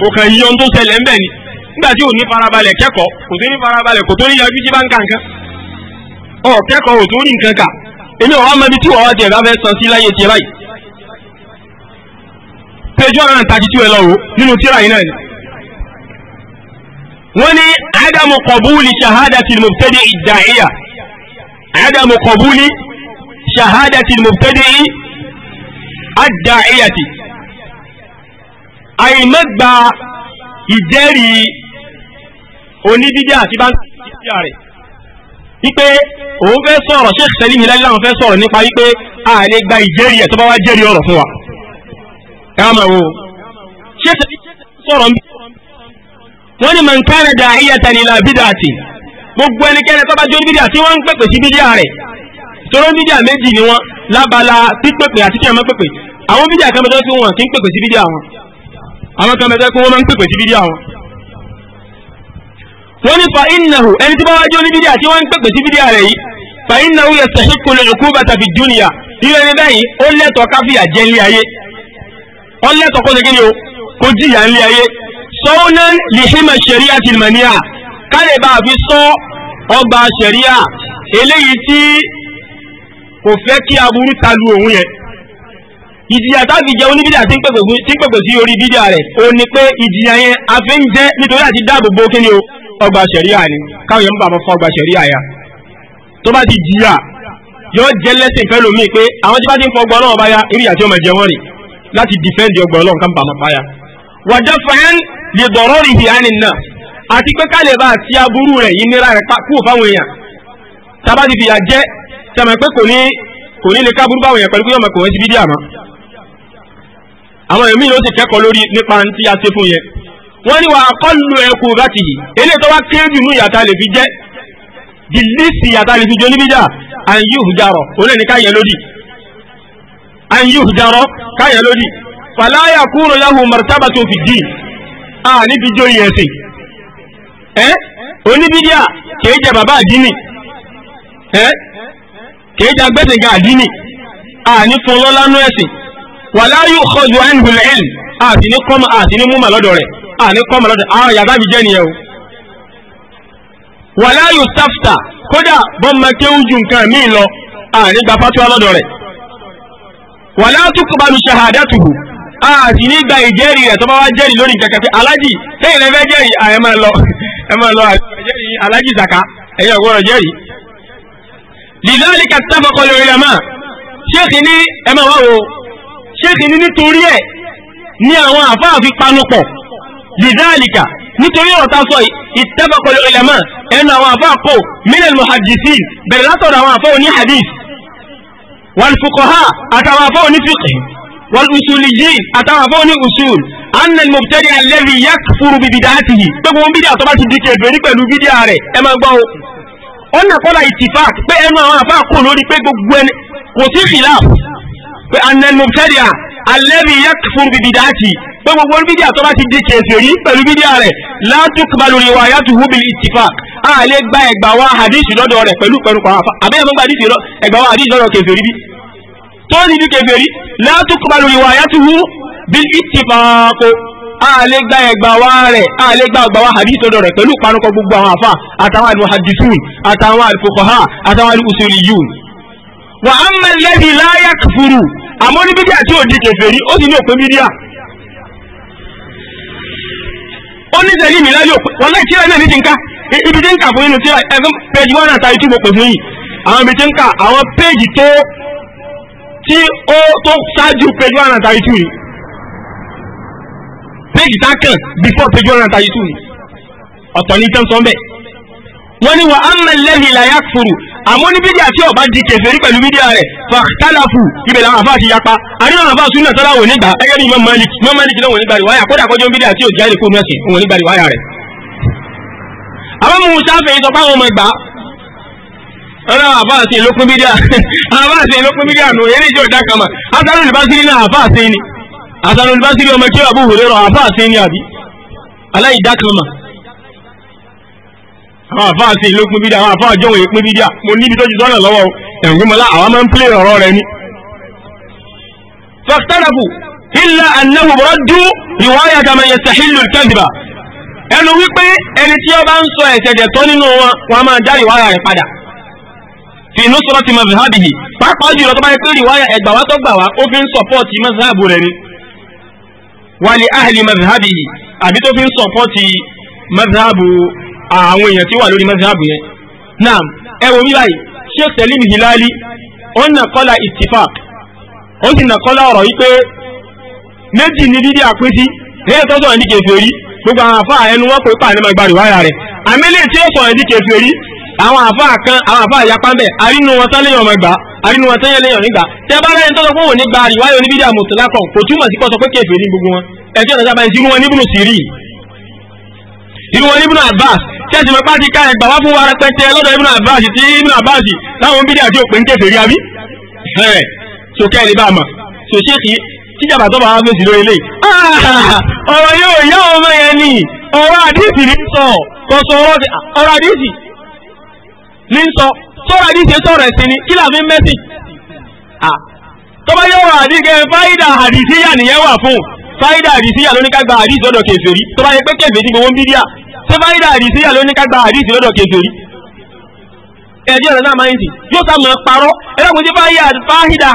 kò kàn yí ohun tó ṣẹlẹ̀ ńbẹ̀ ni nígbà tí ò ní farabalẹ̀ kẹ́kọ̀ọ́ kò tó ní farabalẹ̀ kò tó ní yọjú jí bá ń ka nǹkan ọ kẹ́kọ̀ọ́ ò ní nǹkan kà èmi ò wá mọ ibi tí wọ́n wá tiẹ̀ bá fẹ́ san sí láyé tiẹ̀ báyìí عدم قبول شهادة المبتدئ الداعية أي مدى ìjẹ́rìí onídíjà àti bá ń sọ rẹ̀ wípé òun fẹ́ sọ̀rọ̀ Sheikh Salim Hilali láwọn fẹ́ sọ̀rọ̀ nípa wípé a lè gba ìjẹ́rìí ẹ̀ tó bá wá jẹ́rìí ọ̀rọ̀ fún wa ẹ̀rọ mọ̀ wo Sheikh Salim sọ̀rọ̀ wọ́n ní man kana da'iyatan ila bid'ati gbogbo ẹnikẹ́ni tó bá jó bídíà tí wọ́n ń pèpè sí bídíà rẹ̀ tóró bídíà méjì ni wọ́n lábala pípèpè àti kí ẹ̀ máa pèpè àwọn bídíà kan mẹ́tọ́ tí wọ́n kì í pèpè sí bídíà wọn àwọn kan mẹ́tọ́ tí wọ́n máa ń pèpè sí bídíà wọn. wọ́n ní fa innahu ẹni tí bá jó ní bídíà tí wọ́n ń pèpè sí bídíà rẹ̀ yìí fa innahu yastahiqqu al-'uqubata fi dunya irú bẹ́ẹ̀ kálẹ̀ bá fi sọ ọgbà ṣẹ̀ríà eléyìí tí kò fẹ́ kí aburú talu òun yẹn ìjìyà táàbì jẹ oníbídà tí ń pèpè sí orí bídà rẹ̀ ó ní pé ìjìyà yẹn a fi ń jẹ nítorí àti dáàbò bo kí ni o ọgbà ṣẹ̀ríà ni káwọn yẹn ń bàbá fún ọgbà ṣẹ̀ríà ya tó bá ti jìyà yóò jẹ lẹ́sìn fẹ́ lómi pé àwọn tí bá ti ń fọ ọgbà náà bá ya irú ìyà tí ó máa jẹ wọ́n rì láti dìfẹ́ǹdì ọgbà ọlọ́run ká ń bàbá bá ya. wàjẹ́ fẹ́ẹ́n lè dọ̀rọ́ rìhì ánì náà àti pé ká lè bá àti aburú rẹ̀ yìí nira rẹ̀ kúrò fáwọn èèyàn tábà ti fìyà jẹ́ tẹ̀mọ̀ pé kò ní kò ní lè káburú báwọn èèyàn pẹ̀lú pé ọmọ kò wọ́n ti bí dí àmọ́ àwọn èèyàn ló ti kẹ́kọ̀ọ́ lórí nípa tí a ṣe fún yẹn wọ́n ní wà á kọ́ lu ẹkù láti yìí eléyìí tó wá kéré jù nú ìyàtà lè fi jẹ́ the least ìyàtà lè fi jẹ́ oníbíjà and you jarọ òun ẹni káyẹ lódì ẹ́ oníbídíà kìí jẹ bàbá àdínì ẹ́ kìí jẹ agbẹ́sìnká àdínì àní fún lọ́lá nú ẹ̀sìn wà láyò kọjú ẹnìbùlẹ̀ ẹ̀n àti ní kọ́mọ àti ní múmà lọ́dọ̀ rẹ̀ àní kọ́mọ lọ́dọ̀ àwọn yàrá mi jẹ́ nìyẹn o. wà láyò tafta kódà bọ́mọ kéwù ju nǹkan míì lọ àní gba fatuwa lọ́dọ̀ rẹ̀ wà látúkọ̀bá mi ṣahadatuhu àti nígbà ìjẹ́rìí rẹ̀ tó bá wá jẹ́rìí lórí kẹ̀kẹ́ alájì kéyìn lẹ́fẹ́ jẹ́rìí àyẹ̀mọ́ lọ ẹ máa lọ àjẹrí alájì zaka ẹ̀yìn ọ̀gbọ́n ọ̀jẹ́rì. lidhalika ittafaqa al-ulama ṣéèkì ní ẹ máa wá wo ṣéèkì ní nítorí ẹ̀ ní àwọn àfáàfin panupọ̀ lidhalika nítorí ọ̀rọ̀ tá a sọ ittafaqa al-ulama ẹnu àwọn àfáàkọ̀ min al-muhaddisin bẹ̀rẹ̀ látọ̀dọ̀ àwọn àfáà oní hadith wal fuqaha àtàwọn àfáà oní fiqh wal usuliyin àtàwọn afọ́ ní usul anna mọ̀tẹ́rì alẹ́bi yakfuru bi bid'atihi pé gbogbo bídíà tó bá ti di kèfèrí pẹ̀lú bídíà rẹ̀ ẹ máa gbọ́ ọ nà kọ́lá ìtìfàk pé ẹnu àwọn àfáà kò lórí pé gbogbo ẹni kò sí fìlà pé anna mọ̀tẹ́rì alẹ́bi yakfuru bi bid'atihi pé gbogbo bídíà tó bá ti di kèfèrí pẹ̀lú bídíà rẹ̀ la tuqbalu riwayatuhu bil ìtìfàk a lè gba ẹgbàá wa hadith lọ́dọ̀ rẹ̀ pẹ̀lú pẹ̀lú pàrọ̀ àbẹ́yẹ̀ tó sì di kèfèrí látúkọ̀bálù ìwà àyàtúhù bí ìtìfàkó àlè gba ẹ̀gbà wá rẹ̀ àlè gba ọgbà wá hadith tọ́dọ̀ rẹ̀ pẹ̀lú ìpanukọ gbogbo àwọn àfà àtàwọn al-muhaddithun àtàwọn al-fuqaha àtàwọn al-usuliyun. wà á mọ lẹ́bi láyà kúfúrú àmọ́ ní bídíà tí ò di kèfèrí ó sì ní òpin bídíà. ó ní sẹ́yìn mi láyò wọn láì tíra náà ní ti ń ká ibi tí ń kà fún inú tíra ẹ̀fọn péjì wọn àtàrí túbọ̀ pẹ̀lú tí ó tó ṣáájú page one hundred thirty two ni page dákàn before page one hundred thirty two ni ọ̀tọ̀ ní tán sọ́ńbẹ̀ wọ́n ní wà á mọ̀ lẹ́yìn ìlàyà fòrò àmọ́ ní bídíà tí ọba di kèfèrí pẹ̀lú bídíà rẹ̀ fàtàlàfù ibẹ̀ làwọn àfáà ti yapa àríwá àwọn àfáà súnà sọ́lá wòní gbà ẹgẹ́ bíi mọ́mọ́lì mọ́mọ́lì kìlọ̀ wòní gbà rìwáyà kódà kọjọ́ bídíà tí ò jáde kó nọ́ọ̀sì wòní gbà rìwáyà rẹ̀. àbámu sáfẹ̀ yìí sọ ọmọ ẹgbàá ọ̀rọ̀ àbáàsí ìlókún mídíà àbáàsí ìlókún mídíà nù eré ìjọ ìdá kan mà asanu olùbásírí náà àbáàsí ni asanu olùbásírí ọmọ kí Abu Hurairah àbáàsí ni àbí aláìdá kan mà àwọn àbáàsí ìlókún mídíà àwọn àbáà jọ̀wọ̀ ìpín mídíà mo níbi tó ti sọ́nà lọ́wọ́ ẹ̀rùgbìmọ̀lá àwọn máa ń pílẹ̀ ọ̀rọ̀ rẹ ni. fọ́tàràbù ilà ànáwó rọ́dú ìwáyà kàmá yastahilu al-kadhiba ìwáyà fi nusrati mazhabihi pàápàá jùlọ tó bá yẹ waya rìwáyà ẹgbà wá tó gbà wá ó fi ń ni wali ahli fi ń sọpọ́ọ̀tì mazhabu àwọn èèyàn tí wà lórí mazhabu naam ẹ wo mi báyìí sheikh salim hilali ó ń nàkọ́lá ittifaq ó sì nàkọ́lá ọ̀rọ̀ yìí pé méjì ni dídí àpín sí gbogbo àwọn àfáà ẹnu wọn pé pàánù máa gba rìwáyà rẹ̀ àmì lè àwọn àfáà kan àwọn àfáà ìyapa ń bẹ àrínú wọn tán léyàn ọmọ gbà àrínú wọn tán yẹn léyàn nígbà tẹ bá lẹ́yìn tọ́sọ pé òun ní gba àríwáyé oníbídà mùtìlákọ̀ kò túmọ̀ sí pọ̀sọ pé kéèfé ní gbogbo wọn ẹ̀jẹ̀ ọ̀nà sábà ìdí wọn níbùnú sírí ìdí wọn níbùnú Abbas tẹ́sí mẹ́pá ti ká ẹgbà wá fún wa rẹpẹtẹ lọ́dọ̀ Ibn Abbas tí Ibn Abbas láwọn bídí àti òpin kéfèé rí abí ẹ̀ sókè ní bàmà tó ṣe kí tíjàbà tó bá wá fèsì lórí ilé ah! ọ̀rọ̀ yóò yá ọmọ yẹn ni ọ̀rọ̀ àdìsí ní sọ ọ̀rọ̀ àdìsí ní sọ sọ́ra ní ṣe sọ̀rọ̀ ẹ̀sìn ni kí làfi mẹ́sìn. tó bá yẹ wọ́n àdìgẹ́ fáyidà àdìsíyà nìyẹn wà fún fáyidà àdìsíyà ló ní ká gba àdìsí lọ́dọ̀ kèfèrí tó bá yẹ pé kèfèrí gbowó ń bí díà ṣé fáyidà àdìsíyà ló ní ká gba àdìsí lọ́dọ̀ kèfèrí. ẹ̀jẹ̀ rẹ̀ náà máa ń tì yóò sá mọ̀ parọ́ ẹlẹ́kùn tí fáyidà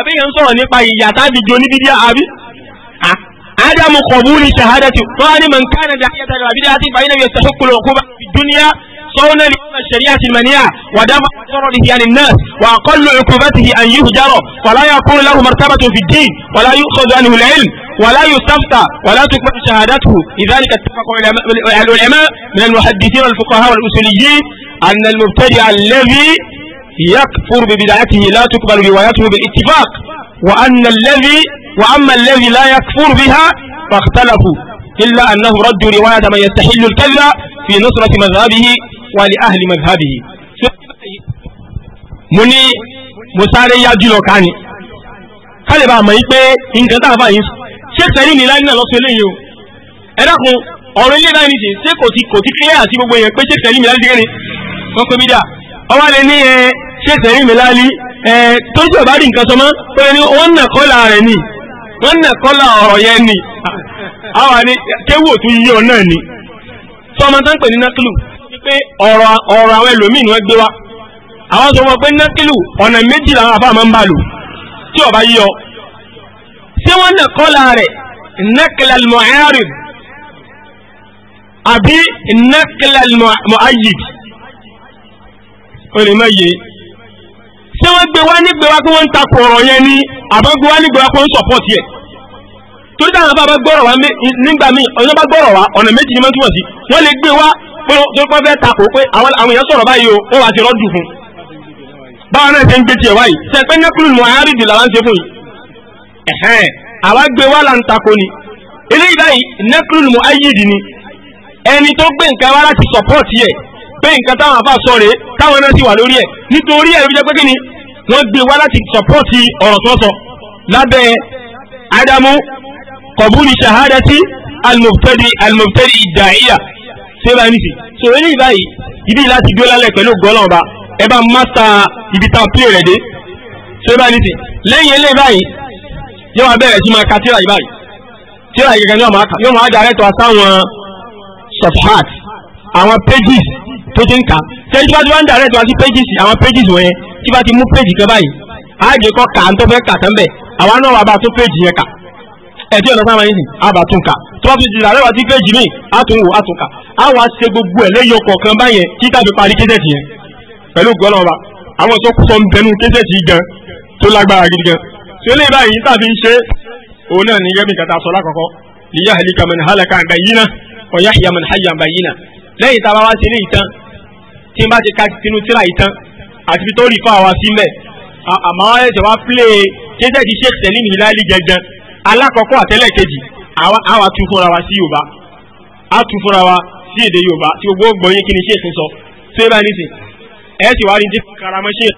àbíyẹn ń sọ̀rọ̀ nípa ìyà tábì jo ní bídíà صونا لأمر الشريعة المنيعة ودفع ضرره عن الناس وأقل عقوبته أن يهجر ولا يكون له مرتبة في الدين ولا يؤخذ عنه العلم ولا يستفتى ولا تكمل شهادته لذلك اتفق العلماء من المحدثين والفقهاء والأصوليين أن المبتدع الذي يكفر ببدعته لا تقبل روايته بالاتفاق وأن الذي وأما الذي لا يكفر بها فاختلفوا إلا أنه ردوا رواية من يستحل الكذا في نصرة مذهبه ولأهل مذهبه mo ní mo sáré yájú lọ ká ni ká lè bá a mọ̀ yí pé nǹkan tá a bá yín ṣé sẹ́yìn ní láyé náà lọ́sọ eléyìí o ẹ dákun ọ̀rọ̀ ilé náà nìyí ṣé kò ti kò ti kílẹ̀ àti gbogbo yẹn pé ṣé sẹ́yìn mi láyé dégé ni wọ́n pe mí dà ọba lè ní ẹ ṣé sẹ́yìn mi láyé ẹ tó ṣe ọ̀bá rí nǹkan sọmọ́ ó lè ní wọ́n nà kọ́ la rẹ̀ nìyí wọ́n nà kọ́lá ọ̀rọ̀ yẹn ni àwa ni kéwù òtún yíyọ náà ni sọmọ tán pè ní nákìlù pé ọ̀rọ̀ ọ̀rọ̀ àwọn ẹlòmíì ni wọ́n gbé wa àwọn sọ wọn pé nákìlù ọ̀nà méjì làwọn àbá máa ń bà lò tí ọba yíyọ ṣé wọ́n nà kọ́lá rẹ̀ nákìlà mọ̀ẹ́rì àbí nákìlà mọ̀ayì olè má yé tí wọ́n gbé wá nígbè wá pé wọ́n ń takò ọ̀rọ̀ yẹn ni àbọ̀gbé wá nígbè wá pé wọ́n ń sọ̀pọ̀tì ẹ̀ torí táwọn bá gbọ́rọ̀ wá nígbà míì ọ̀nà bá gbọ́rọ̀ wá ọ̀nà méjì ni wọ́n túmọ̀ sí wọ́n lè gbé wá pé tó pẹ́ fẹ́ takò pé àwọn èèyàn sọ̀rọ̀ báyìí o ó wà ti rọ́dù fún báwọn náà ṣe ń gbé tiẹ̀ wáyìí ṣe pé nẹ́kùlù mọ̀ àárídì làwọn ń ni eléyìí báyìí nẹ́kùlù mọ̀ ayídì ni ẹni tó gbé nǹkan wá láti sọ̀pọ̀tì ẹ̀ pé nǹkan táwọn nítorí ẹ̀ ló jẹ́ pé kí ni wọ́n gbé wá láti sọ̀pọ́ọ̀tì ọ̀rọ̀ tó sọ lábẹ́ ádámù kọ̀bùlì ṣahádátì almubtadi almubtadi ìdáyà sẹ́bà nìsí so eléyìí báyìí ibi láti dúró lálẹ́ pẹ̀lú gọ́lọ́ ọba ẹ bá máta ibi tá a pè rẹ̀ dé sẹ́bà nìsí lẹ́yìn eléyìí báyìí yóò wá bẹ̀rẹ̀ sí máa ka tíra yìí báyìí tíra yìí gẹ́gẹ́ yóò máa kà yóò máa dàrẹ́tọ̀ sáwọn sọ̀pọ́ọ̀tì àwọn pages tó ti ń kà sẹ́yìn tí wọ́n ti wá ń direct wá sí pages àwọn pages wọ̀nyẹn tí wọ́n ti mú page kan báyìí àájẹ kọ́ kà ń tó fẹ́ kà tán bẹ̀ àwa náà wà bá tó page yẹn kà ẹ̀tí ọ̀nà sáwọn yìí àbà tún kà tó bá fi di direct wá sí page mi àtúnwò àtúnkà àwa ṣe gbogbo ẹ̀ lẹ́yìn ọkọ̀ kan báyẹn tí tàbí parí kéṣẹ̀tì yẹn pẹ̀lú gbọ́lọ́ba àwọn tó tí wa yahya man a bá wá sí ilé ìtàn tí n bá ti ka tinú tíra yìí tán àti fi tó rí fáwọn wa sílẹ̀ àmọ́ ẹ̀jẹ̀ wa pílé kéjẹ́ di Sheikh Salim Hilali gẹ́gẹ́ alákọ̀ọ́kọ́ àtẹ́lẹ̀ kejì àwa tún fúnra wa sí Yorùbá a tún fúnra wa sí èdè Yorùbá tí gbogbo gbọ̀nyìn kí ni Sheikh sọ tó yẹ báyìí nísìn ẹ̀ sì wá rí ní karamọ́ Sheikh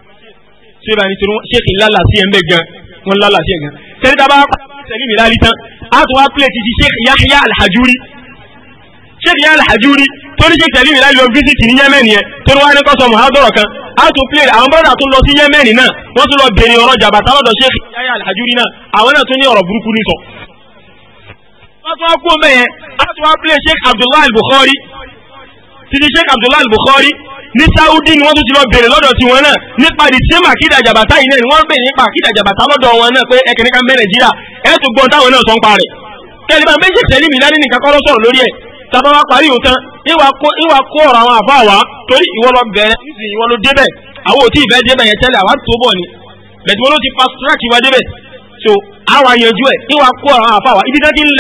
tó yẹ báyìí nítorí Sheikh lálà sí ẹ̀ gan wọ́n lálà sí ẹ̀ tẹ́lẹ̀ tá a bá Salim Hilali tán a tún wá pílé ti ti Sheikh Yahya al ṣéèkì alhajuri tó ní ṣéèkì alimi láì lọ fíṣítì ní yẹmẹ́ni yẹn tó ní wá ní kọ́sọ̀ muhadoro kan a tún pílẹ̀ àwọn bọ́dà tó lọ sí yẹmẹ́ni náà wọ́n tún lọ bèrè ọ̀rọ̀ jàbàtà lọ́dọ̀ ṣéèkì alhajuri náà àwọn náà tún ní ọ̀rọ̀ burúkú ní sọ. wọ́n tún wá kú ọmọ yẹn a tún wá pílẹ̀ ṣéèkì abdullahi bukhari títí sheikh abdullahi bukhari ní saudi ni wọ́n tún ti lọ bèrè lọ́dọ̀ tiwọn náà nípa the jabata yìí ni wọ́n ń bèrè nípa jabata lọ́dọ̀ wọn náà pé ẹkẹ̀ni ká mẹ́ nàìjíríà ẹ̀ tún gbọ́n táwọn náà sọ ń parẹ̀ kẹlẹ́bà méjì tẹ̀lé mi dání tàbá wa parí ìhùn tán ìwà kó ọ̀rọ̀ àwọn àfa wa torí ìwọ lọ bẹ̀rẹ̀ nísìnyí ìwọ ló débẹ̀ àwọn ò tí ì fẹ́ débẹ̀ yẹn tẹ́lẹ̀ àwa tó bọ̀ ni bẹ̀tí wọn ló ti fast track wa débẹ̀ so àwa yanjú ẹ̀ ìwà kó ọ̀rọ̀ àwọn àfa wa ibi tẹ́tí ń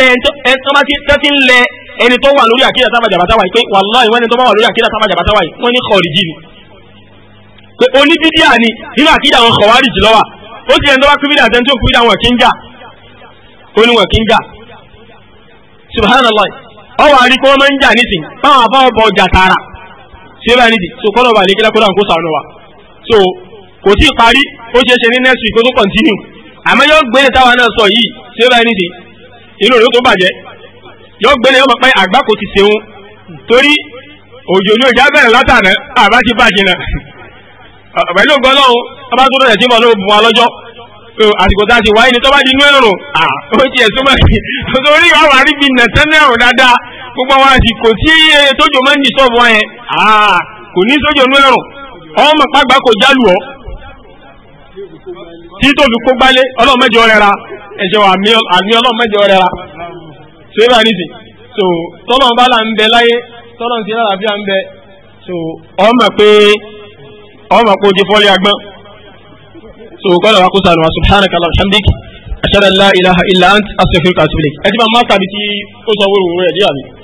lẹ ẹni tó wà lórí àkíyà sábà jàbátá wa yìí pé wàláhì wọ́n ẹni tó bá wà lórí àkíyà sábà jàbátá wa yìí wọ́n ní kọ̀ọ̀rìjì ni pé oníbídíà ni nínú àkíyà àwọn kọ̀wárìjì lọ́wà ó ti ẹni tó bá kú bídíà àtẹni tó kú bídíà wọn kì í jà ó ní wọn kì í jà subhanallah ọwọ́ àrí kí wọ́n máa ń jà nísìn báwọn àbá ọbọ̀ ọjà tààrà sí ẹ̀rọ nísìn so kọ́nà ọba àlékílá kó dáhùn kó sànù wa so kò tí ì parí ó ṣeé ṣe ní next week ó tó continue àmọ́ yóò gbélé táwa náà sọ yìí sí ẹ̀rọ nísìn inú rẹ̀ ó tó bàjẹ́ yóò gbélé yóò máa pẹ́ àgbá kò ti ṣeun torí òjò ní òjá bẹ̀rẹ̀ látàná àbá ti bàjẹ́ náà pẹ̀lú gbọ́dọ̀ àsìkò tá a ti wáyé ni tọ́ba di inú ẹ̀rùn ó ti ẹ̀sùn báyìí torí wàá wà rí bi nàtẹ́nà ẹ̀rùn dáadáa gbogbo àwọn àsìkò tí tójò máa ń di sọ́ọ̀bù wọn yẹn kò ní sójò inú ẹ̀rùn ọmọ pàgbà kò jálù ọ́ tí tóbi kó gbálé ọlọ́mọdé ọ̀rẹ́ ra ẹ̀jẹ̀ wà àmì ọlọ́mọdé ọ̀rẹ́ ra so ẹ bá ní sè so tọ́lọ̀ bá là ń bẹ láyé tọ́lọ̀ ń ti lára bí à ń bẹ so ọmọ pé ọmọ pé o ti fọ́lé agbọ́n so kọ́lá wa kó sànù wa subhanaka alhamdik ashhadu an la ilaha illa ant astaghfiruka wa atubu ilayk ẹ ti máa máa kàbí tí ó sọ wóró wóró ẹ̀ díyàwó.